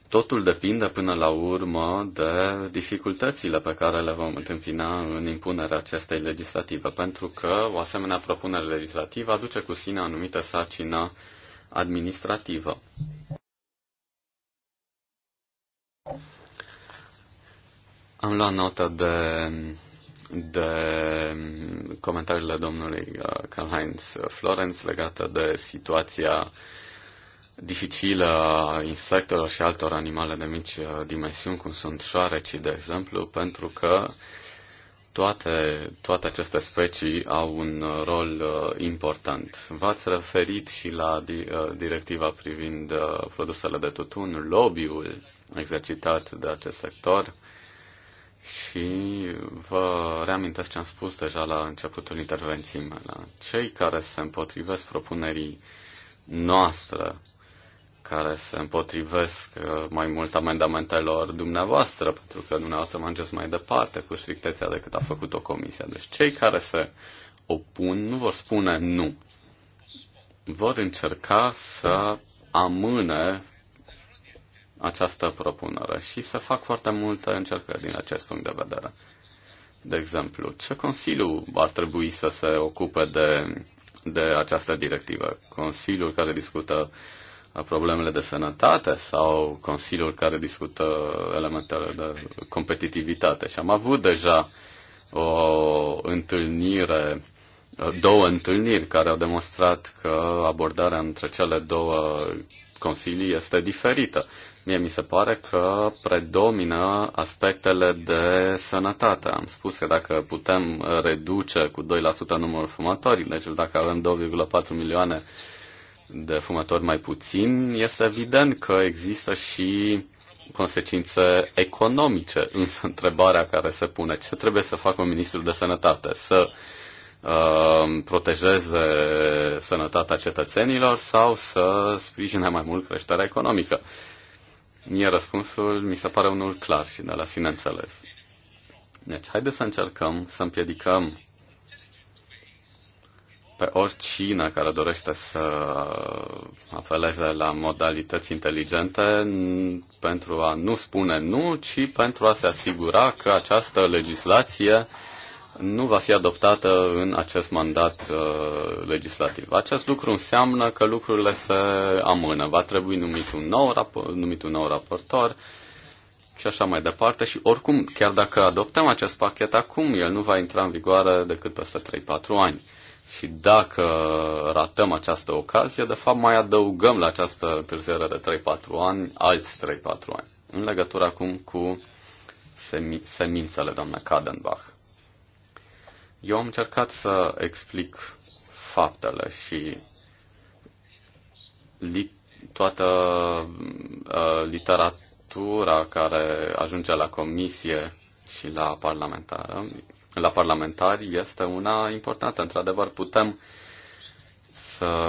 Speaker 1: Totul depinde până la urmă de dificultățile pe care le vom întâmpina în impunerea acestei legislative, pentru că o asemenea propunere legislativă aduce cu sine anumite sacină administrativă. Am luat notă de de comentariile domnului uh, Karl-Heinz Florenz legate de situația dificilă a insectelor și altor animale de mici uh, dimensiuni, cum sunt șoarecii, de exemplu, pentru că toate, toate aceste specii au un uh, rol uh, important. V-ați referit și la di, uh, directiva privind uh, produsele de tutun, lobby-ul exercitat de acest sector și vă reamintesc ce am spus deja la începutul intervenției mele. Cei care se împotrivesc propunerii noastre, care se împotrivesc uh, mai mult amendamentelor dumneavoastră, pentru că dumneavoastră mergeți mai departe cu strictețea decât a făcut-o comisia. Deci cei care se opun nu vor spune nu. Vor încerca să amâne această propunere și se fac foarte multe încercări din acest punct de vedere. De exemplu, ce Consiliu ar trebui să se ocupe de, de această directivă? Consiliul care discută problemele de sănătate sau Consiliul care discută elementele de competitivitate? Și am avut deja o întâlnire două întâlniri care au demonstrat că abordarea între cele două consilii este diferită. Mie mi se pare că predomină aspectele de sănătate. Am spus că dacă putem reduce cu 2% numărul fumătorii, deci dacă avem 2,4 milioane de fumători mai puțin, este evident că există și consecințe economice. Însă întrebarea care se pune, ce trebuie să facă un ministrul de sănătate? Să uh, protejeze sănătatea cetățenilor sau să sprijine mai mult creșterea economică? Mie răspunsul mi se pare unul clar și de la sine înțeles. Deci, haideți să încercăm să împiedicăm pe oricine care dorește să apeleze la modalități inteligente pentru a nu spune nu, ci pentru a se asigura că această legislație nu va fi adoptată în acest mandat uh, legislativ. Acest lucru înseamnă că lucrurile se amână. Va trebui numit un nou, rapor, numit un nou raportor și așa mai departe. Și oricum, chiar dacă adoptăm acest pachet acum, el nu va intra în vigoare decât peste 3-4 ani. Și dacă ratăm această ocazie, de fapt mai adăugăm la această întârziere de 3-4 ani alți 3-4 ani. În legătură acum cu semințele, doamna Kadenbach. Eu am încercat să explic faptele și li- toată uh, literatura care ajunge la comisie și la parlamentară, la parlamentari este una importantă. Într-adevăr, putem să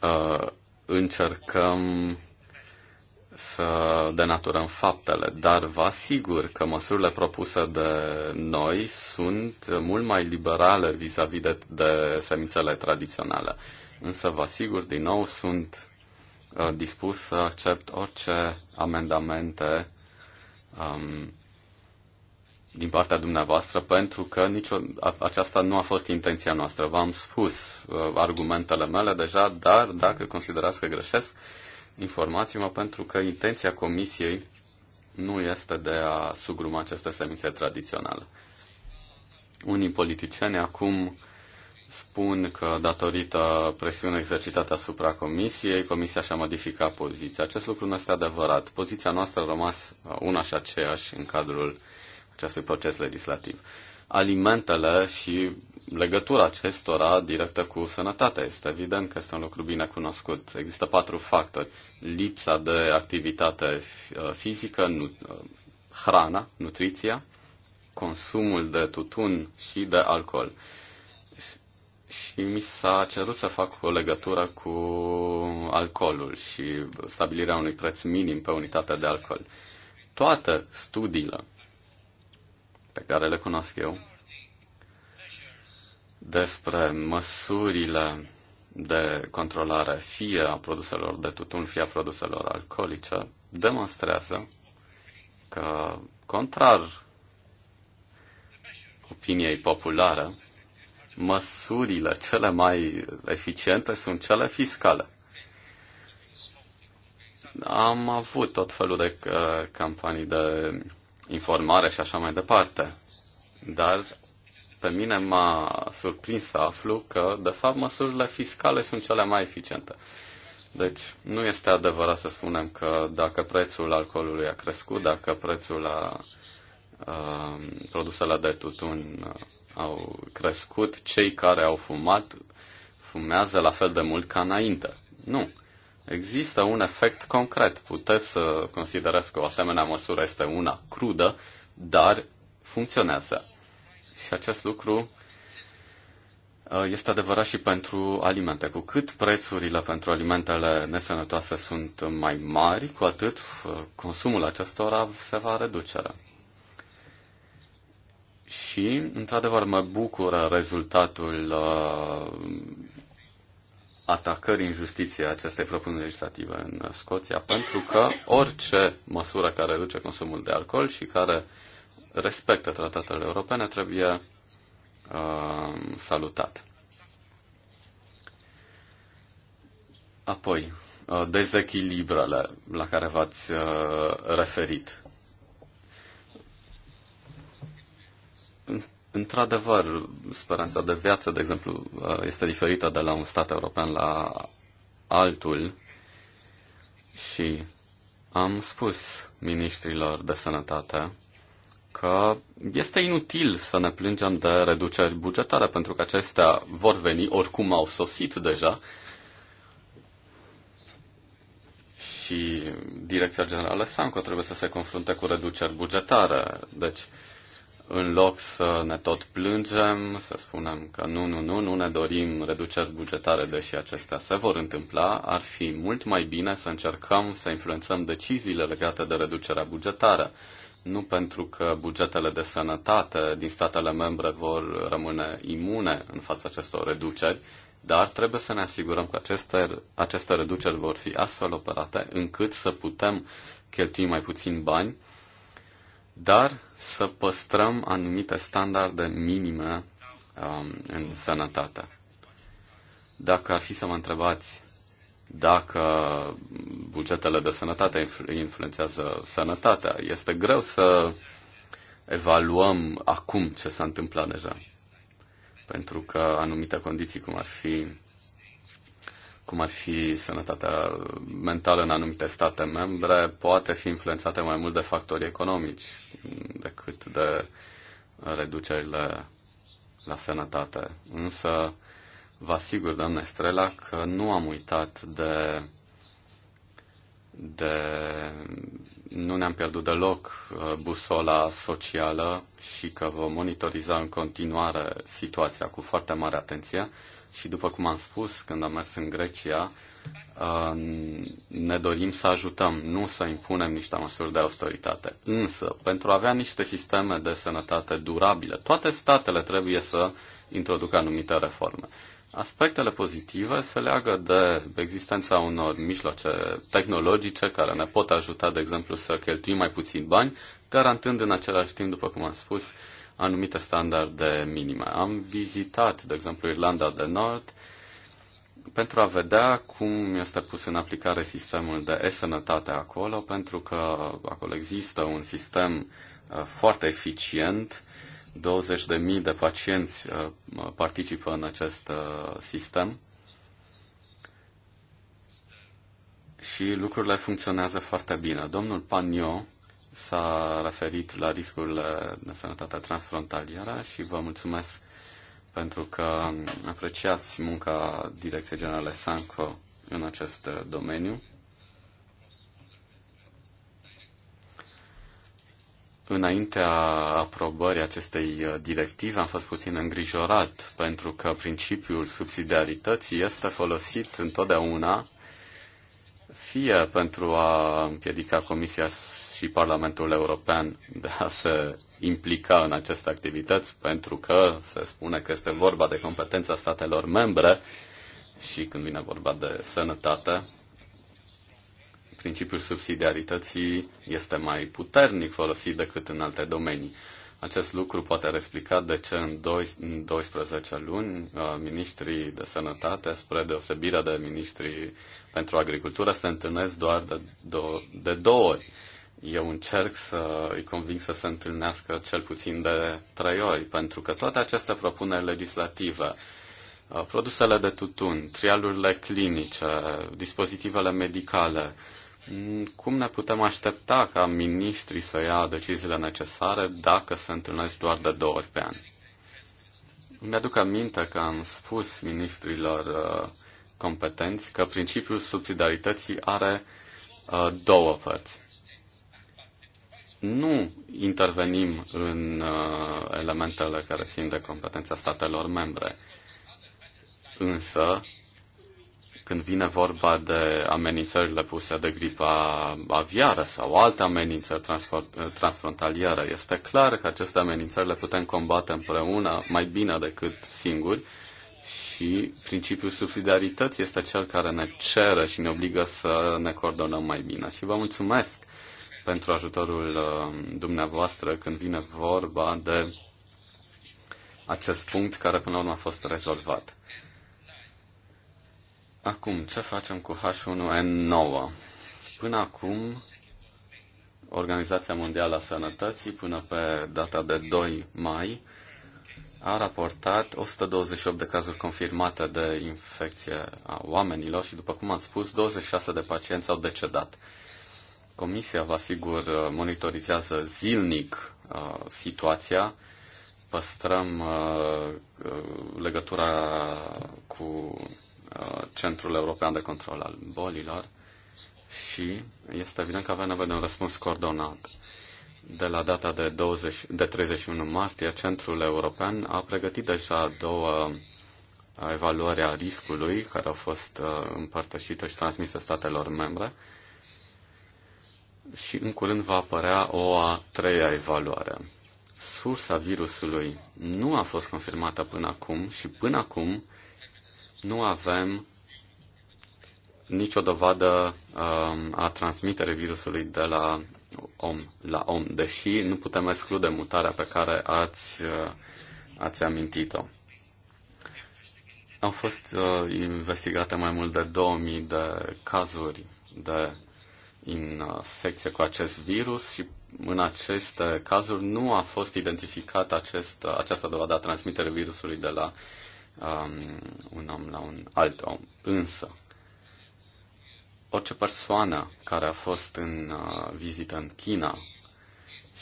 Speaker 1: uh, încercăm să denaturăm faptele, dar vă asigur că măsurile propuse de noi sunt mult mai liberale vis-a-vis -vis de, de semințele tradiționale. Însă vă asigur, din nou, sunt uh, dispus să accept orice amendamente um, din partea dumneavoastră, pentru că nicio, aceasta nu a fost intenția noastră. V-am spus uh, argumentele mele deja, dar dacă considerați că greșesc, uh, Informați-mă pentru că intenția Comisiei nu este de a sugruma această semințe tradițională. Unii politicieni acum spun că datorită presiunii exercitate asupra Comisiei, Comisia și-a modificat poziția. Acest lucru nu este adevărat. Poziția noastră a rămas una și aceeași în cadrul acestui proces legislativ. Alimentele și legătura acestora directă cu sănătatea. Este evident că este un lucru bine cunoscut. Există patru factori. Lipsa de activitate uh, fizică, nu, uh, hrana, nutriția, consumul de tutun și de alcool. Și mi s-a cerut să fac o legătură cu alcoolul și stabilirea unui preț minim pe unitate de alcool. Toate studiile pe care le cunosc eu despre măsurile de controlare fie a produselor de tutun, fie a produselor alcoolice, demonstrează că, contrar opiniei populare, măsurile cele mai eficiente sunt cele fiscale. Am avut tot felul de uh, campanii de informare și așa mai departe, dar pe mine m-a surprins să aflu că, de fapt, măsurile fiscale sunt cele mai eficiente. Deci, nu este adevărat să spunem că dacă prețul alcoolului a crescut, dacă prețul la uh, produsele de tutun uh, au crescut, cei care au fumat fumează la fel de mult ca înainte. Nu. Există un efect concret. Puteți să considerați că o asemenea măsură este una crudă, dar funcționează. Și acest lucru uh, este adevărat și pentru alimente. Cu cât prețurile pentru alimentele nesănătoase sunt mai mari, cu atât uh, consumul acestora se va reduce. Și, într-adevăr, mă bucură rezultatul uh, atacării în justiție acestei propuneri legislative în Scoția, pentru că orice măsură care reduce consumul de alcool și care uh, respectă tratatele europene trebuie uh, salutat. Apoi, uh, dezechilibrele la care v-ați uh, referit. Într-adevăr, speranța de viață, de exemplu, uh, este diferită de la un stat european la altul și am spus ministrilor de sănătate că este inutil să ne plângem de reduceri bugetare, pentru că acestea vor veni, oricum au sosit deja. Și Direcția Generală Sanco trebuie să se confrunte cu reduceri bugetare. Deci, în loc să ne tot plângem, să spunem că nu, nu, nu, nu ne dorim reduceri bugetare, deși acestea se vor întâmpla, ar fi mult mai bine să încercăm să influențăm deciziile legate de reducerea bugetară nu pentru că bugetele de sănătate din statele membre vor rămâne imune în fața acestor reduceri, dar trebuie să ne asigurăm că aceste, aceste reduceri vor fi astfel operate încât să putem cheltui mai puțin bani, dar să păstrăm anumite standarde minime um, în sănătate. Dacă ar fi să mă întrebați dacă bugetele de sănătate influențează sănătatea. Este greu să evaluăm acum ce s-a întâmplat deja. Pentru că anumite condiții, cum ar fi cum ar fi sănătatea mentală în anumite state membre, poate fi influențată mai mult de factori economici decât de reducerile la sănătate. Însă, Vă asigur, doamna Estrela, că nu am uitat de, de nu ne-am pierdut deloc uh, busola socială și că vom monitoriza în continuare situația cu foarte mare atenție. Și după cum am spus, când am mers în Grecia, uh, ne dorim să ajutăm, nu să impunem niște măsuri de austeritate. Însă, pentru a avea niște sisteme de sănătate durabile, toate statele trebuie să introducă anumite reforme. Aspectele pozitive se leagă de existența unor mijloace tehnologice care ne pot ajuta, de exemplu, să cheltuim mai puțin bani, garantând în același timp, după cum am spus, anumite standarde minime. Am vizitat, de exemplu, Irlanda de Nord pentru a vedea cum este pus în aplicare sistemul de e-sănătate acolo, pentru că acolo există un sistem uh, foarte eficient 20.000 de pacienți uh, participă în acest uh, sistem și lucrurile funcționează foarte bine. Domnul Panio s-a referit la riscurile de sănătate transfrontalieră și vă mulțumesc pentru că apreciați munca Direcției Generale Sanco în acest domeniu. Înaintea aprobării acestei uh, directive am fost puțin îngrijorat pentru că principiul subsidiarității este folosit întotdeauna fie pentru a împiedica Comisia și Parlamentul European de a se implica în aceste activități, pentru că se spune că este vorba de competența statelor membre și când vine vorba de sănătate, principiul subsidiarității este mai puternic folosit decât în alte domenii. Acest lucru poate explica de ce în, 2, în 12 luni uh, ministrii de sănătate, spre deosebire de ministrii pentru agricultură, se întâlnesc doar de, do, de două ori. Eu încerc să îi conving să se întâlnească cel puțin de trei ori, pentru că toate aceste propuneri legislative, uh, produsele de tutun, trialurile clinice, dispozitivele medicale, Mm, cum ne putem aștepta ca ministrii să ia deciziile necesare dacă se întâlnesc doar de două ori pe an? Îmi aduc aminte că am spus ministrilor uh, competenți că principiul subsidiarității are uh, două părți. Nu intervenim în uh, elementele care țin de competența statelor membre, însă când vine vorba de amenințările puse de gripa aviară sau alte amenințări transfrontaliere. Este clar că aceste amenințări le putem combate împreună mai bine decât singuri și principiul subsidiarității este cel care ne cere și ne obligă să ne coordonăm mai bine. Și vă mulțumesc pentru ajutorul uh, dumneavoastră când vine vorba de acest punct care până la urmă a fost rezolvat. Acum, ce facem cu H1N9? Până acum, Organizația Mondială a Sănătății, până pe data de 2 mai, a raportat 128 de cazuri confirmate de infecție a oamenilor și, după cum am spus, 26 de pacienți au decedat. Comisia, vă asigur, monitorizează zilnic uh, situația, păstrăm uh, uh legătura cu Uh, Centrul European de Control al Bolilor și este evident că avem nevoie de un răspuns coordonat. De la data de, 20, de 31 martie, Centrul European a pregătit deja două uh, evaluări a riscului care au fost uh, împărtășite și transmise statelor membre și în curând va apărea o a treia evaluare. Sursa virusului nu a fost confirmată până acum și până acum nu avem nicio dovadă um, a transmiterii virusului de la om la om, deși nu putem exclude mutarea pe care ați, uh, ați amintit-o. Au fost uh, investigate mai mult de 2000 de cazuri de infecție cu acest virus și în aceste cazuri nu a fost identificată această dovadă a transmiterii virusului de la uh, um, un om la un alt om. Însă, orice persoană care a fost în uh, vizită în China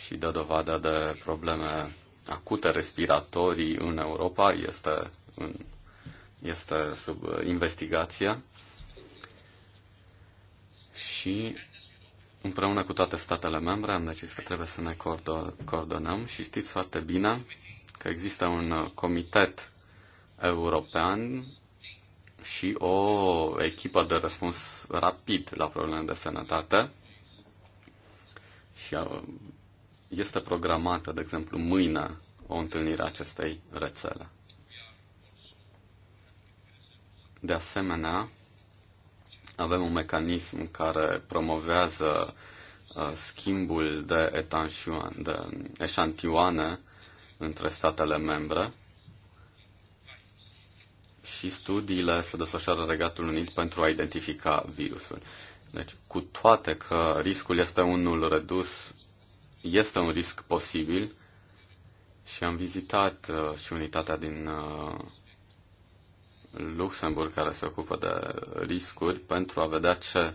Speaker 1: și dă dovadă de probleme acute respiratorii în Europa este, în, este sub uh, investigație și împreună cu toate statele membre am decis că trebuie să ne coordonăm și știți foarte bine că există un uh, comitet european și o echipă de răspuns rapid la probleme de sănătate și uh, este programată, de exemplu, mâine o întâlnire a acestei rețele. De asemenea, avem un mecanism care promovează uh, schimbul de, etanșioane, de eșantioane între statele membre și studiile se desfășoară în Regatul Unit pentru a identifica virusul. Deci, cu toate că riscul este unul redus, este un risc posibil și am vizitat uh, și unitatea din uh, Luxemburg care se ocupă de riscuri pentru a vedea ce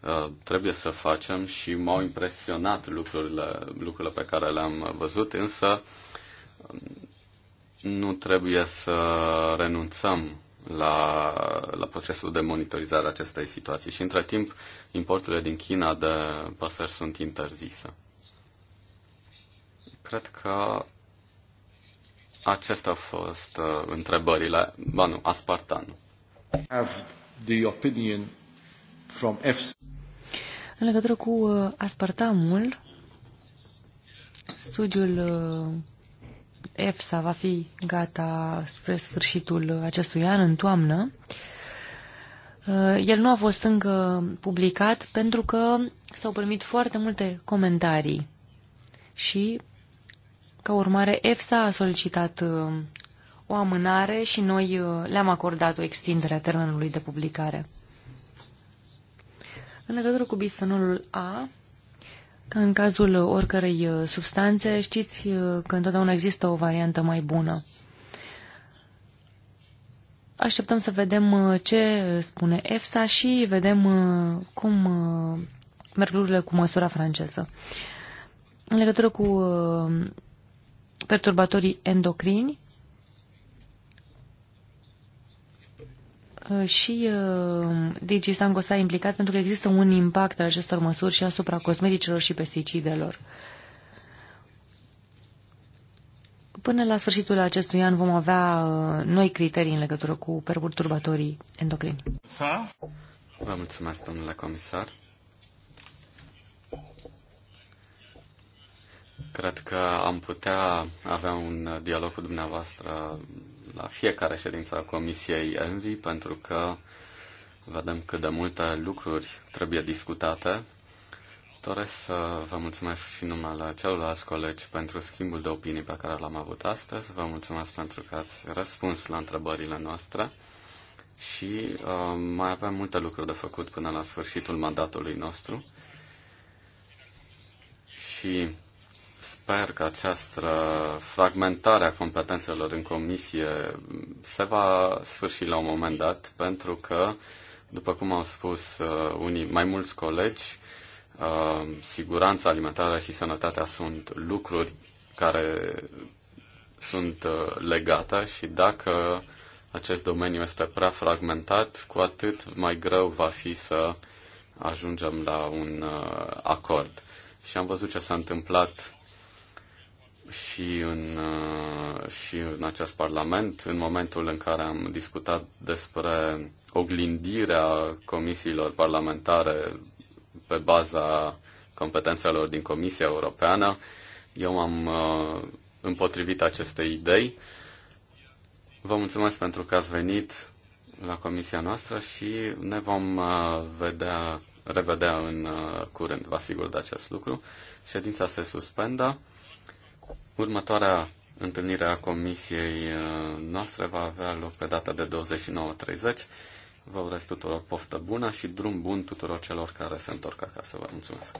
Speaker 1: uh, trebuie să facem și m-au impresionat lucrurile, lucrurile pe care le-am văzut, însă nu trebuie să renunțăm la, la procesul de monitorizare a acestei situații și între timp importurile din China de păsări sunt interzise. Cred că acestea au fost uh, întrebările. Ba nu, Aspartanu. Have the opinion from FC.
Speaker 3: În legătură cu uh, aspartamul, studiul uh, EFSA va fi gata spre sfârșitul acestui an, în toamnă. Uh, el nu a fost încă publicat pentru că s-au primit foarte multe comentarii și, ca urmare, EFSA a solicitat uh, o amânare și noi uh, le-am acordat o extindere a termenului de publicare. În legătură cu bisfenolul A, ca în cazul oricărei uh, substanțe, știți uh, că întotdeauna există o variantă mai bună. Așteptăm să vedem uh, ce spune EFSA și vedem cum merg lucrurile cu măsura franceză. În legătură cu perturbatorii endocrini, Uh, și uh, Digi Sango s-a implicat pentru că există un impact al acestor măsuri și asupra cosmeticilor și pesticidelor. Până la sfârșitul acestui an vom avea uh, noi criterii în legătură cu perturbatorii endocrini.
Speaker 1: Vă mulțumesc, domnule comisar. Cred că am putea avea un dialog cu dumneavoastră la fiecare ședință a Comisiei Envi pentru că vedem cât de multe lucruri trebuie discutate. Doresc să vă mulțumesc și numele celorlalți colegi pentru schimbul de opinii pe care l-am avut astăzi. Vă mulțumesc pentru că ați răspuns la întrebările noastre și uh, mai avem multe lucruri de făcut până la sfârșitul mandatului nostru. Și sper că această fragmentare a competențelor în comisie se va sfârși la un moment dat, pentru că, după cum au spus uh, unii, mai mulți colegi, uh, siguranța alimentară și sănătatea sunt lucruri care sunt uh, legate și dacă acest domeniu este prea fragmentat, cu atât mai greu va fi să ajungem la un acord. Și am văzut ce s-a întâmplat și în, uh, și în acest Parlament, în momentul în care am discutat despre oglindirea comisiilor parlamentare pe baza competențelor din Comisia Europeană, eu m-am uh, împotrivit acestei idei. Vă mulțumesc pentru că ați venit la comisia noastră și ne vom uh, vedea, revedea în curând, vă asigur de acest lucru. Ședința se suspendă. Următoarea întâlnire a comisiei uh, noastre va avea loc pe data de 29.30. Vă urez tuturor poftă bună și drum bun tuturor celor care se întorc acasă. Vă mulțumesc!